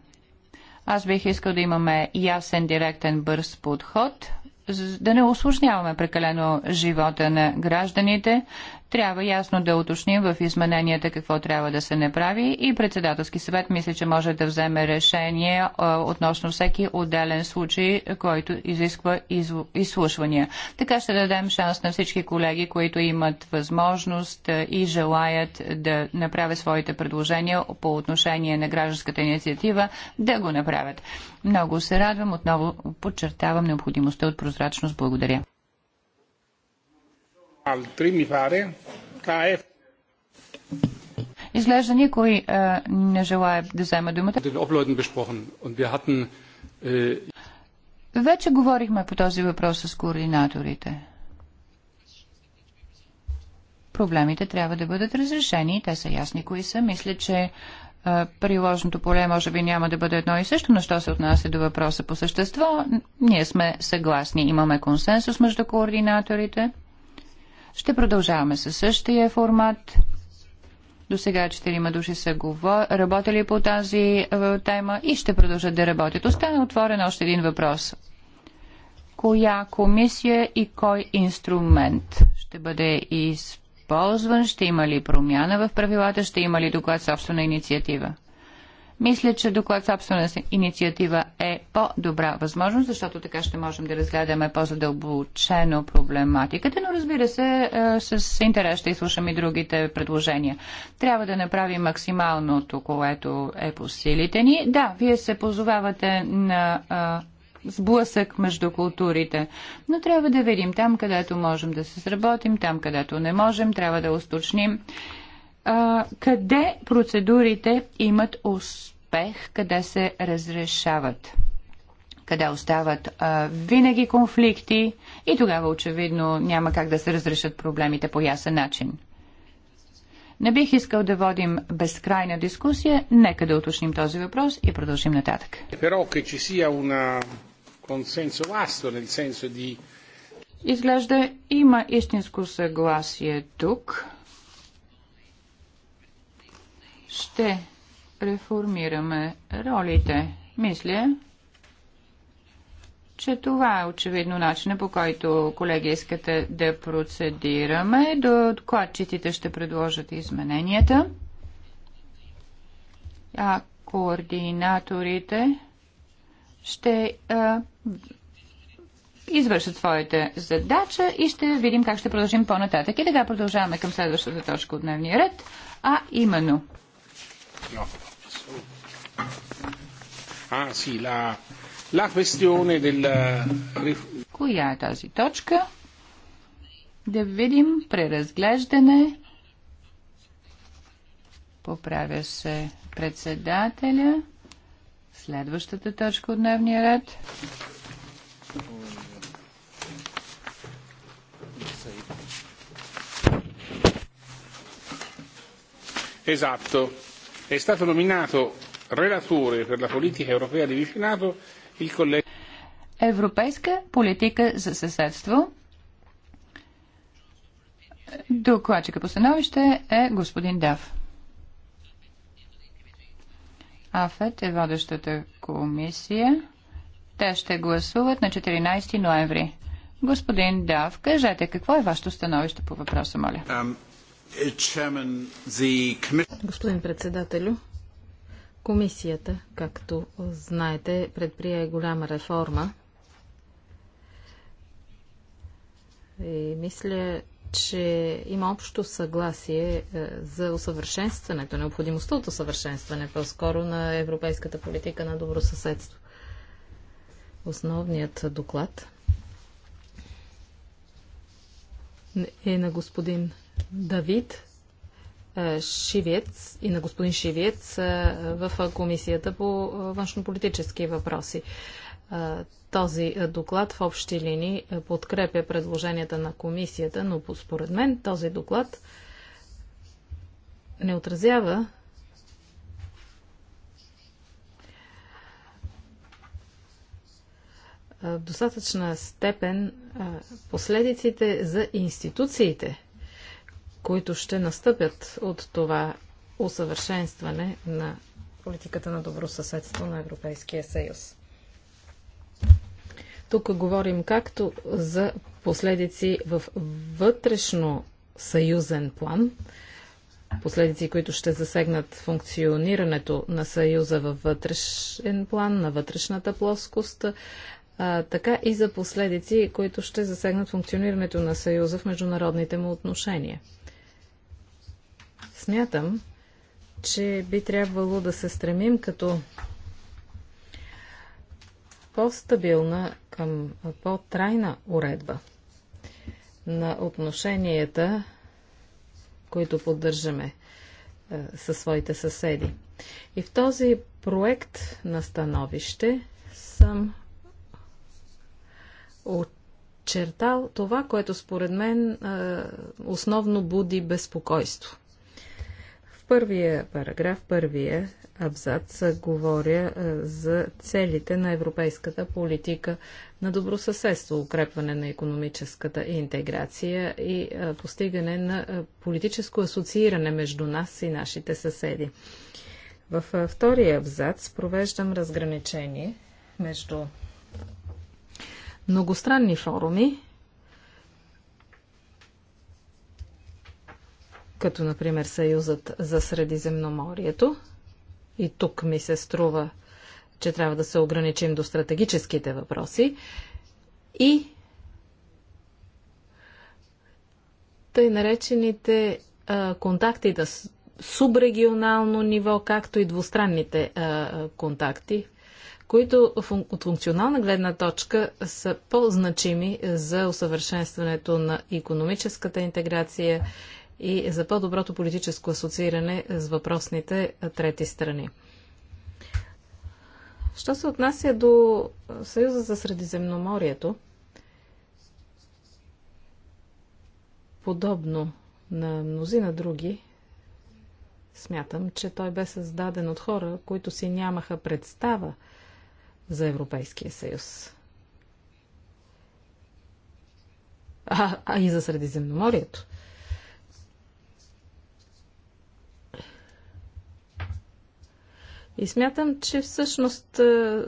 Аз бих искал да имаме ясен, директен, бърз подход, да не осложняваме прекалено живота на гражданите, трябва ясно да уточним в измененията какво трябва да се направи и председателски съвет мисля, че може да вземе решение относно всеки отделен случай, който изисква изслушвания. Така ще дадем шанс на всички колеги, които имат възможност и желаят да направят своите предложения по отношение на гражданската инициатива, да го направят. Много се радвам, отново подчертавам необходимостта от прозрачност. Благодаря. Altri, mi pare. KF. Изглежда никой е, не желая да взема думата. Е, Вече говорихме по този въпрос с координаторите. Проблемите трябва да бъдат разрешени, те са ясни кои са. Мисля, че е, приложното поле може би няма да бъде едно и също, но що се отнася до въпроса по същество, ние сме съгласни. Имаме консенсус между координаторите. Ще продължаваме със същия формат. До сега четирима души са работили по тази е, тема и ще продължат да работят. Остана отворен още един въпрос. Коя комисия и кой инструмент ще бъде използван? Ще има ли промяна в правилата? Ще има ли доклад собствена инициатива? Мисля, че доклад собствена инициатива е по-добра възможност, защото така ще можем да разгледаме по-задълбочено проблематиката, но разбира се, е, с интерес ще изслушам и другите предложения. Трябва да направим максималното, което е по силите ни. Да, вие се позовавате на е, сблъсък между културите. Но трябва да видим там, където можем да се сработим, там, където не можем, трябва да усточним а, къде процедурите имат успех, къде се разрешават, къде остават а, винаги конфликти и тогава очевидно няма как да се разрешат проблемите по ясен начин. Не бих искал да водим безкрайна дискусия. Нека да уточним този въпрос и продължим нататък. Изглежда има истинско съгласие тук ще реформираме ролите. Мисля, че това е очевидно начина по който колеги искате да процедираме. До Докладчиците ще предложат измененията. А координаторите ще а, извършат своята задача и ще видим как ще продължим по-нататък. И така продължаваме към следващата точка от дневния ред, а именно No. Ah sì, la, la questione del... Eh, Коя е тази точка? Да видим преразглеждане. Поправя се председателя. Следващата точка от дневния ред. Esatto. È stato nominato relatore per la politica europea di vicinato il collega. Европейска политика за съседство. Докладчика по становище е господин Дав. АФЕТ е водещата комисия. Те ще гласуват на 14 ноември. Господин Дав, кажете какво е вашето становище по въпроса, моля? Um, Господин председателю, комисията, както знаете, предприе голяма реформа. И мисля, че има общо съгласие е, за усъвършенстването, необходимостта от усъвършенстване по-скоро на европейската политика на добросъседство. Основният доклад е на господин Давид Шивец и на господин Шивец в Комисията по външнополитически въпроси. Този доклад в общи линии подкрепя предложенията на комисията, но според мен този доклад не отразява в достатъчна степен последиците за институциите – които ще настъпят от това усъвършенстване на политиката на добро съседство на Европейския съюз. Тук говорим както за последици в вътрешно съюзен план, последици, които ще засегнат функционирането на Съюза във вътрешен план, на вътрешната плоскост, а, така и за последици, които ще засегнат функционирането на Съюза в международните му отношения. Смятам, че би трябвало да се стремим като по-стабилна към по-трайна уредба на отношенията, които поддържаме е, със своите съседи. И в този проект на становище съм очертал това, което според мен е, основно буди безпокойство първия параграф, първия абзац говоря за целите на европейската политика на добросъседство, укрепване на економическата интеграция и постигане на политическо асоцииране между нас и нашите съседи. Във втория абзац провеждам разграничение между многостранни форуми като например Съюзът за Средиземноморието. И тук ми се струва, че трябва да се ограничим до стратегическите въпроси. И тъй наречените а, контакти да субрегионално ниво, както и двустранните а, контакти, които от функционална гледна точка са по-значими за усъвършенстването на економическата интеграция и за по-доброто политическо асоцииране с въпросните трети страни. Що се отнася до Съюза за Средиземноморието, подобно на мнозина други, смятам, че той бе създаден от хора, които си нямаха представа за Европейския съюз. А, а и за Средиземноморието. И смятам, че всъщност е,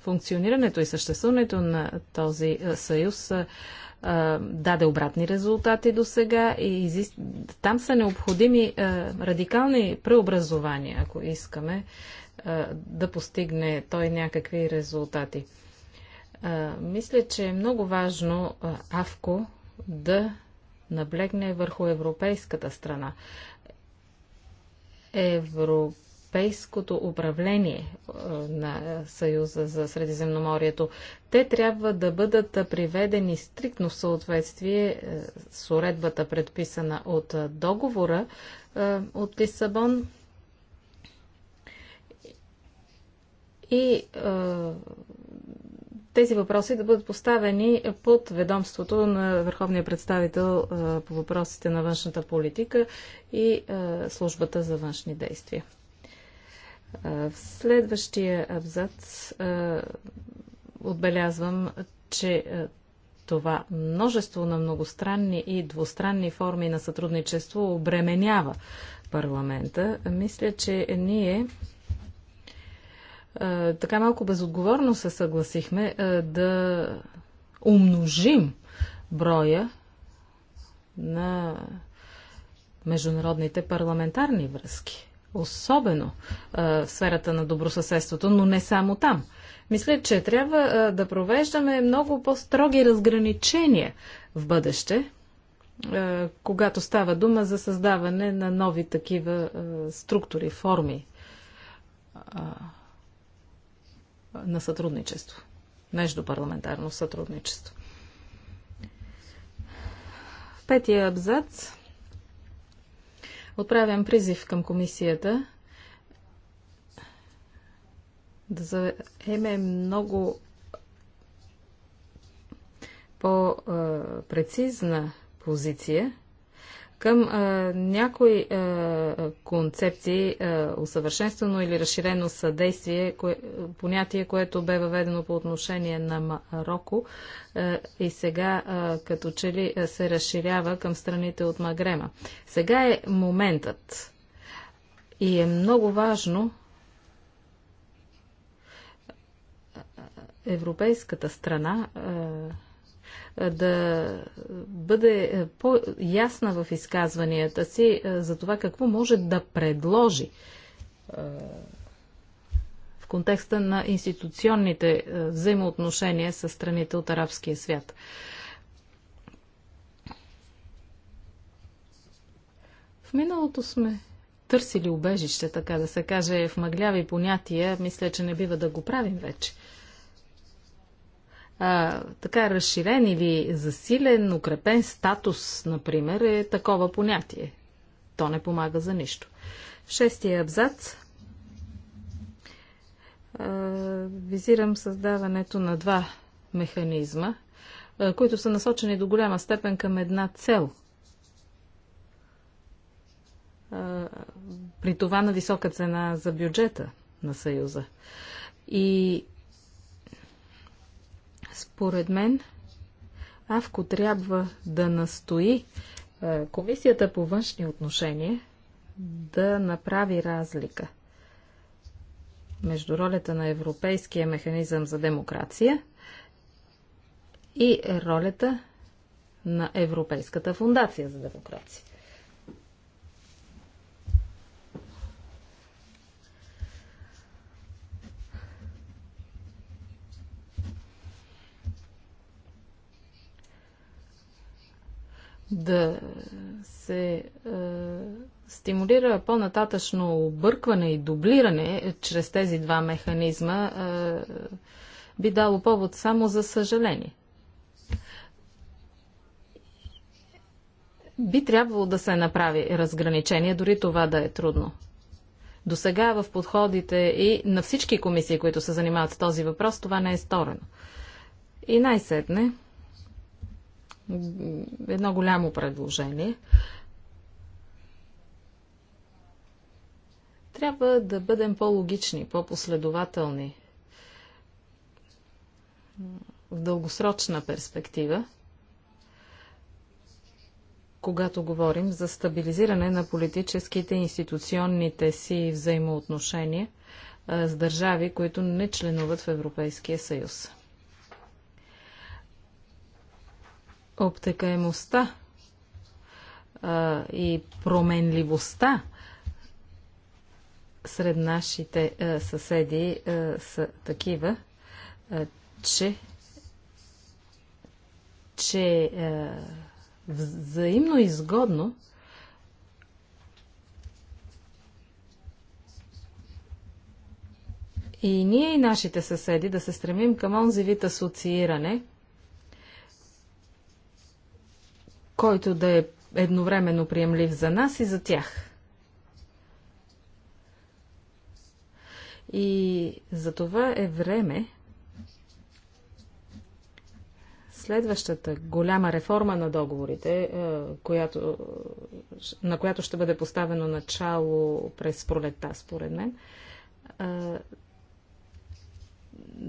функционирането и съществуването на този е, съюз е, даде обратни резултати до сега и там са необходими радикални преобразования, ако искаме да постигне той някакви резултати. Мисля, че е много важно АВКО да наблегне върху европейската страна европейското управление е, на Съюза за Средиземноморието. Те трябва да бъдат приведени стриктно в съответствие е, с уредбата, предписана от е, договора от Лисабон, и тези въпроси да бъдат поставени под ведомството на Върховния представител по въпросите на външната политика и службата за външни действия. В следващия абзац отбелязвам, че това множество на многостранни и двустранни форми на сътрудничество обременява парламента. Мисля, че ние е, така малко безотговорно се съгласихме е, да умножим броя на международните парламентарни връзки. Особено е, в сферата на добросъседството, но не само там. Мисля, че трябва да провеждаме много по-строги разграничения в бъдеще, когато става дума за създаване на нови такива структури, форми на сътрудничество, междупарламентарно сътрудничество. Петия абзац. Отправям призив към комисията да заеме много по-прецизна позиция към а, някои а, концепции, а, усъвършенствено или разширено съдействие, кое, понятие, което бе въведено по отношение на Марокко а, и сега а, като че ли се разширява към страните от Магрема. Сега е моментът и е много важно европейската страна а, да бъде по-ясна в изказванията си за това какво може да предложи в контекста на институционните взаимоотношения с страните от арабския свят. В миналото сме търсили убежище, така да се каже, в мъгляви понятия, мисля, че не бива да го правим вече а, така разширен или засилен, укрепен статус, например, е такова понятие. То не помага за нищо. В шестия абзац визирам създаването на два механизма, които са насочени до голяма степен към една цел. при това на висока цена за бюджета на Съюза. И според мен, Авко трябва да настои е, Комисията по външни отношения да направи разлика между ролята на Европейския механизъм за демокрация и ролята на Европейската фундация за демокрация. да се е, стимулира по-нататъчно объркване и дублиране чрез тези два механизма, е, би дало повод само за съжаление. Би трябвало да се направи разграничение, дори това да е трудно. До сега в подходите и на всички комисии, които се занимават с този въпрос, това не е сторено. И най-сетне едно голямо предложение. Трябва да бъдем по-логични, по-последователни в дългосрочна перспектива, когато говорим за стабилизиране на политическите и институционните си взаимоотношения с държави, които не членуват в Европейския съюз. обтекаемостта а, и променливостта сред нашите а, съседи а, са такива, а, че, че а, взаимно изгодно и ние и нашите съседи да се стремим към онзи вид асоцииране – който да е едновременно приемлив за нас и за тях. И за това е време следващата голяма реформа на договорите, е, която, на която ще бъде поставено начало през пролетта, според мен, е,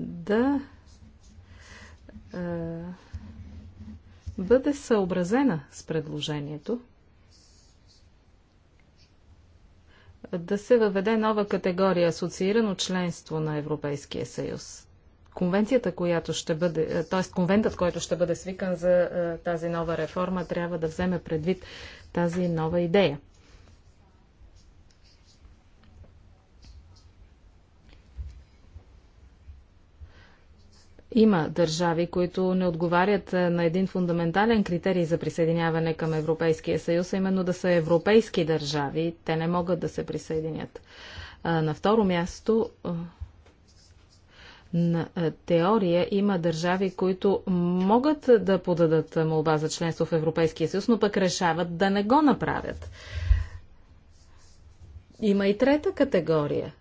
да е, бъде съобразена с предложението, да се въведе нова категория асоциирано членство на Европейския съюз. Конвенцията, която ще бъде, е, т.е. конвентът, който ще бъде свикан за е, тази нова реформа, трябва да вземе предвид тази нова идея. Има държави, които не отговарят е, на един фундаментален критерий за присъединяване към Европейския съюз, а именно да са европейски държави. Те не могат да се присъединят. На второ място, е, на е, теория има държави, които могат да подадат молба за членство в Европейския съюз, но пък решават да не го направят. Има и трета категория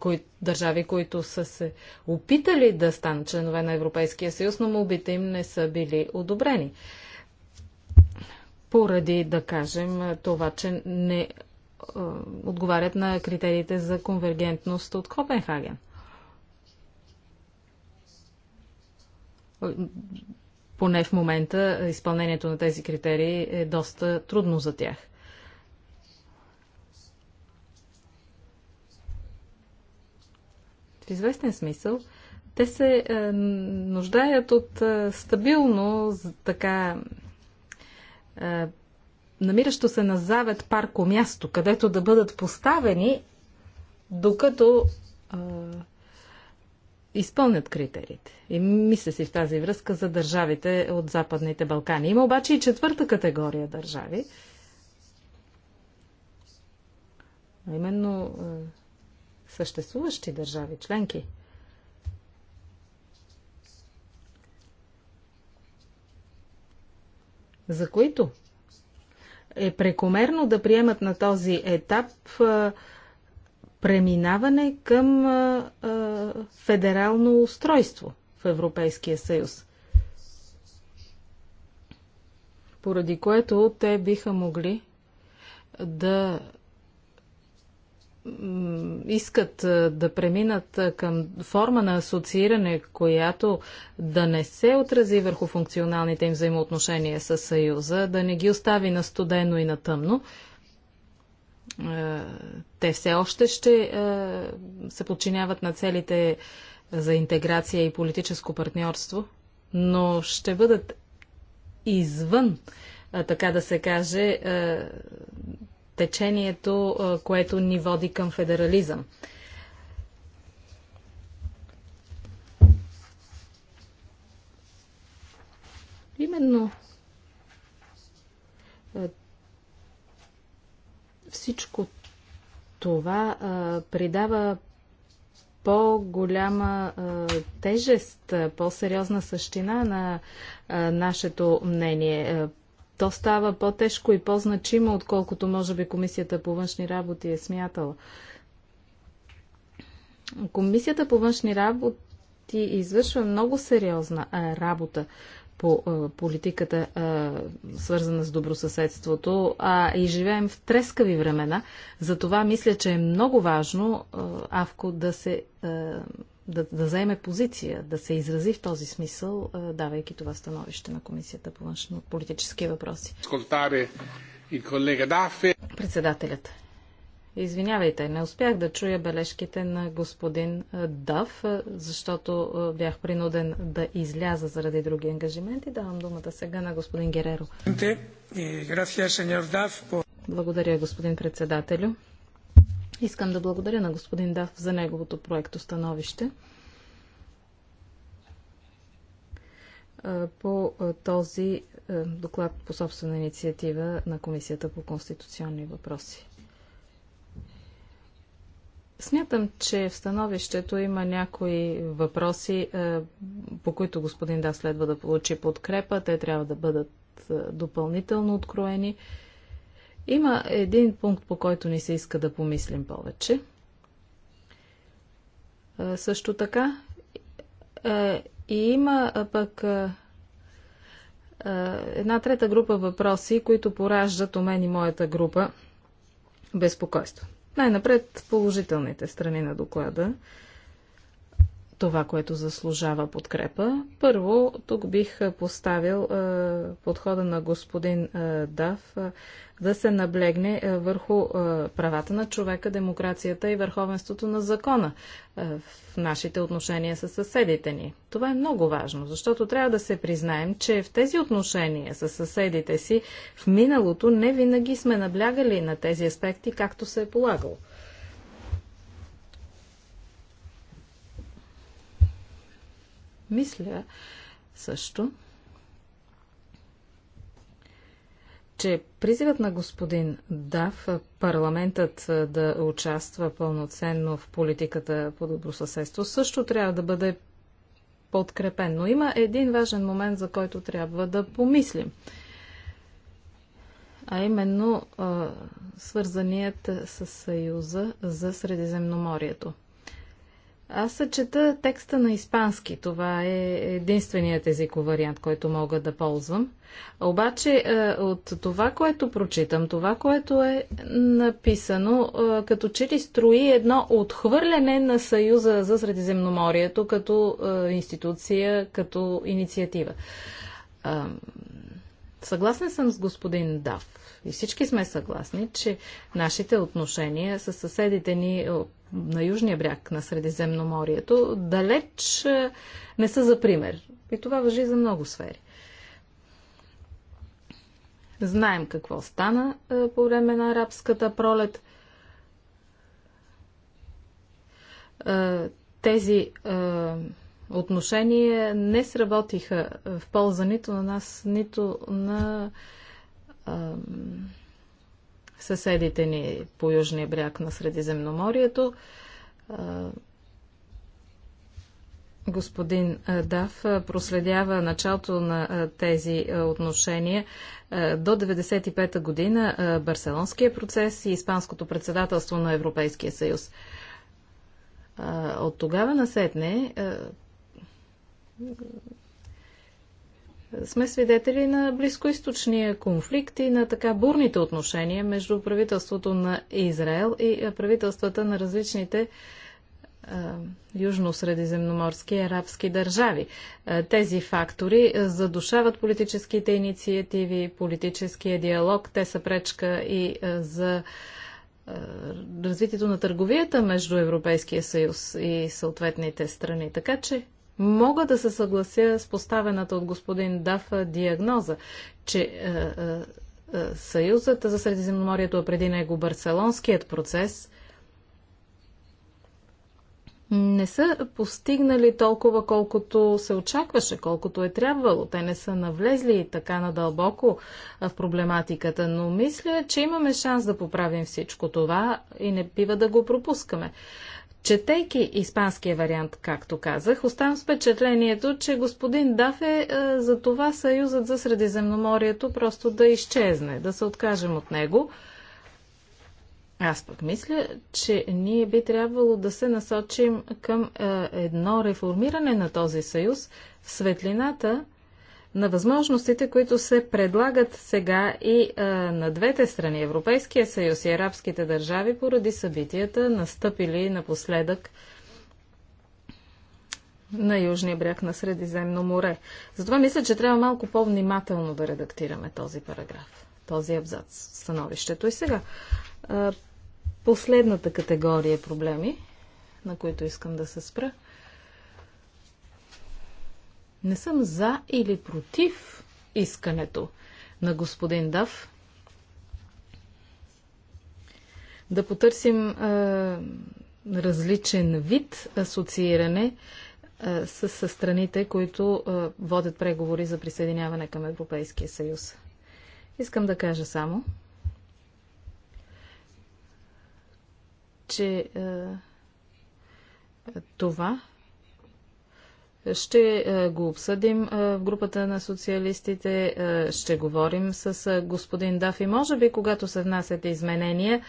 кои, държави, които са се опитали да станат членове на Европейския съюз, но молбите им не са били одобрени. Поради, да кажем, това, че не отговарят на критериите за конвергентност от Копенхаген. Поне в момента изпълнението на тези критерии е доста трудно за тях. В известен смисъл, те се е, нуждаят от е, стабилно, така, е, намиращо се на завет парко място, където да бъдат поставени, докато е, изпълнят критериите. И мисля си в тази връзка за държавите от Западните Балкани. Има обаче и четвърта категория държави. А именно е, съществуващи държави членки. за които е прекомерно да приемат на този етап преминаване към федерално устройство в Европейския съюз. Поради което те биха могли да искат да преминат към форма на асоцииране, която да не се отрази върху функционалните им взаимоотношения с Съюза, да не ги остави на студено и на тъмно, те все още ще се подчиняват на целите за интеграция и политическо партньорство, но ще бъдат извън, така да се каже, течението, което ни води към федерализъм. Именно всичко това придава по-голяма тежест, по-сериозна същина на нашето мнение то става по-тежко и по-значимо, отколкото може би Комисията по външни работи е смятала. Комисията по външни работи извършва много сериозна а, работа по а, политиката, а, свързана с добросъседството, а и живеем в трескави времена. Затова мисля, че е много важно а, АВКО да се а, да, да заеме позиция, да се изрази в този смисъл, давайки това становище на Комисията по външно-политически въпроси. Председателят. Извинявайте, не успях да чуя бележките на господин Дав, защото бях принуден да изляза заради други ангажименти. Давам думата сега на господин Гереро. Е, Благодаря, господин председателю. Искам да благодаря на господин Дав за неговото проекто становище. по този доклад по собствена инициатива на Комисията по конституционни въпроси. Смятам, че в становището има някои въпроси, по които господин Да следва да получи подкрепа. Те трябва да бъдат допълнително откроени. Има един пункт, по който ни се иска да помислим повече. Също така и има пък една трета група въпроси, които пораждат у мен и моята група безпокойство. Най-напред положителните страни на доклада това, което заслужава подкрепа. Първо, тук бих поставил подхода на господин Дав да се наблегне върху правата на човека, демокрацията и върховенството на закона в нашите отношения с съседите ни. Това е много важно, защото трябва да се признаем, че в тези отношения с съседите си в миналото не винаги сме наблягали на тези аспекти, както се е полагало. Мисля също, че призивът на господин Дав парламентът да участва пълноценно в политиката по добросъседство също трябва да бъде подкрепен. Но има един важен момент, за който трябва да помислим. А именно свързаният с Съюза за Средиземноморието. Аз се чета текста на испански. Това е единственият езиков вариант, който мога да ползвам. Обаче е, от това, което прочитам, това, което е написано, е, като че ли строи едно отхвърляне на Съюза за Средиземноморието като е, институция, като инициатива. Съгласен съм с господин Дав. И всички сме съгласни, че нашите отношения с съседите ни на южния бряг на Средиземноморието, далеч е, не са за пример. И това въжи за много сфери. Знаем какво стана е, по време на арабската пролет. Е, тези отношения не сработиха в полза нито на нас, нито на съседите ни по южния бряг на Средиземноморието. Господин Дав проследява началото на тези отношения до 1995 година Барселонския процес и Испанското председателство на Европейския съюз. От тогава насетне сме свидетели на близкоисточния конфликт и на така бурните отношения между правителството на Израел и правителствата на различните южно-средиземноморски арабски държави. Тези фактори задушават политическите инициативи, политическия диалог, те са пречка и за развитието на търговията между Европейския съюз и съответните страни. Така че Мога да се съглася с поставената от господин Даф диагноза, че е, е, Съюзът за Средиземноморието, а е преди него Барселонският процес, не са постигнали толкова, колкото се очакваше, колкото е трябвало. Те не са навлезли така надълбоко в проблематиката, но мисля, че имаме шанс да поправим всичко това и не бива да го пропускаме. Четейки испанския вариант, както казах, оставам с впечатлението, че господин Даф е, е за това съюзът за Средиземноморието просто да изчезне, да се откажем от него. Аз пък мисля, че ние би трябвало да се насочим към е, едно реформиране на този съюз в светлината на възможностите, които се предлагат сега и а, на двете страни, Европейския съюз и арабските държави, поради събитията, настъпили напоследък на южния бряг на Средиземно море. Затова мисля, че трябва малко по-внимателно да редактираме този параграф, този абзац, становището. И сега, а, последната категория проблеми, на които искам да се спра – не съм за или против искането на господин Дав да потърсим а, различен вид асоцииране с, с страните, които а, водят преговори за присъединяване към Европейския съюз. Искам да кажа само, че е, това ще е, го обсъдим е, в групата на социалистите, е, ще говорим с господин Дафи. Може би, когато се внасят изменения,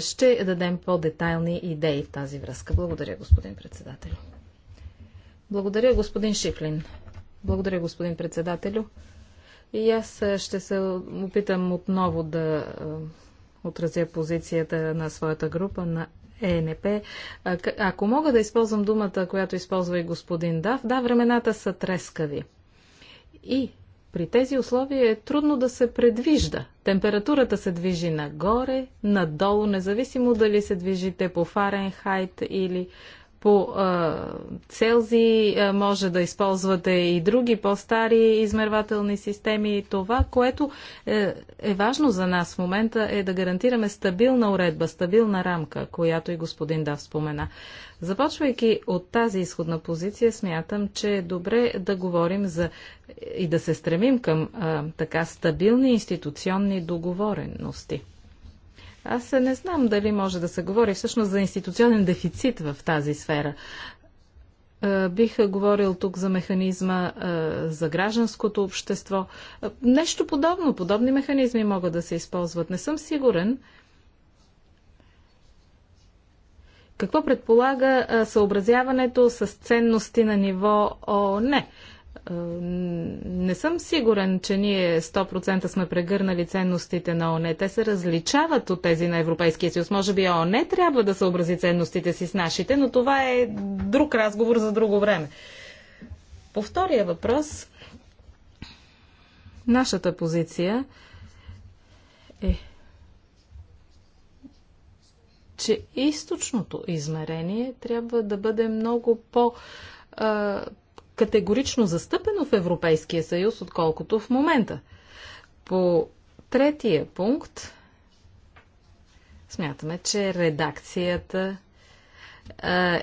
ще дадем по-детайлни идеи в тази връзка. Благодаря, господин председател. Благодаря, господин Шифлин. Благодаря, господин председателю. И аз ще се опитам отново да отразя позицията на своята група на ЕНП. Ако мога да използвам думата, която използва и господин Дав, да, времената са трескави. И при тези условия е трудно да се предвижда. Температурата се движи нагоре, надолу, независимо дали се движите по Фаренхайт или по Целзи може да използвате и други по-стари измервателни системи. Това, което е, е важно за нас в момента е да гарантираме стабилна уредба, стабилна рамка, която и господин Дав спомена. Започвайки от тази изходна позиция, смятам, че е добре да говорим за и да се стремим към а, така стабилни институционни договорености. Аз не знам дали може да се говори всъщност за институционен дефицит в тази сфера. Е, бих говорил тук за механизма е, за гражданското общество. Е, нещо подобно, подобни механизми могат да се използват. Не съм сигурен. Какво предполага съобразяването с ценности на ниво ООН? Е, не съм сигурен, че ние 100% сме прегърнали ценностите на ОНЕ. Те се различават от тези на Европейския съюз. Може би ОНЕ трябва да съобрази ценностите си с нашите, но това е друг разговор за друго време. По втория въпрос, нашата позиция е, че източното измерение трябва да бъде много по- категорично застъпено в Европейския съюз, отколкото в момента. По третия пункт смятаме, че редакцията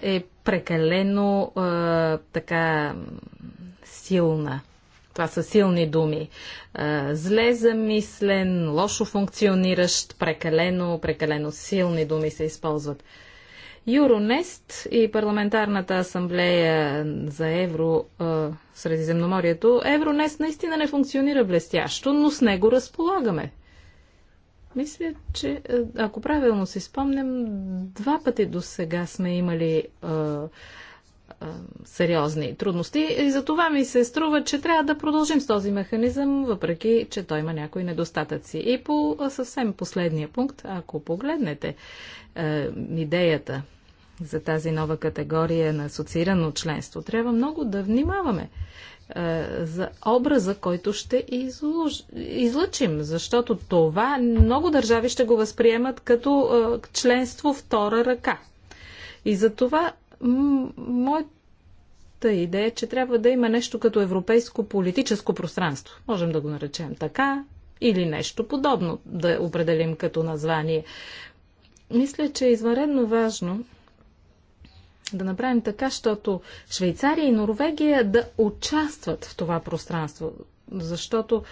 е прекалено така силна. Това са силни думи. Зле замислен, лошо функциониращ, прекалено, прекалено силни думи се използват. Юронест и парламентарната асамблея за евро а, Средиземноморието. Евронест наистина не функционира блестящо, но с него разполагаме. Мисля, че ако правилно си спомням, два пъти до сега сме имали а, а, сериозни трудности и за това ми се струва, че трябва да продължим с този механизъм, въпреки, че той има някои недостатъци. И по съвсем последния пункт, ако погледнете а, идеята за тази нова категория на асоциирано членство. Трябва много да внимаваме за образа, който ще излуж... излъчим, защото това много държави ще го възприемат като е, членство втора ръка. И за това моят Та идея, е, че трябва да има нещо като европейско политическо пространство. Можем да го наречем така или нещо подобно да определим като название. Мисля, че е извънредно важно да направим така, защото Швейцария и Норвегия да участват в това пространство, защото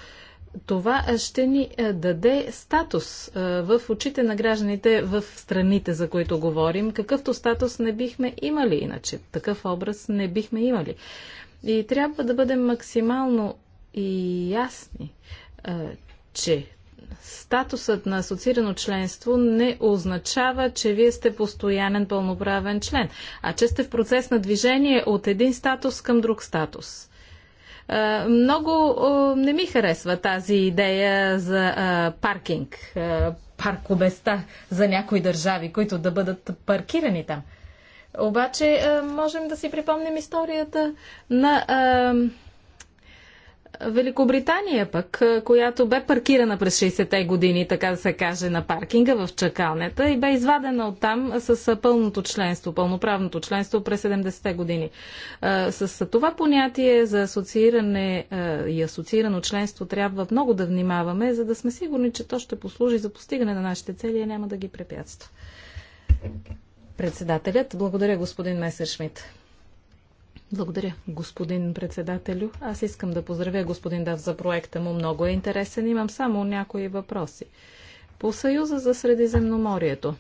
това ще ни е, даде статус е, в очите на гражданите в страните, за които говорим, какъвто статус не бихме имали иначе. Такъв образ не бихме имали. И трябва да бъдем максимално и ясни, е, че статусът на асоциирано членство не означава, че вие сте постоянен пълноправен член, а че сте в процес на движение от един статус към друг статус. Много не ми харесва тази идея за паркинг, паркобеста за някои държави, които да бъдат паркирани там. Обаче можем да си припомним историята на Великобритания пък, която бе паркирана през 60-те години, така да се каже, на паркинга в чакалнята и бе извадена от там с пълното членство, пълноправното членство през 70-те години. С това понятие за асоцииране и асоциирано членство трябва много да внимаваме, за да сме сигурни, че то ще послужи за постигане на нашите цели и няма да ги препятства. Председателят, благодаря господин Месершмит. Благодаря, господин председателю. Аз искам да поздравя господин Дав за проекта му. Много е интересен. Имам само някои въпроси. По Съюза за Средиземноморието.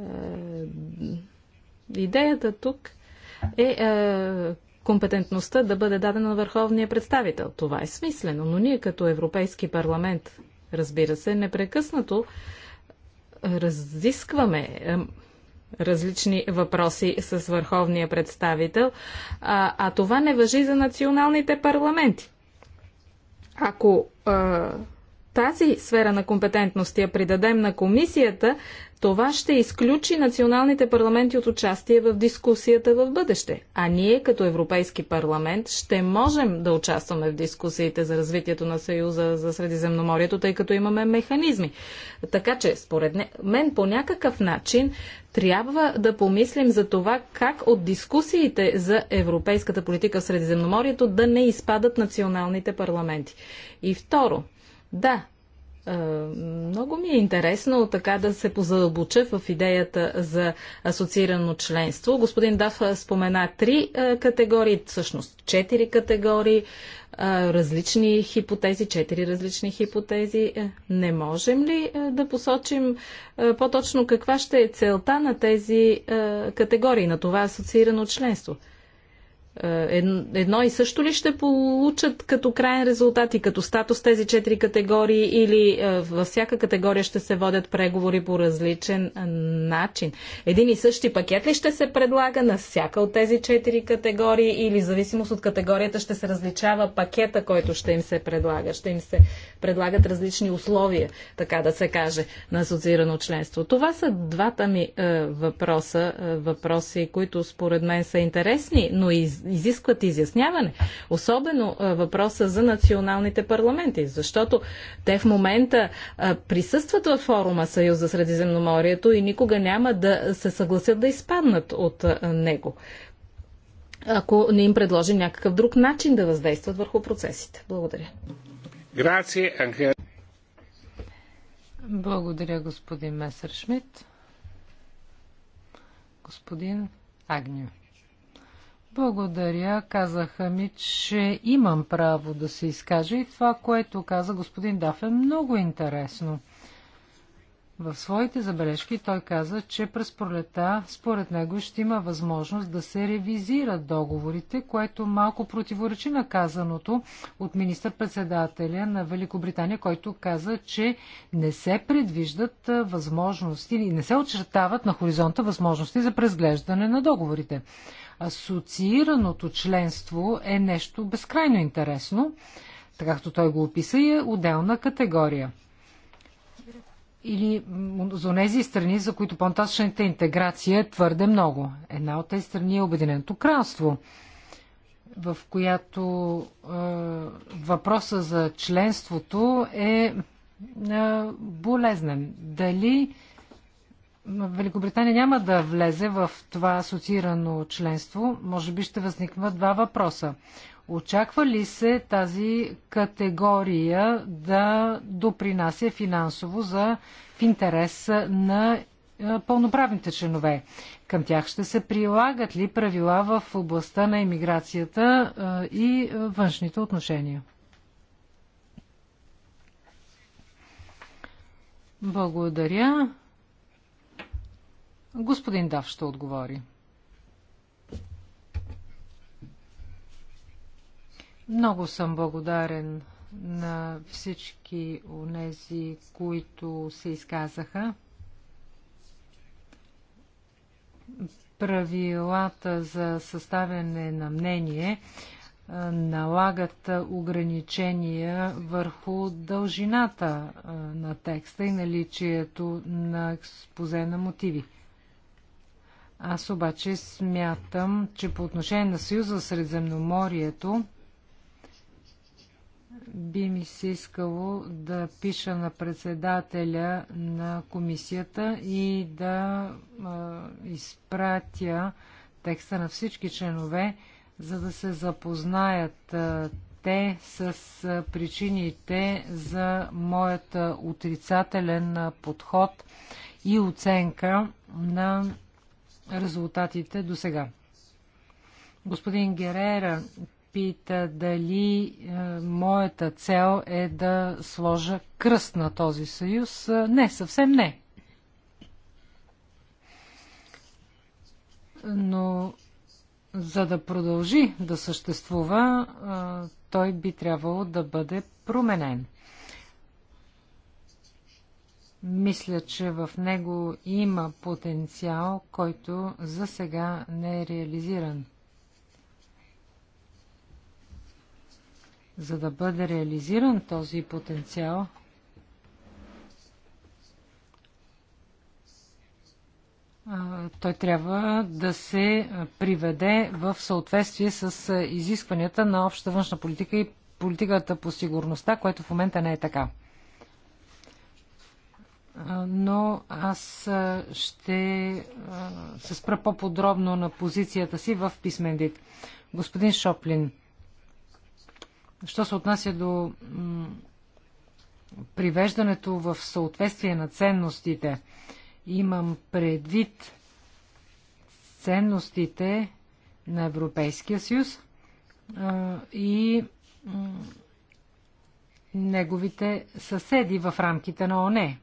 Е, идеята тук е, е, компетентността да бъде дадена на върховния представител. Това е смислено, но ние като Европейски парламент, разбира се, непрекъснато е, разискваме различни въпроси с върховния представител, а, а това не въжи за националните парламенти. Ако а, тази сфера на компетентност я придадем на комисията, това ще изключи националните парламенти от участие в дискусията в бъдеще. А ние, като Европейски парламент, ще можем да участваме в дискусиите за развитието на Съюза за Средиземноморието, тъй като имаме механизми. Така че, според мен, по някакъв начин трябва да помислим за това как от дискусиите за европейската политика в Средиземноморието да не изпадат националните парламенти. И второ, да, много ми е интересно така да се позадълбоча в идеята за асоциирано членство. Господин Даф спомена три категории, всъщност четири категории, различни хипотези, четири различни хипотези. Е, не можем ли е, да посочим е, по-точно каква ще е целта на тези категории, на това асоциирано членство? Е, едно и също ли ще получат като крайен резултат и като статус тези четири категории или е, във всяка категория ще се водят преговори по различен е, начин? Един и същи пакет ли ще се предлага на всяка от тези четири категории или в зависимост от категорията ще се различава пакета, който ще им се предлага? Ще им се предлагат различни условия, така да се каже, на асоциирано членство. Това са двата ми въпроса, въпроси, които според мен са интересни, но и изискват изясняване. Особено въпроса за националните парламенти, защото те в момента присъстват във форума Съюз за Средиземноморието и никога няма да се съгласят да изпаднат от него ако не им предложи някакъв друг начин да въздействат върху процесите. Благодаря. Благодаря, господин Месершмит. Господин Агнио. Благодаря. Казаха ми, че имам право да се изкажа и това, което каза господин Даф е много интересно. В своите забележки той каза, че през пролета според него ще има възможност да се ревизират договорите, което малко противоречи на казаното от министър-председателя на Великобритания, който каза, че не се предвиждат възможности или не се очертават на хоризонта възможности за презглеждане на договорите асоциираното членство е нещо безкрайно интересно, така както той го описа и е отделна категория. Или за тези страни, за които по интеграция е твърде много. Една от тези страни е Обединеното кралство, в която е, въпроса за членството е, е болезнен. Дали е, Великобритания няма да влезе в това асоциирано членство, може би ще възникнат два въпроса. Очаква ли се тази категория да допринася финансово за, в интерес на е, пълноправните членове? Към тях ще се прилагат ли правила в областта на иммиграцията е, и е, външните отношения? Благодаря. Господин Дав ще отговори. Много съм благодарен на всички онези, които се изказаха. Правилата за съставяне на мнение налагат ограничения върху дължината на текста и наличието на експозе на мотиви. Аз обаче смятам, че по отношение на Съюза Средземноморието би ми се искало да пиша на председателя на комисията и да а, изпратя текста на всички членове, за да се запознаят а, те с а, причините за моят отрицателен подход и оценка на резултатите до сега. Господин Герера пита дали е, моята цел е да сложа кръст на този съюз. Е, не, съвсем не. Но за да продължи да съществува, е, той би трябвало да бъде променен. Мисля, че в него има потенциал, който за сега не е реализиран. За да бъде реализиран този потенциал, той трябва да се приведе в съответствие с изискванията на обща външна политика и политиката по сигурността, което в момента не е така но аз ще се спра по-подробно на позицията си в писмен вид. Господин Шоплин, що се отнася до привеждането в съответствие на ценностите, имам предвид ценностите на Европейския съюз и неговите съседи в рамките на ОНЕ.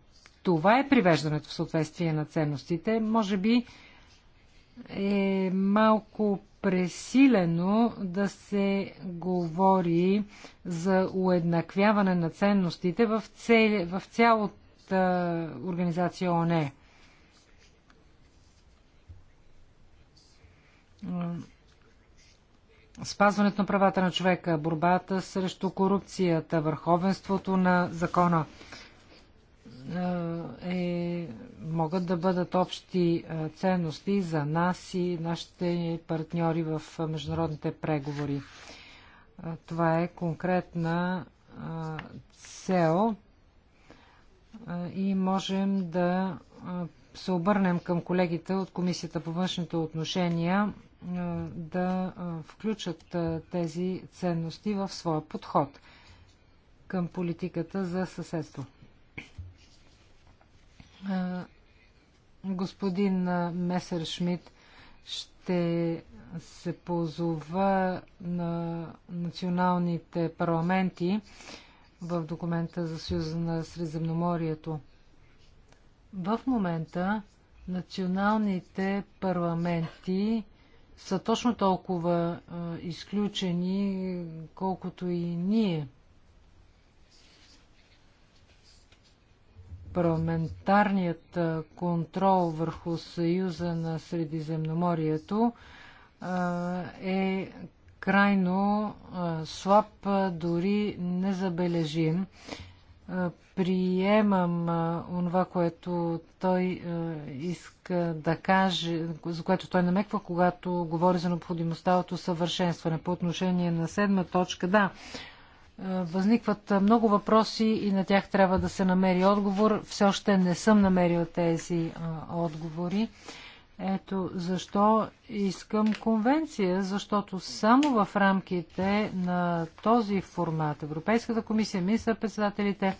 Това е привеждането в съответствие на ценностите. Може би е малко пресилено да се говори за уеднаквяване на ценностите в, цел, в цялата организация ОНЕ. Спазването на правата на човека, борбата срещу корупцията, върховенството на закона – е, е, могат да бъдат общи е, ценности за нас и нашите партньори в е, международните преговори. Това е конкретна цел и можем да се обърнем към колегите от Комисията по външните отношения да включат тези ценности в своя подход към политиката за съседство. Господин Месер Шмидт ще се позова на националните парламенти в документа за Съюза на Средземноморието. В момента националните парламенти са точно толкова изключени, колкото и ние – парламентарният контрол върху Съюза на Средиземноморието е крайно слаб, дори незабележим. Приемам онова, което той иска да каже, за което той намеква, когато говори за необходимостта от усъвършенстване. По отношение на седма точка, да, е, възникват е, много въпроси и на тях трябва да се намери отговор. Все още не съм намерил тези е, отговори. Ето защо искам конвенция, защото само в рамките на този формат Европейската комисия, министър-председателите,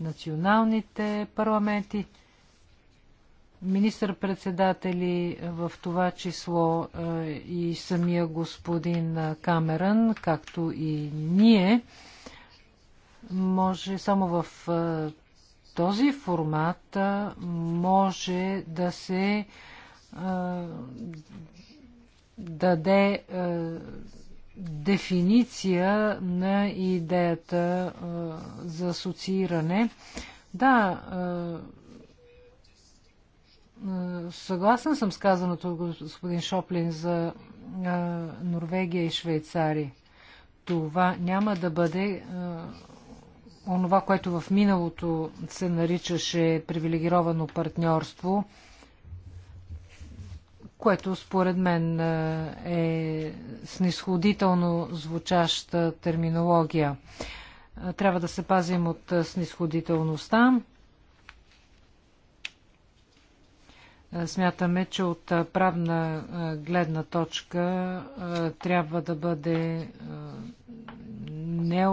националните парламенти, министър-председатели в това число и самия господин Камерън, както и ние, може само в този формат може да се даде дефиниция на идеята за асоцииране. Да, съгласен съм с казаното господин Шоплин за Норвегия и Швейцария. Това няма да бъде онова, което в миналото се наричаше привилегировано партньорство, което според мен е, е снисходително звучаща терминология. Е, трябва да се пазим от е, снисходителността. Смятаме, че от правна гледна точка трябва да бъде не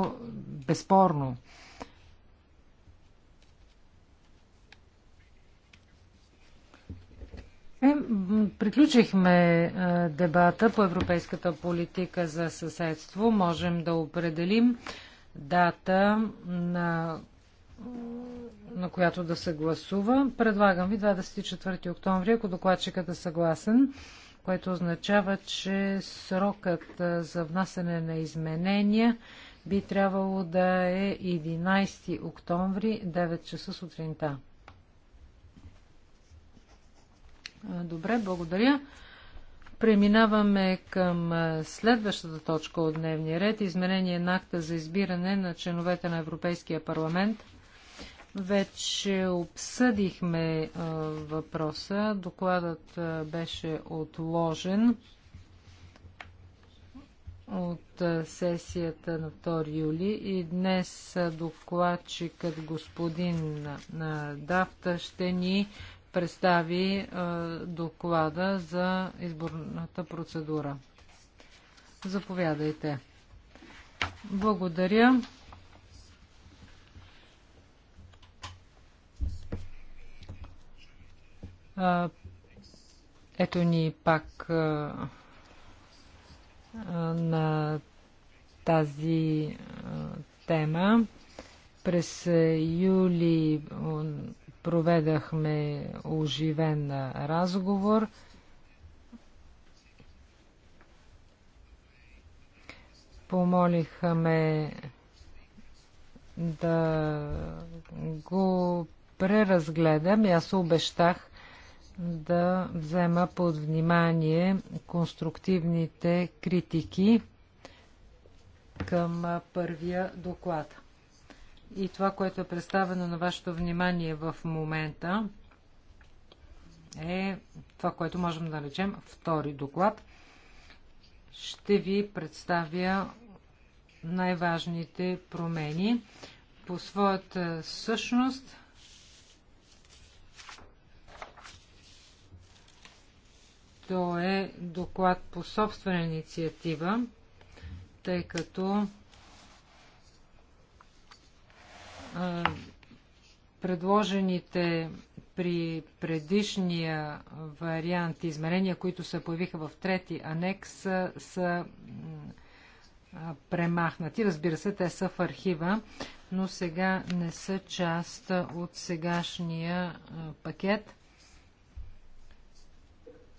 безспорно Е, приключихме е, дебата по европейската политика за съседство. Можем да определим дата, на, на която да се гласува. Предлагам ви 24 октомври, ако докладчикът е съгласен, което означава, че срокът е, за внасене на изменения би трябвало да е 11 октомври, 9 часа сутринта. Добре, благодаря. Преминаваме към следващата точка от дневния ред. Изменение на акта за избиране на членовете на Европейския парламент. Вече обсъдихме а, въпроса. Докладът а, беше отложен от а, сесията на 2 юли и днес докладчикът господин Дафта ще ни представи доклада за изборната процедура. Заповядайте. Благодаря. Ето ни пак на тази тема. През юли Проведахме оживен разговор. Помолиха ме да го преразгледам аз обещах да взема под внимание конструктивните критики към първия доклад и това, което е представено на вашето внимание в момента, е това, което можем да наречем втори доклад. Ще ви представя най-важните промени. По своята същност то е доклад по собствена инициатива, тъй като предложените при предишния вариант измерения, които се появиха в трети анекс, са, са премахнати. Разбира се, те са в архива, но сега не са част от сегашния пакет.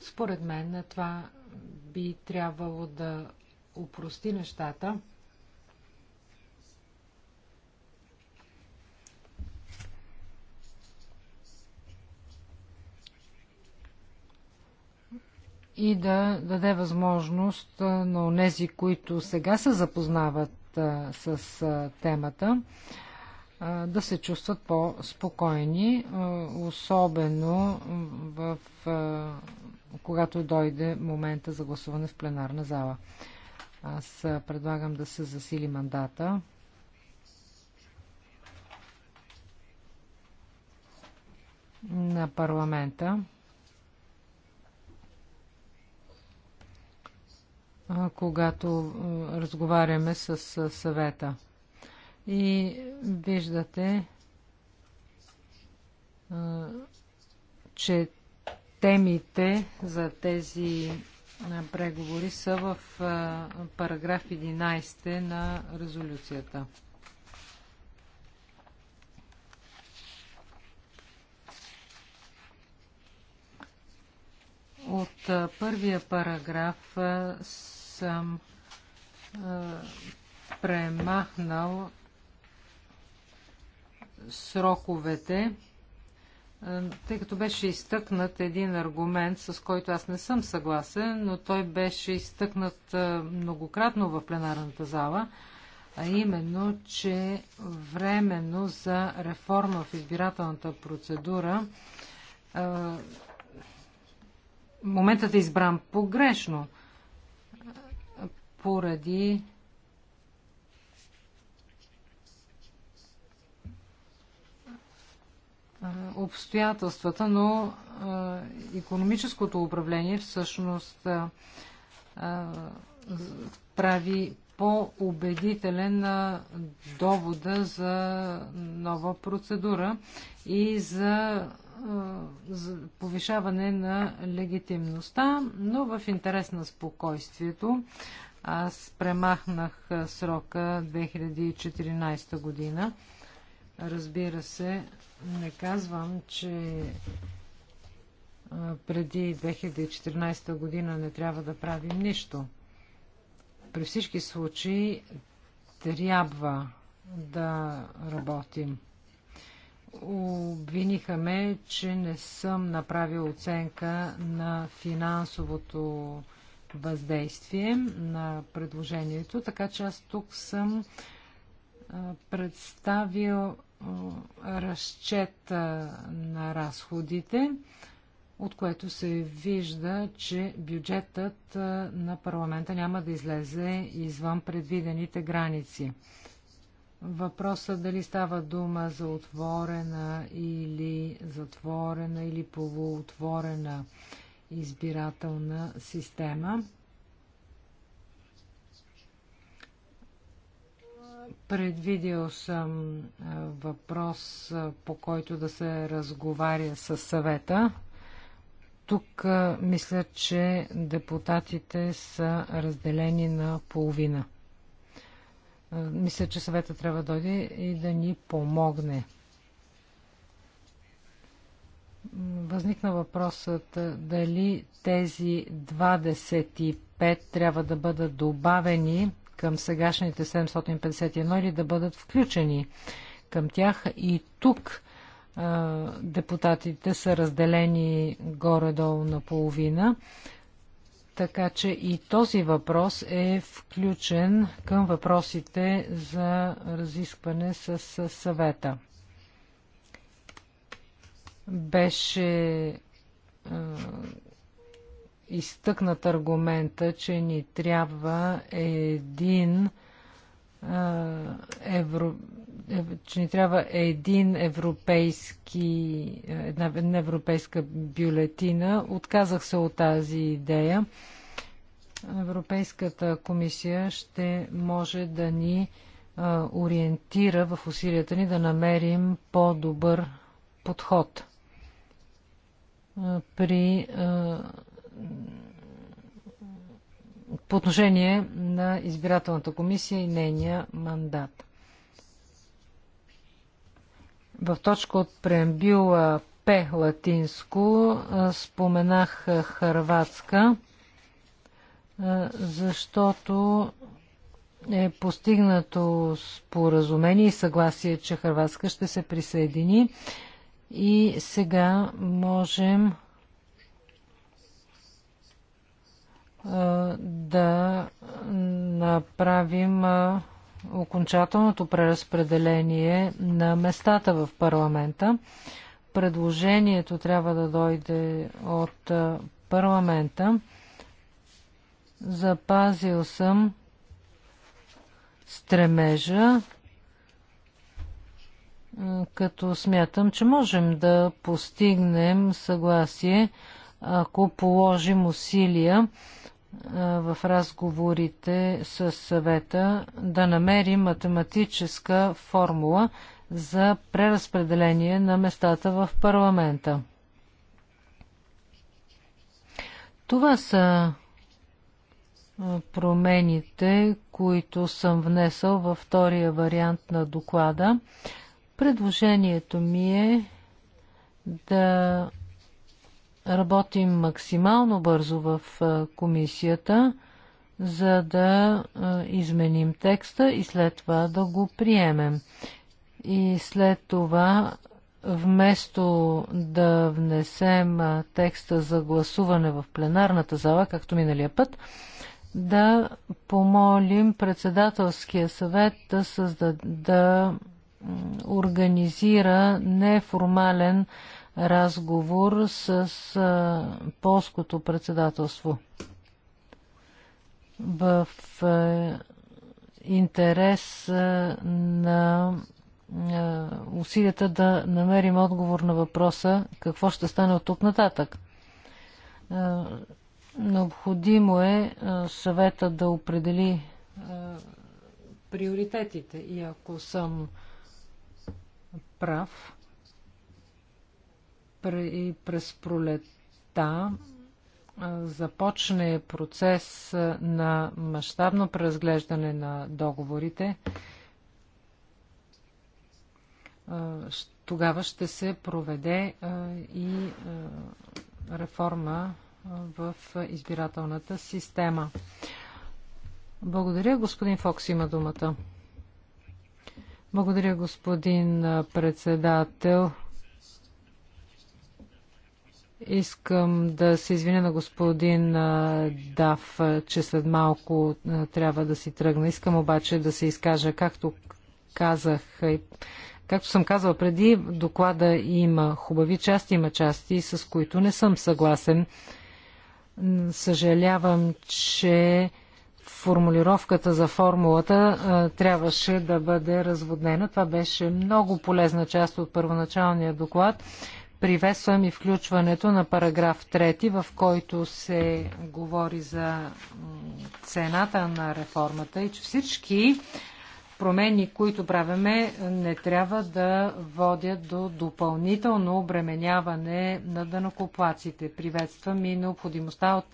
Според мен това би трябвало да упрости нещата. и да даде възможност на онези, които сега се запознават с темата, да се чувстват по-спокойни, особено в, когато дойде момента за гласуване в пленарна зала. Аз предлагам да се засили мандата. на парламента. когато разговаряме с съвета. И виждате, че темите за тези преговори са в параграф 11 на резолюцията. От първия параграф съм а, премахнал сроковете, тъй като беше изтъкнат един аргумент, с който аз не съм съгласен, но той беше изтъкнат многократно в пленарната зала, а именно, че временно за реформа в избирателната процедура моментът е избран погрешно – поради обстоятелствата, но економическото управление всъщност прави по-убедителен довода за нова процедура и за, за повишаване на легитимността, но в интерес на спокойствието аз премахнах срока 2014 година. Разбира се, не казвам, че преди 2014 година не трябва да правим нищо. При всички случаи трябва да работим. Обвиниха ме, че не съм направил оценка на финансовото въздействие на предложението, така че аз тук съм представил разчета на разходите, от което се вижда, че бюджетът на парламента няма да излезе извън предвидените граници. Въпросът дали става дума за отворена или затворена или полуотворена избирателна система. Предвидил съм въпрос, по който да се разговаря с съвета. Тук мисля, че депутатите са разделени на половина. Мисля, че съвета трябва да дойде и да ни помогне възникна въпросът дали тези 25 трябва да бъдат добавени към сегашните 751 или да бъдат включени към тях. И тук а, депутатите са разделени горе-долу на половина. Така че и този въпрос е включен към въпросите за разискване с съвета. Беше е, изтъкнат аргумента, че ни трябва един е, евро, че ни трябва един европейски, една, една европейска бюлетина. Отказах се от тази идея. Европейската комисия ще може да ни ориентира в усилията ни да намерим по-добър подход при по отношение на избирателната комисия и нейния мандат. В точка от преамбила П латинско споменах Харватска, защото е постигнато споразумение и съгласие, че Харватска ще се присъедини и сега можем да направим окончателното преразпределение на местата в парламента. Предложението трябва да дойде от парламента. Запазил съм стремежа като смятам, че можем да постигнем съгласие, ако положим усилия в разговорите с съвета да намерим математическа формула за преразпределение на местата в парламента. Това са промените, които съм внесъл във втория вариант на доклада. Предложението ми е да работим максимално бързо в комисията, за да изменим текста и след това да го приемем. И след това, вместо да внесем текста за гласуване в пленарната зала, както миналия път, да помолим председателския съвет да, създаде, да организира неформален разговор с полското председателство. В интерес на усилията да намерим отговор на въпроса какво ще стане от тук нататък. Необходимо е съвета да определи приоритетите и ако съм прав. И през пролетта започне процес на мащабно преразглеждане на договорите. Тогава ще се проведе и реформа в избирателната система. Благодаря. Господин Фокс има думата. Благодаря, господин председател. Искам да се извиня на господин Дав, че след малко трябва да си тръгна. Искам обаче да се изкажа, както казах, както съм казала преди, доклада има хубави части, има части, с които не съм съгласен. Съжалявам, че формулировката за формулата а, трябваше да бъде разводнена. Това беше много полезна част от първоначалния доклад. Приветствам и включването на параграф 3, в който се говори за цената на реформата и че всички промени, които правиме, не трябва да водят до допълнително обременяване на дънокоплаците. Приветствам и необходимостта от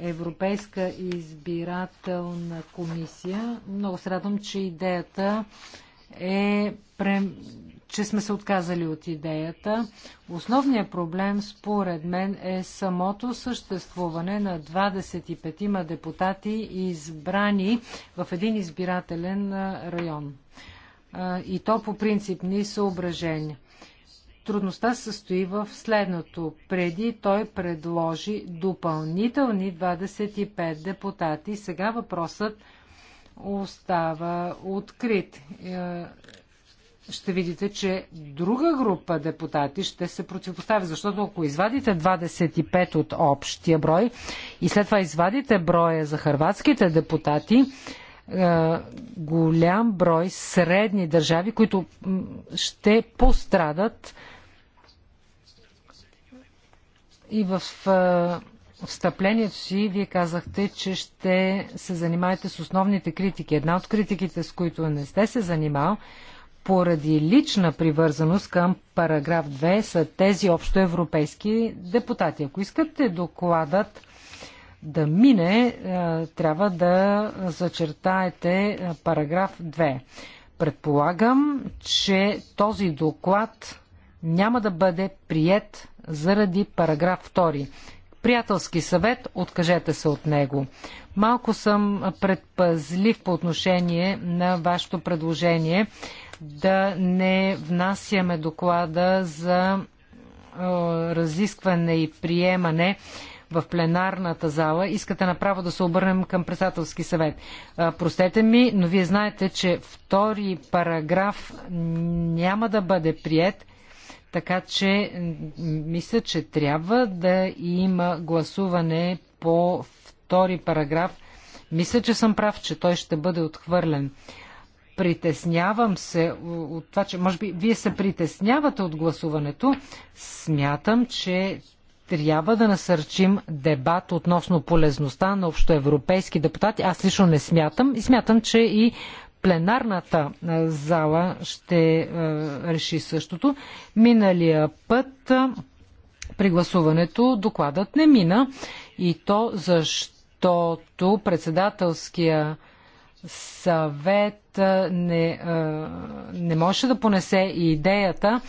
Европейска избирателна комисия. Много се радвам, че идеята е, че сме се отказали от идеята. Основният проблем, според мен, е самото съществуване на 25 депутати, избрани в един избирателен район. И то по принципни съображения. Трудността състои в следното. Преди той предложи допълнителни 25 депутати. Сега въпросът остава открит. Е, ще видите, че друга група депутати ще се противопостави, защото ако извадите 25 от общия брой и след това извадите броя за хърватските депутати, е, голям брой средни държави, които ще пострадат и в встъплението си вие казахте, че ще се занимаете с основните критики. Една от критиките, с които не сте се занимал, поради лична привързаност към параграф 2 са тези общоевропейски депутати. Ако искате докладът да мине, трябва да зачертаете параграф 2. Предполагам, че този доклад няма да бъде прият заради параграф 2. Приятелски съвет, откажете се от него. Малко съм предпазлив по отношение на вашето предложение да не внасяме доклада за разискване и приемане в пленарната зала, искате направо да се обърнем към председателски съвет. простете ми, но вие знаете, че втори параграф няма да бъде прият така че мисля, че трябва да има гласуване по втори параграф. Мисля, че съм прав, че той ще бъде отхвърлен. Притеснявам се от това, че може би вие се притеснявате от гласуването. Смятам, че трябва да насърчим дебат относно полезността на общоевропейски депутати. Аз лично не смятам и смятам, че и пленарната зала ще реши същото. Миналия път при гласуването докладът не мина и то защото председателския съвет не, не може да понесе идеята,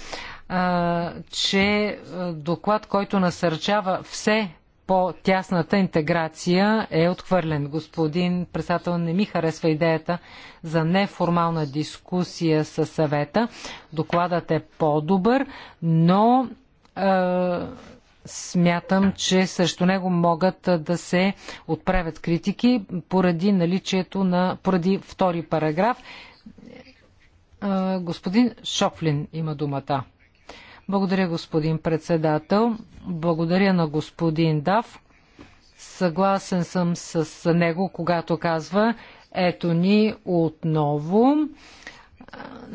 че доклад, който насърчава все по-тясната интеграция е отхвърлен. Господин председател, не ми харесва идеята за неформална дискусия със съвета. Докладът е по-добър, но е, смятам, че срещу него могат да се отправят критики поради наличието на, поради втори параграф. Е, господин Шоплин има думата. Благодаря, господин председател. Благодаря на господин Дав. Съгласен съм с него, когато казва, ето ни отново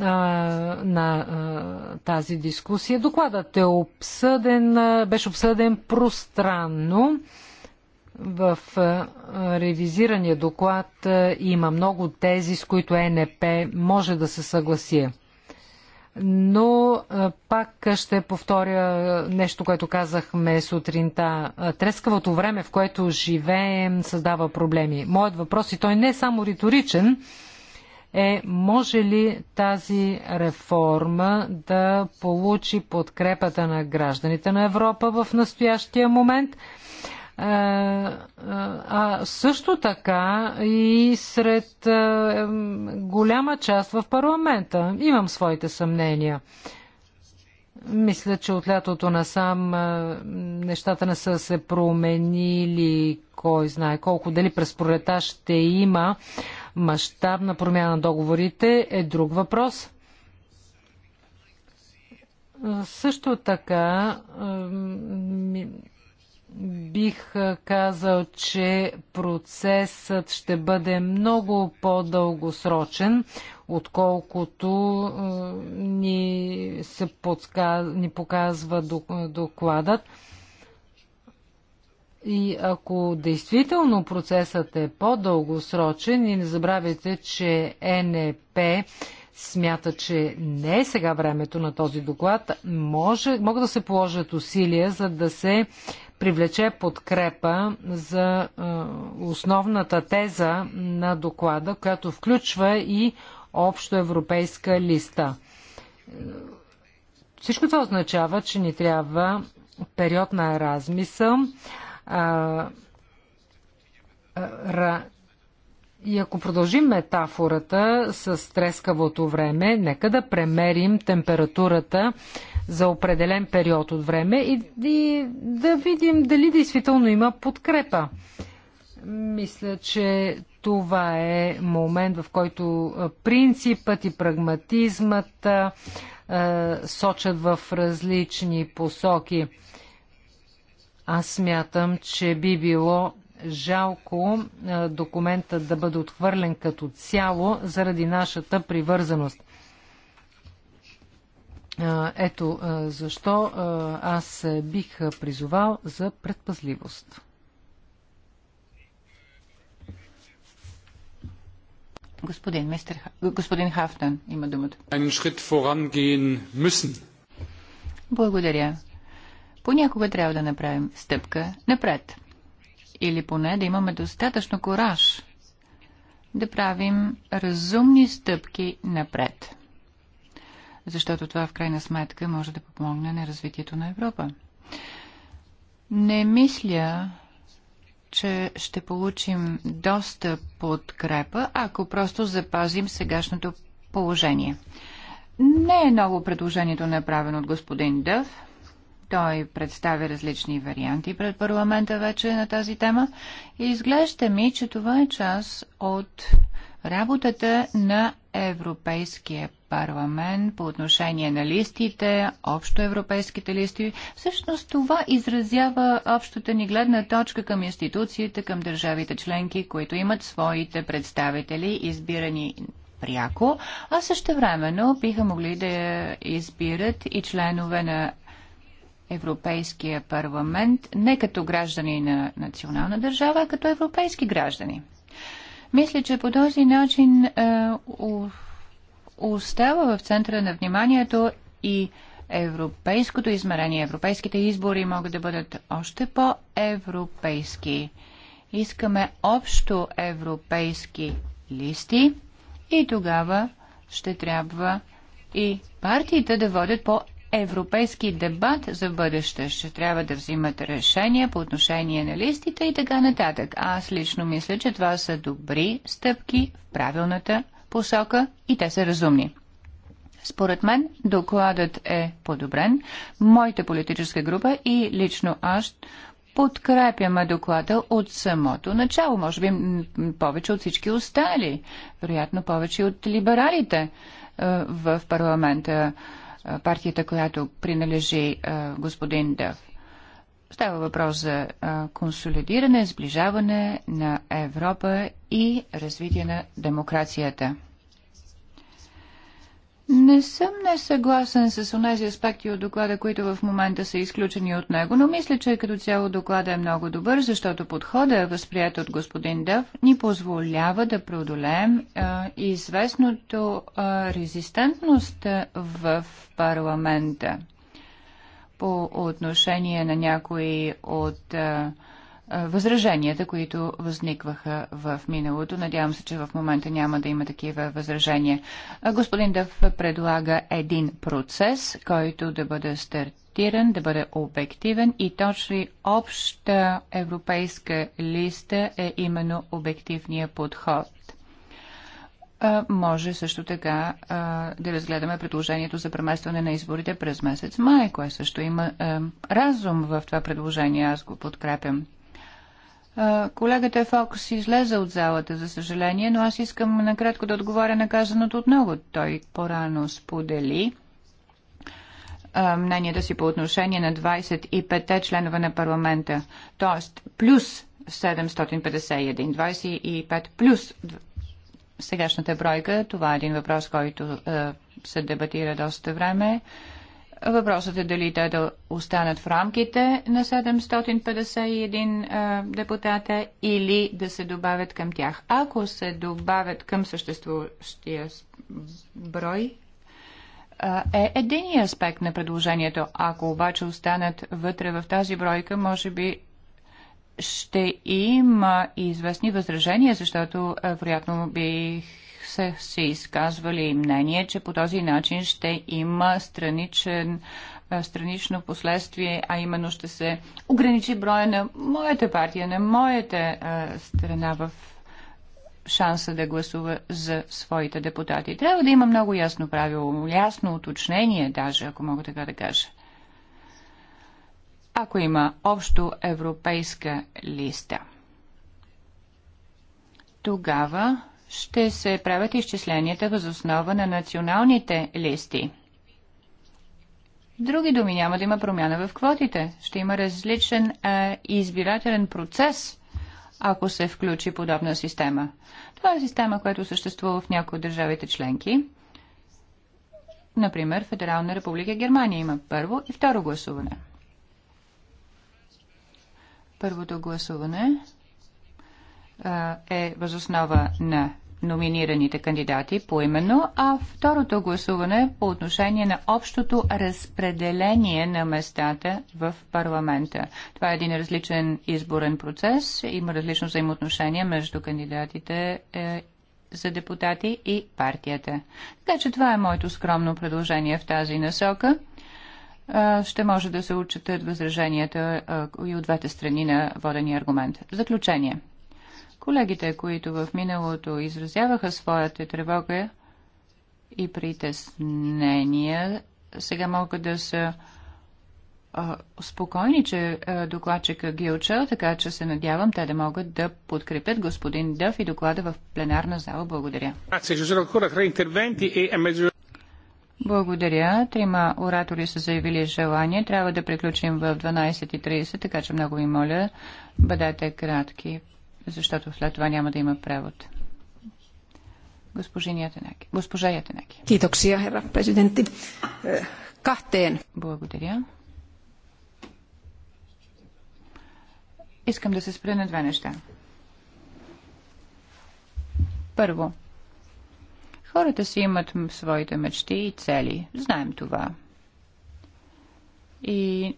а, на а, тази дискусия. Докладът е обсъден, беше обсъден пространно. В а, ревизирания доклад а, има много тези, с които ЕНП може да се съгласи но пак ще повторя нещо, което казахме сутринта. Трескавото време, в което живеем, създава проблеми. Моят въпрос, и той не е само риторичен, е може ли тази реформа да получи подкрепата на гражданите на Европа в настоящия момент – е, е, а също така и сред е, голяма част в парламента. Имам своите съмнения. Мисля, че от лятото насам нещата не са се променили, кой знае колко. Дали през пролета ще има мащабна промяна на договорите е друг въпрос. Също така бих казал, че процесът ще бъде много по-дългосрочен, отколкото ни, се подсказ... ни показва докладът. И ако действително процесът е по-дългосрочен и не забравяйте, че НП смята, че не е сега времето на този доклад, може, могат да се положат усилия, за да се привлече подкрепа за е, основната теза на доклада, която включва и общоевропейска листа. Е, всичко това означава, че ни трябва период на размисъл, и ако продължим метафората с трескавото време, нека да премерим температурата за определен период от време и, и да видим дали действително има подкрепа. Мисля, че това е момент, в който принципът и прагматизмът е, сочат в различни посоки. Аз смятам, че би било жалко документът да бъде отхвърлен като цяло заради нашата привързаност. Ето защо аз бих призовал за предпазливост. Господин, мистер, господин Хафтън има думата. Благодаря. Понякога трябва да направим стъпка напред или поне да имаме достатъчно кораж да правим разумни стъпки напред. Защото това в крайна сметка може да помогне на развитието на Европа. Не мисля, че ще получим доста подкрепа, ако просто запазим сегашното положение. Не е ново предложението направено от господин Дъв. Той представи различни варианти пред парламента вече на тази тема. И изглежда ми, че това е част от работата на Европейския парламент по отношение на листите, общоевропейските листи. Всъщност това изразява общата ни гледна точка към институциите, към държавите членки, които имат своите представители, избирани пряко, а също времено биха могли да избират и членове на Европейския парламент не като граждани на национална държава, а като европейски граждани. Мисля, че по този начин е, остава в центъра на вниманието и европейското измерение. Европейските избори могат да бъдат още по-европейски. Искаме общо европейски листи и тогава ще трябва и партиите да водят по европейски дебат за бъдеще. Ще трябва да взимат решения по отношение на листите и така нататък. Аз лично мисля, че това са добри стъпки в правилната посока и те са разумни. Според мен докладът е подобрен. Моята политическа група и лично аз подкрепяме доклада от самото начало. Може би повече от всички остали. Вероятно повече от либералите е, в парламента партията, която принадлежи господин Дъв. Става въпрос за консолидиране, сближаване на Европа и развитие на демокрацията. Не съм несъгласен с онези аспекти от доклада, които в момента са изключени от него, но мисля, че като цяло доклада е много добър, защото подхода, възприят от господин Дъв, ни позволява да преодолеем а, известното а, резистентност в парламента по отношение на някои от а, възраженията, които възникваха в миналото. Надявам се, че в момента няма да има такива възражения. Господин Дъв предлага един процес, който да бъде стартиран, да бъде обективен и точно обща европейска листа е именно обективния подход може също така а, да разгледаме предложението за преместване на изборите през месец май, кое също има а, разум в това предложение, аз го подкрепям. Колегата Фокс излезе от залата, за съжаление, но аз искам накратко да отговоря на казаното отново. Той по-рано сподели мненията си по отношение на 25-те членове на парламента, т.е. плюс 751, 25 плюс сегашната бройка. Това е един въпрос, който се дебатира доста време. Въпросът е дали те да останат в рамките на 751 депутата или да се добавят към тях. Ако се добавят към съществуващия брой, е единия аспект на предложението. Ако обаче останат вътре в тази бройка, може би ще има известни възражения, защото вероятно бих са се изказвали и мнение, че по този начин ще има страничен, странично последствие, а именно ще се ограничи броя на моята партия, на моята страна в шанса да гласува за своите депутати. Трябва да има много ясно правило, ясно уточнение даже, ако мога така да кажа. Ако има общо европейска листа, тогава ще се правят изчисленията въз основа на националните листи. Други думи, няма да има промяна в квотите. Ще има различен а, избирателен процес, ако се включи подобна система. Това е система, която съществува в някои от държавите членки. Например, Федерална република Германия има първо и второ гласуване. Първото гласуване е възоснова на номинираните кандидати по именно, а второто гласуване по отношение на общото разпределение на местата в парламента. Това е един различен изборен процес, има различно взаимоотношение между кандидатите е, за депутати и партията. Така че това е моето скромно предложение в тази насока. Ще може да се учат възраженията и от двете страни на водения аргумент. Заключение – Колегите, които в миналото изразяваха своята тревога и притеснения, сега могат да са спокойни, че докладчика ги е учел, така че се надявам те да могат да подкрепят господин Дъв и доклада в пленарна зала. Благодаря. Благодаря. Трима оратори са заявили желание. Трябва да приключим в 12.30, така че много ви моля, бъдете кратки защото след това няма да има превод. Госпожа Ятенаки. Китоксия, хера президенти. Кахтен. Благодаря. Искам да се спра на две неща. Първо, хората си имат своите мечти и цели. Знаем това. И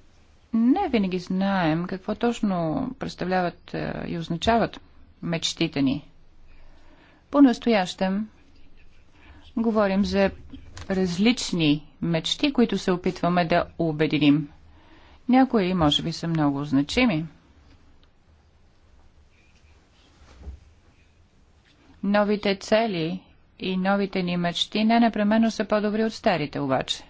не винаги знаем какво точно представляват е, и означават мечтите ни. По-настоящем говорим за различни мечти, които се опитваме да обединим. Някои, може би, са много значими. Новите цели и новите ни мечти не непременно са по-добри от старите, обаче.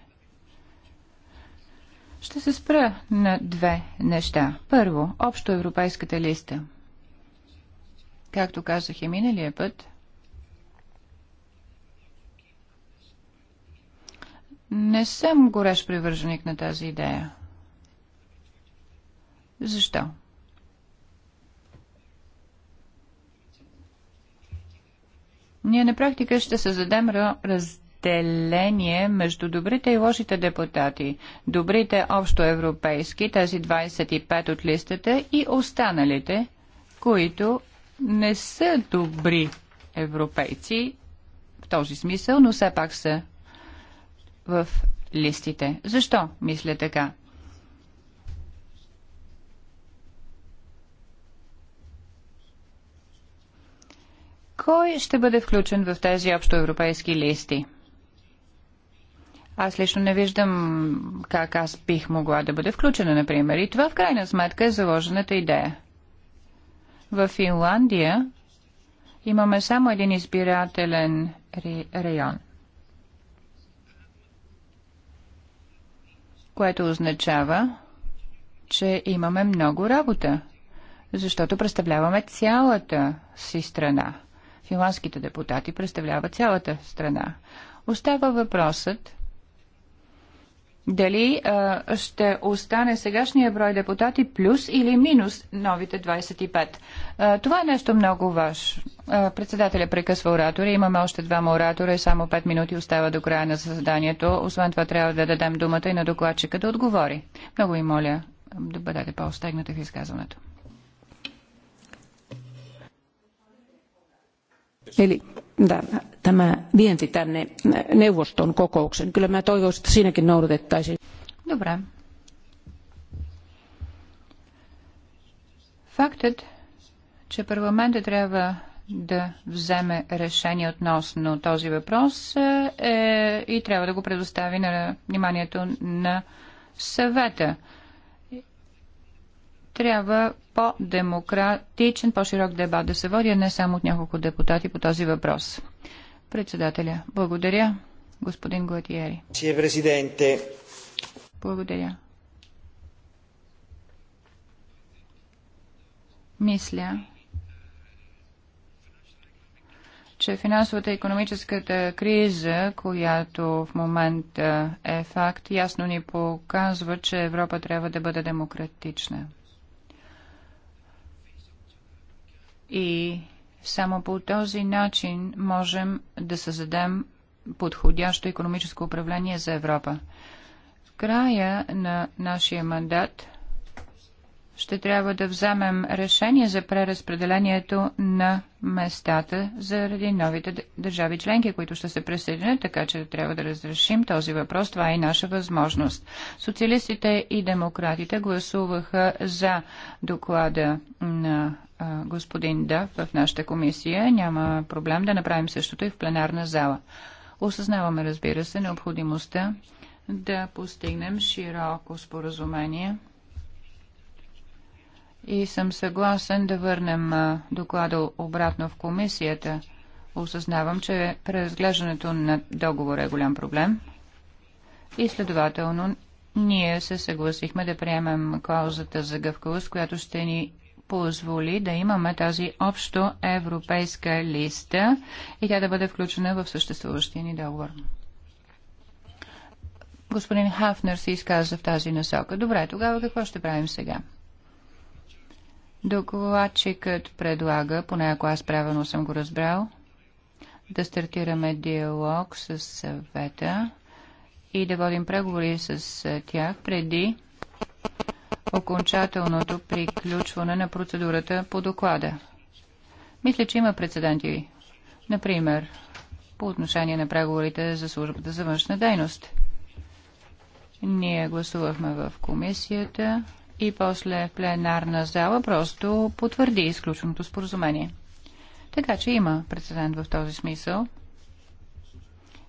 Ще се спра на две неща. Първо, общо европейската листа. Както казах и миналия път, не съм горещ привърженик на тази идея. Защо? Ние на практика ще създадем раз, разделение между добрите и лошите депутати. Добрите общоевропейски, тези 25 от листата и останалите, които не са добри европейци в този смисъл, но все пак са в листите. Защо мисля така? Кой ще бъде включен в тези общоевропейски листи? Аз лично не виждам как аз бих могла да бъде включена, например. И това в крайна сметка е заложената идея. В Финландия имаме само един избирателен район. Което означава, че имаме много работа, защото представляваме цялата си страна. Финландските депутати представляват цялата страна. Остава въпросът дали а, ще остане сегашния брой депутати плюс или минус новите 25. А, това е нещо много важно. Председателя прекъсва оратори. Имаме още двама оратора и само 5 минути остава до края на заседанието. Освен това трябва да дадем думата и на докладчика да отговори. Много ви моля да бъдете по-остегнати в изказването. Eli tämä vienti tänne neuvoston kokouksen, kyllä mä toivoisin, että siinäkin noudatettaisiin. Dobrá. Фактът, че парламентът трябва да вземе решение относно този въпрос е, и трябва да го предостави на вниманието на съвета трябва по-демократичен, по-широк дебат да се води, а не само от няколко депутати по този въпрос. Председателя, благодаря. Господин Гладиери. Е благодаря. Мисля, че финансовата и економическата криза, която в момента е факт, ясно ни показва, че Европа трябва да бъде демократична. И само по този начин можем да създадем подходящо економическо управление за Европа. В края на нашия мандат ще трябва да вземем решение за преразпределението на местата заради новите държави членки, които ще се присъединят, така че трябва да разрешим този въпрос. Това е и наша възможност. Социалистите и демократите гласуваха за доклада на господин Дъв в нашата комисия, няма проблем да направим същото и в пленарна зала. Осъзнаваме, разбира се, необходимостта да постигнем широко споразумение и съм съгласен да върнем доклада обратно в комисията. Осъзнавам, че преразглеждането на договора е голям проблем и следователно ние се съгласихме да приемем клаузата за гъвкавост, която ще ни позволи да имаме тази общо европейска листа и тя да бъде включена в съществуващия ни договор. Господин Хафнер се изказа в тази насока. Добре, тогава какво ще правим сега? Докладчикът предлага, поне ако аз правилно съм го разбрал, да стартираме диалог с съвета и да водим преговори с тях преди окончателното приключване на процедурата по доклада. Мисля, че има прецеденти. Например, по отношение на преговорите за службата за външна дейност. Ние гласувахме в комисията и после в пленарна зала просто потвърди изключеното споразумение. Така че има прецедент в този смисъл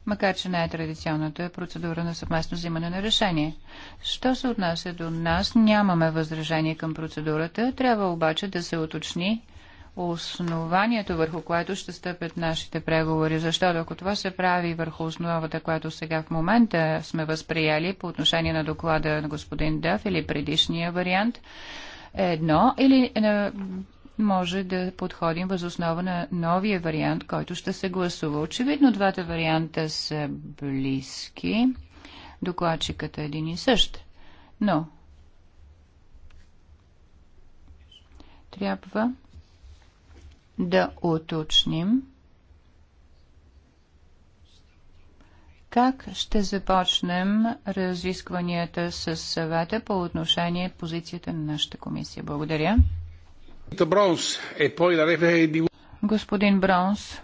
макар че не е традиционната процедура на съвместно взимане на решение. Що се отнася до нас, нямаме възражение към процедурата, трябва обаче да се уточни основанието, върху което ще стъпят нашите преговори. Защото ако това се прави върху основата, която сега в момента сме възприели по отношение на доклада на господин Дъв или предишния вариант, е едно или е, може да подходим възоснова на новия вариант, който ще се гласува. Очевидно двата варианта са близки. Докладчикът е един и същ. Но трябва да уточним как ще започнем разискванията с съвета по отношение позицията на нашата комисия. Благодаря. Господин Бронс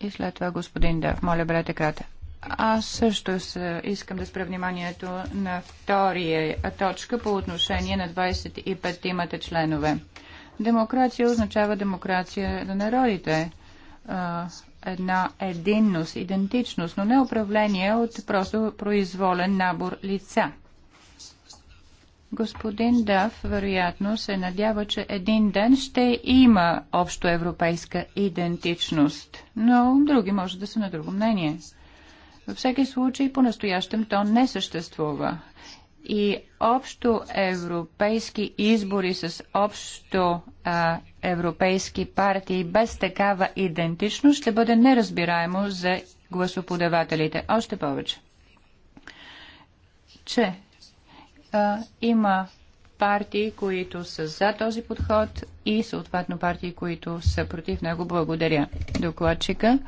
и след това господин Дев. Моля, бъдете кратък. Аз също се искам да спра вниманието на втория точка по отношение на 25-тимата членове. Демокрация означава демокрация на народите. Една единност, идентичност, но не управление от просто произволен набор лица. Господин Дав вероятно се надява, че един ден ще има общо европейска идентичност, но други може да са на друго мнение. Във всеки случай, по-настоящем то не съществува. И общо европейски избори с общо а, европейски партии без такава идентичност ще бъде неразбираемо за гласоподавателите. Още повече, че а, има партии, които са за този подход и съответно партии, които са против него. Благодаря. Докладчика,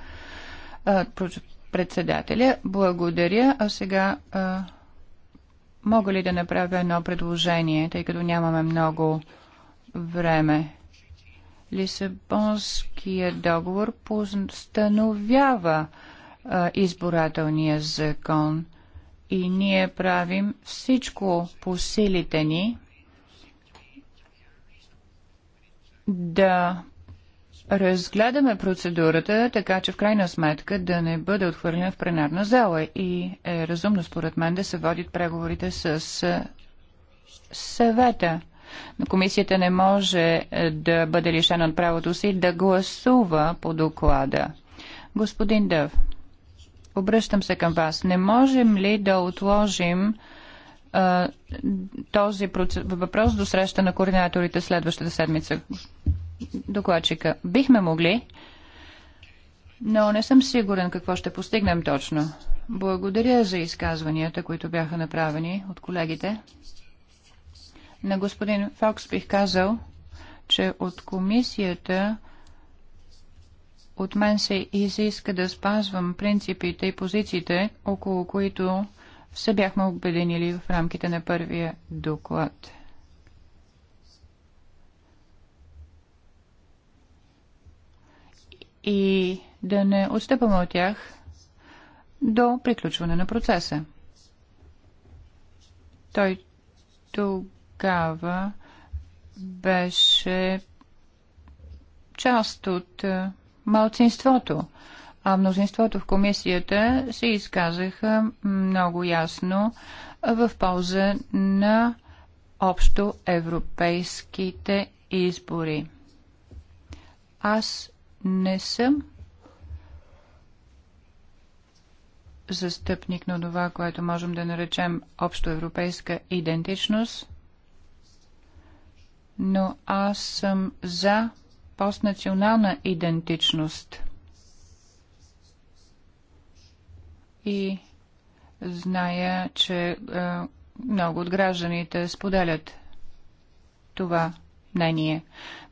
председателя, благодаря. А сега а, мога ли да направя едно предложение, тъй като нямаме много време? Лисабонския договор постановява избирателния закон – и ние правим всичко по силите ни да разгледаме процедурата, така че в крайна сметка да не бъде отхвърлена в пленарна зала и е разумно според мен да се водят преговорите с съвета. Но комисията не може да бъде лишена от правото си да гласува по доклада. Господин Дъв. Обръщам се към вас. Не можем ли да отложим а, този процес, въпрос до среща на координаторите следващата седмица? Докладчика. Бихме могли, но не съм сигурен какво ще постигнем точно. Благодаря за изказванията, които бяха направени от колегите. На господин Фокс бих казал, че от комисията от мен се изиска да спазвам принципите и позициите, около които се бяхме обединили в рамките на първия доклад. И да не отстъпаме от тях до приключване на процеса. Той тогава беше част от малцинството. А мнозинството в комисията се изказаха много ясно в полза на общо европейските избори. Аз не съм застъпник на това, което можем да наречем общоевропейска идентичност, но аз съм за постнационална идентичност. И зная, че е, много от гражданите споделят това мнение.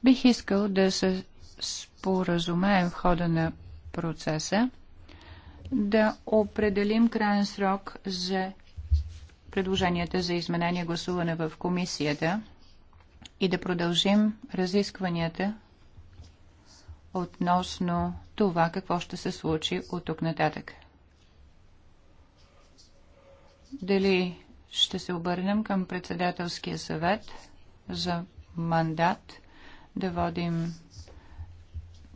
Бих искал да се споразумеем в хода на процеса, да определим крайен срок за предложенията за изменение гласуване в комисията и да продължим разискванията относно това какво ще се случи от тук нататък. Дали ще се обърнем към председателския съвет за мандат да водим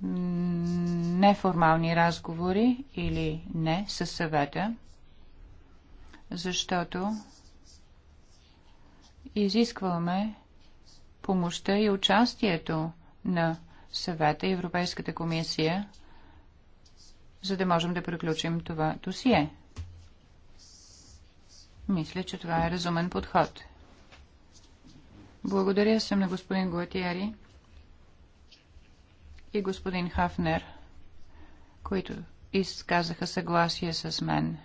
неформални разговори или не със съвета, защото изискваме помощта и участието на съвета и Европейската комисия, за да можем да приключим това досие. Мисля, че това е разумен подход. Благодаря съм на господин Гуатиери и господин Хафнер, които изказаха съгласие с мен.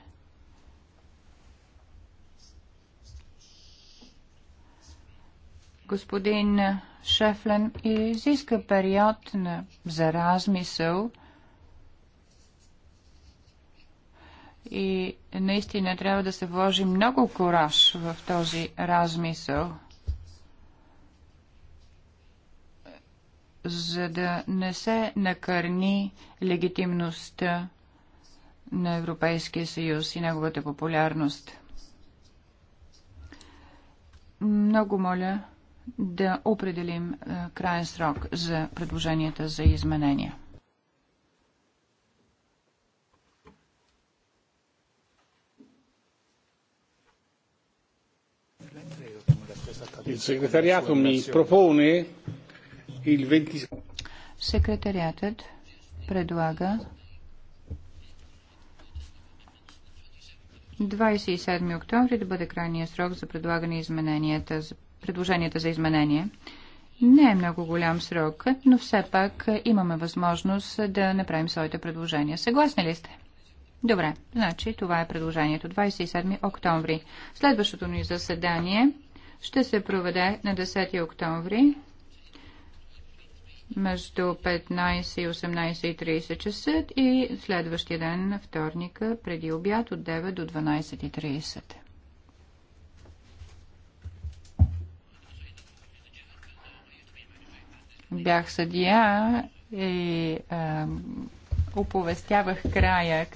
господин Шефлен изиска период на, за размисъл и наистина трябва да се вложи много кораж в този размисъл, за да не се накърни легитимността на Европейския съюз и неговата популярност. Много моля да определим е, крайен срок за предложенията за изменения. Секретариатът предлага 27 октомври да бъде крайния срок за предлагане измененията за предложенията за изменение. Не е много голям срок, но все пак имаме възможност да направим своите предложения. Съгласни ли сте? Добре, значи това е предложението. 27 октомври. Следващото ни заседание ще се проведе на 10 октомври между 15 и 18.30 часа и следващия ден, вторника, преди обяд от 9 до 12.30. бях съдия и а, оповестявах края